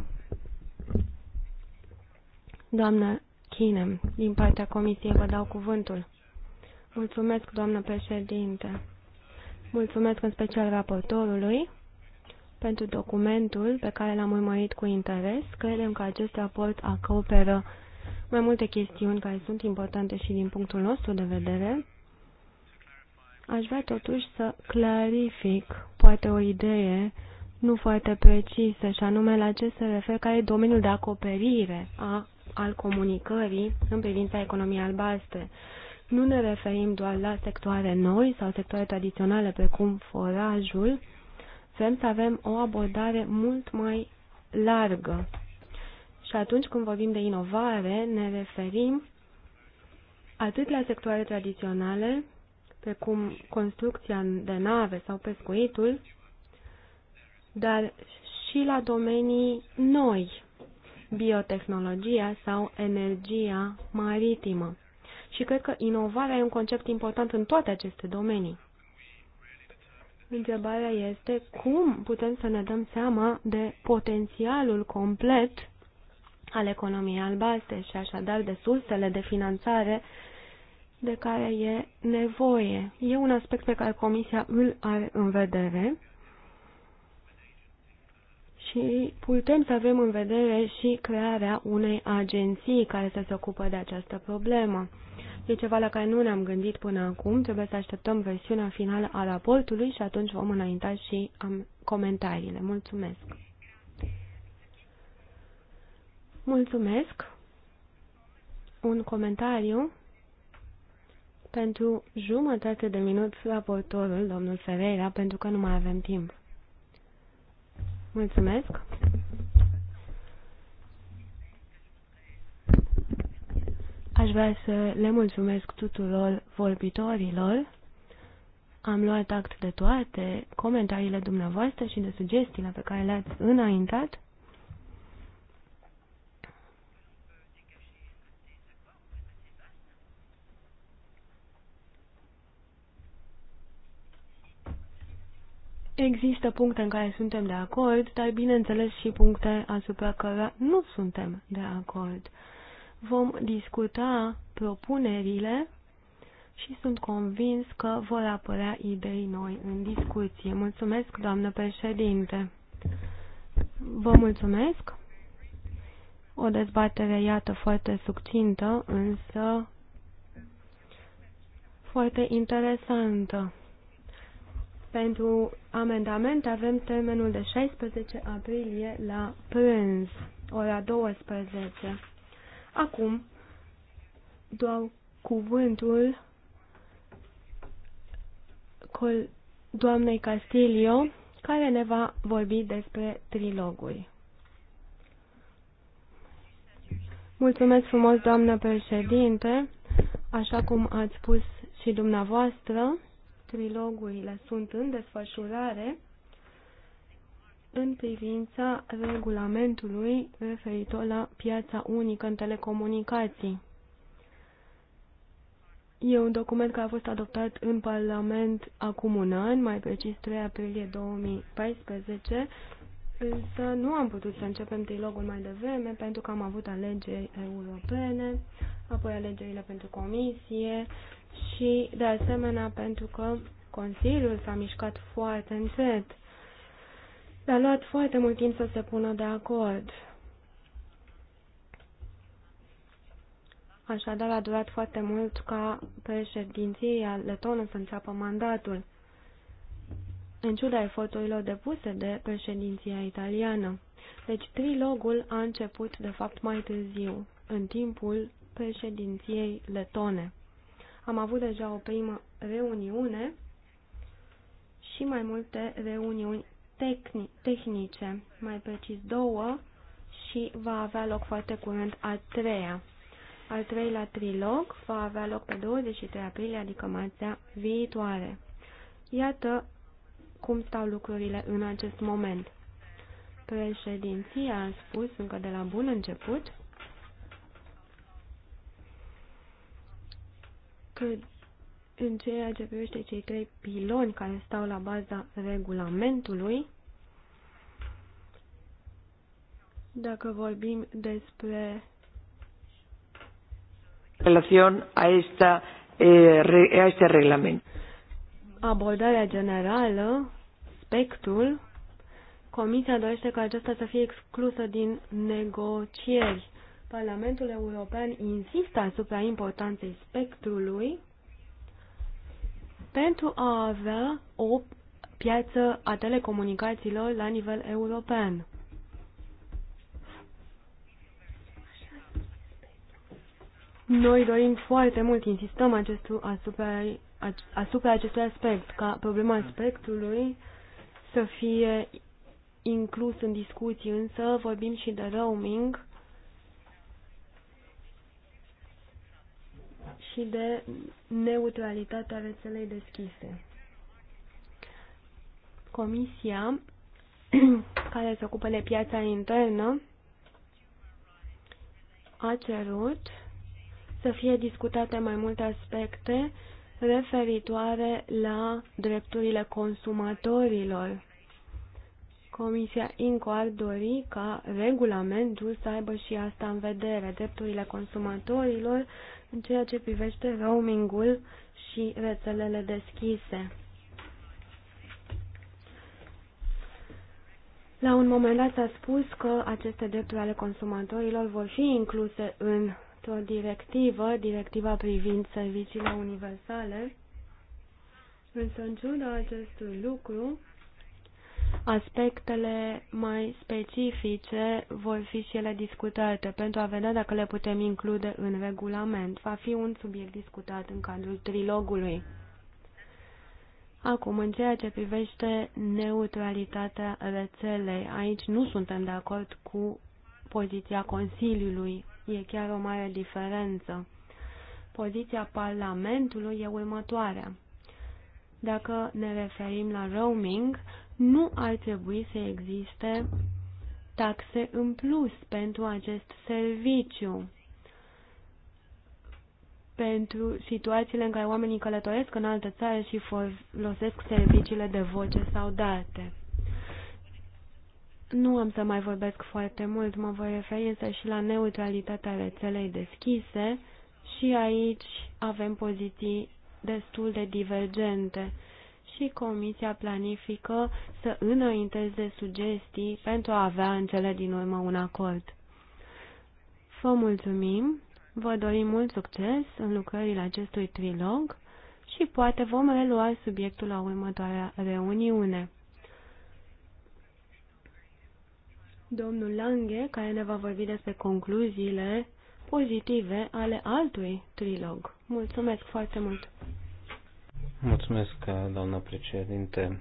Doamna Chinem, din partea Comisiei vă dau cuvântul. Mulțumesc, doamnă președinte. Mulțumesc în special raportorului pentru documentul pe care l-am urmărit cu interes. Credem că acest raport acoperă mai multe chestiuni care sunt importante și din punctul nostru de vedere. Aș vrea totuși să clarific poate o idee nu foarte precisă, și anume la ce se refer care e domeniul de acoperire a, al comunicării în privința economiei albastre. Nu ne referim doar la sectoare noi sau sectoare tradiționale precum forajul, vrem să avem o abordare mult mai largă și atunci când vorbim de inovare, ne referim atât la sectoare tradiționale, precum construcția de nave sau pescuitul, dar și la domenii noi, biotehnologia sau energia maritimă. Și cred că inovarea e un concept important în toate aceste domenii. Întrebarea este cum putem să ne dăm seama de potențialul complet al economiei albastre și așadar de sursele de finanțare de care e nevoie. E un aspect pe care Comisia îl are în vedere și putem să avem în vedere și crearea unei agenții care să se ocupă de această problemă. E ceva la care nu ne-am gândit până acum, trebuie să așteptăm versiunea finală a raportului și atunci vom înainta și am comentariile. Mulțumesc! Mulțumesc. Un comentariu pentru jumătate de minut raportorul, domnul Ferreira, pentru că nu mai avem timp. Mulțumesc. Aș vrea să le mulțumesc tuturor vorbitorilor. Am luat act de toate comentariile dumneavoastră și de sugestiile pe care le-ați înaintat. Există puncte în care suntem de acord, dar bineînțeles și puncte asupra cărora nu suntem de acord. Vom discuta propunerile și sunt convins că vor apărea idei noi în discuție. Mulțumesc, doamnă președinte. Vă mulțumesc. O dezbatere, iată, foarte succintă, însă foarte interesantă. Pentru amendament avem termenul de 16 aprilie la prânz, ora 12. Acum doar cuvântul doamnei Castilio, care ne va vorbi despre triloguri. Mulțumesc frumos, doamnă președinte. Așa cum ați spus și dumneavoastră, trilogurile sunt în desfășurare în privința regulamentului referitor la piața unică în telecomunicații. E un document care a fost adoptat în Parlament acum un an, mai precis 3 aprilie 2014, însă nu am putut să începem trilogul mai devreme pentru că am avut alegeri europene, apoi alegerile pentru comisie și, de asemenea, pentru că Consiliul s-a mișcat foarte încet. Le-a luat foarte mult timp să se pună de acord. Așadar, a durat foarte mult ca președinția letonă să înceapă mandatul, în ciuda eforturilor depuse de președinția italiană. Deci, trilogul a început, de fapt, mai târziu, în timpul președinției letone. Am avut deja o primă reuniune și mai multe reuniuni tehni tehnice, mai precis două, și va avea loc foarte curând a treia. Al treilea trilog va avea loc pe 23 aprilie, adică marțea viitoare. Iată cum stau lucrurile în acest moment. Președinția a spus încă de la bun început că în ceea ce privește cei trei piloni care stau la baza regulamentului, dacă vorbim despre relațion a, esta, eh, a este regulament. Abordarea generală, spectrul, Comisia dorește ca aceasta să fie exclusă din negocieri Parlamentul European insistă asupra importanței spectrului pentru a avea o piață a telecomunicațiilor la nivel european. Noi dorim foarte mult, insistăm acestul, asupra, asupra acestui aspect, ca problema spectrului să fie inclus în discuții, însă vorbim și de roaming și de neutralitatea rețelei deschise. Comisia care se ocupă de piața internă a cerut să fie discutate mai multe aspecte referitoare la drepturile consumatorilor. Comisia INCO ar dori ca regulamentul să aibă și asta în vedere, drepturile consumatorilor în ceea ce privește roamingul și rețelele deschise. La un moment dat s-a spus că aceste drepturi ale consumatorilor vor fi incluse în o directivă, directiva privind serviciile universale, însă în ciuda acestui lucru, Aspectele mai specifice vor fi și ele discutate pentru a vedea dacă le putem include în regulament. Va fi un subiect discutat în cadrul trilogului. Acum, în ceea ce privește neutralitatea rețelei, aici nu suntem de acord cu poziția Consiliului. E chiar o mare diferență. Poziția Parlamentului e următoarea. Dacă ne referim la roaming, nu ar trebui să existe taxe în plus pentru acest serviciu. Pentru situațiile în care oamenii călătoresc în altă țară și folosesc serviciile de voce sau date. Nu am să mai vorbesc foarte mult, mă voi referi însă și la neutralitatea rețelei deschise și aici avem poziții destul de divergente și Comisia planifică să înainteze sugestii pentru a avea în cele din urmă un acord. Vă mulțumim, vă dorim mult succes în lucrările acestui trilog și poate vom relua subiectul la următoarea reuniune. Domnul Lange, care ne va vorbi despre concluziile pozitive ale altui trilog. Mulțumesc foarte mult! Mulțumesc, doamna președinte.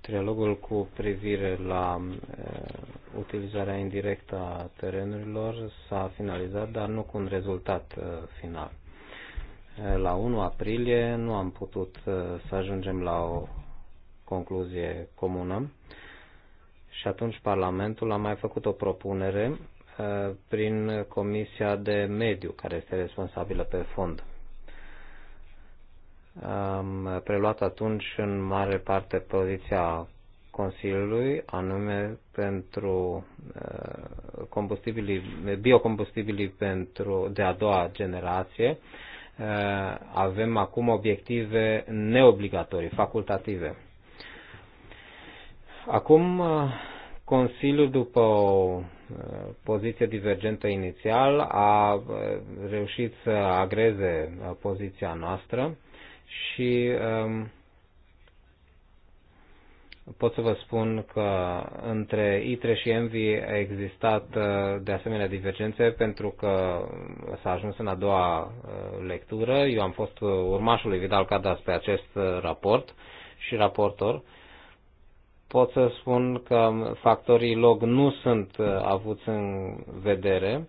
Trialogul cu privire la uh, utilizarea indirectă a terenurilor s-a finalizat, dar nu cu un rezultat uh, final. Uh, la 1 aprilie nu am putut să ajungem la o concluzie comună și atunci Parlamentul a mai făcut o propunere prin Comisia de Mediu, care este responsabilă pe fond am preluat atunci în mare parte poziția Consiliului, anume pentru uh, combustibilii, biocombustibilii pentru, de a doua generație. Uh, avem acum obiective neobligatorii, facultative. Acum, uh, Consiliul, după o poziție divergentă inițial, a reușit să agreze poziția noastră și um, pot să vă spun că între ITRE și ENVI a existat uh, de asemenea divergențe pentru că s-a ajuns în a doua uh, lectură. Eu am fost uh, urmașul lui Vidal Cadas pe acest raport și raportor. Pot să spun că factorii log nu sunt avuți în vedere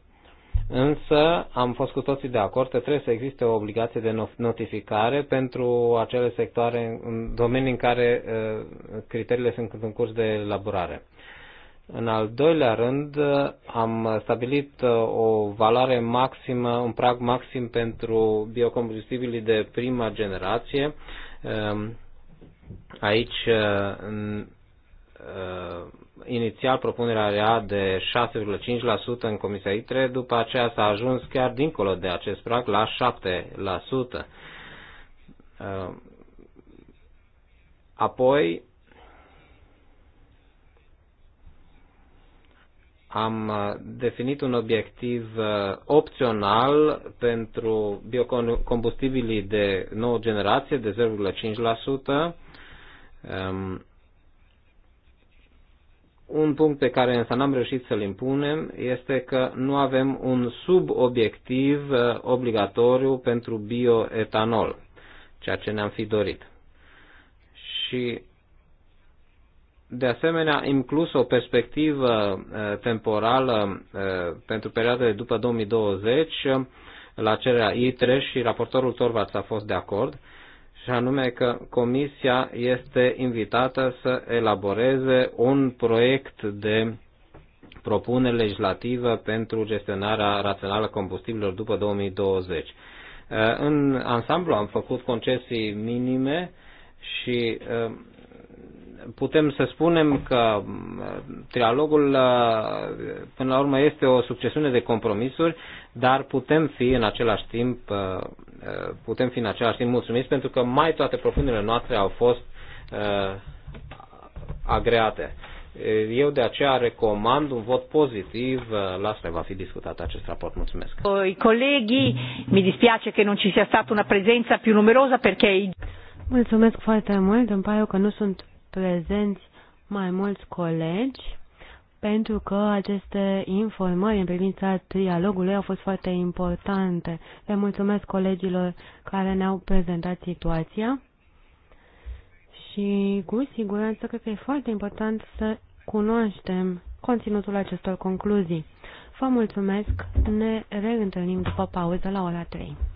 Însă am fost cu toții de acord că trebuie să existe o obligație de notificare pentru acele sectoare în domenii în care uh, criteriile sunt în curs de elaborare. În al doilea rând, am stabilit uh, o valoare maximă, un prag maxim pentru biocombustibilii de prima generație. Um, aici uh, inițial propunerea era de 6,5% în Comisia ITRE, după aceea s-a ajuns chiar dincolo de acest prag la 7%. Uh, apoi am uh, definit un obiectiv uh, opțional pentru biocombustibilii de nouă generație de 0,5%. Un punct pe care însă n-am reușit să-l impunem este că nu avem un subobiectiv uh, obligatoriu pentru bioetanol, ceea ce ne-am fi dorit. Și de asemenea, inclus o perspectivă uh, temporală uh, pentru perioada de după 2020 la cererea ITRE și raportorul Torvaț a fost de acord și anume că Comisia este invitată să elaboreze un proiect de propunere legislativă pentru gestionarea rațională combustibilor după 2020. În ansamblu am făcut concesii minime și putem să spunem că trialogul uh, până la urmă este o succesiune de compromisuri, dar putem fi în același timp uh, uh, putem fi în același timp mulțumiți pentru că mai toate profundurile noastre au fost agreate. Eu de aceea recomand un vot pozitiv. La asta va fi discutat acest raport. Mulțumesc. I colegi, mi dispiace că nu ci sia stata una presenza più numerosa perché Mulțumesc foarte mult. Îmi pare că nu sunt prezenți mai mulți colegi, pentru că aceste informări în privința dialogului au fost foarte importante. Le mulțumesc colegilor care ne-au prezentat situația și cu siguranță cred că e foarte important să cunoaștem conținutul acestor concluzii. Vă mulțumesc, ne reîntâlnim după pauză la ora 3.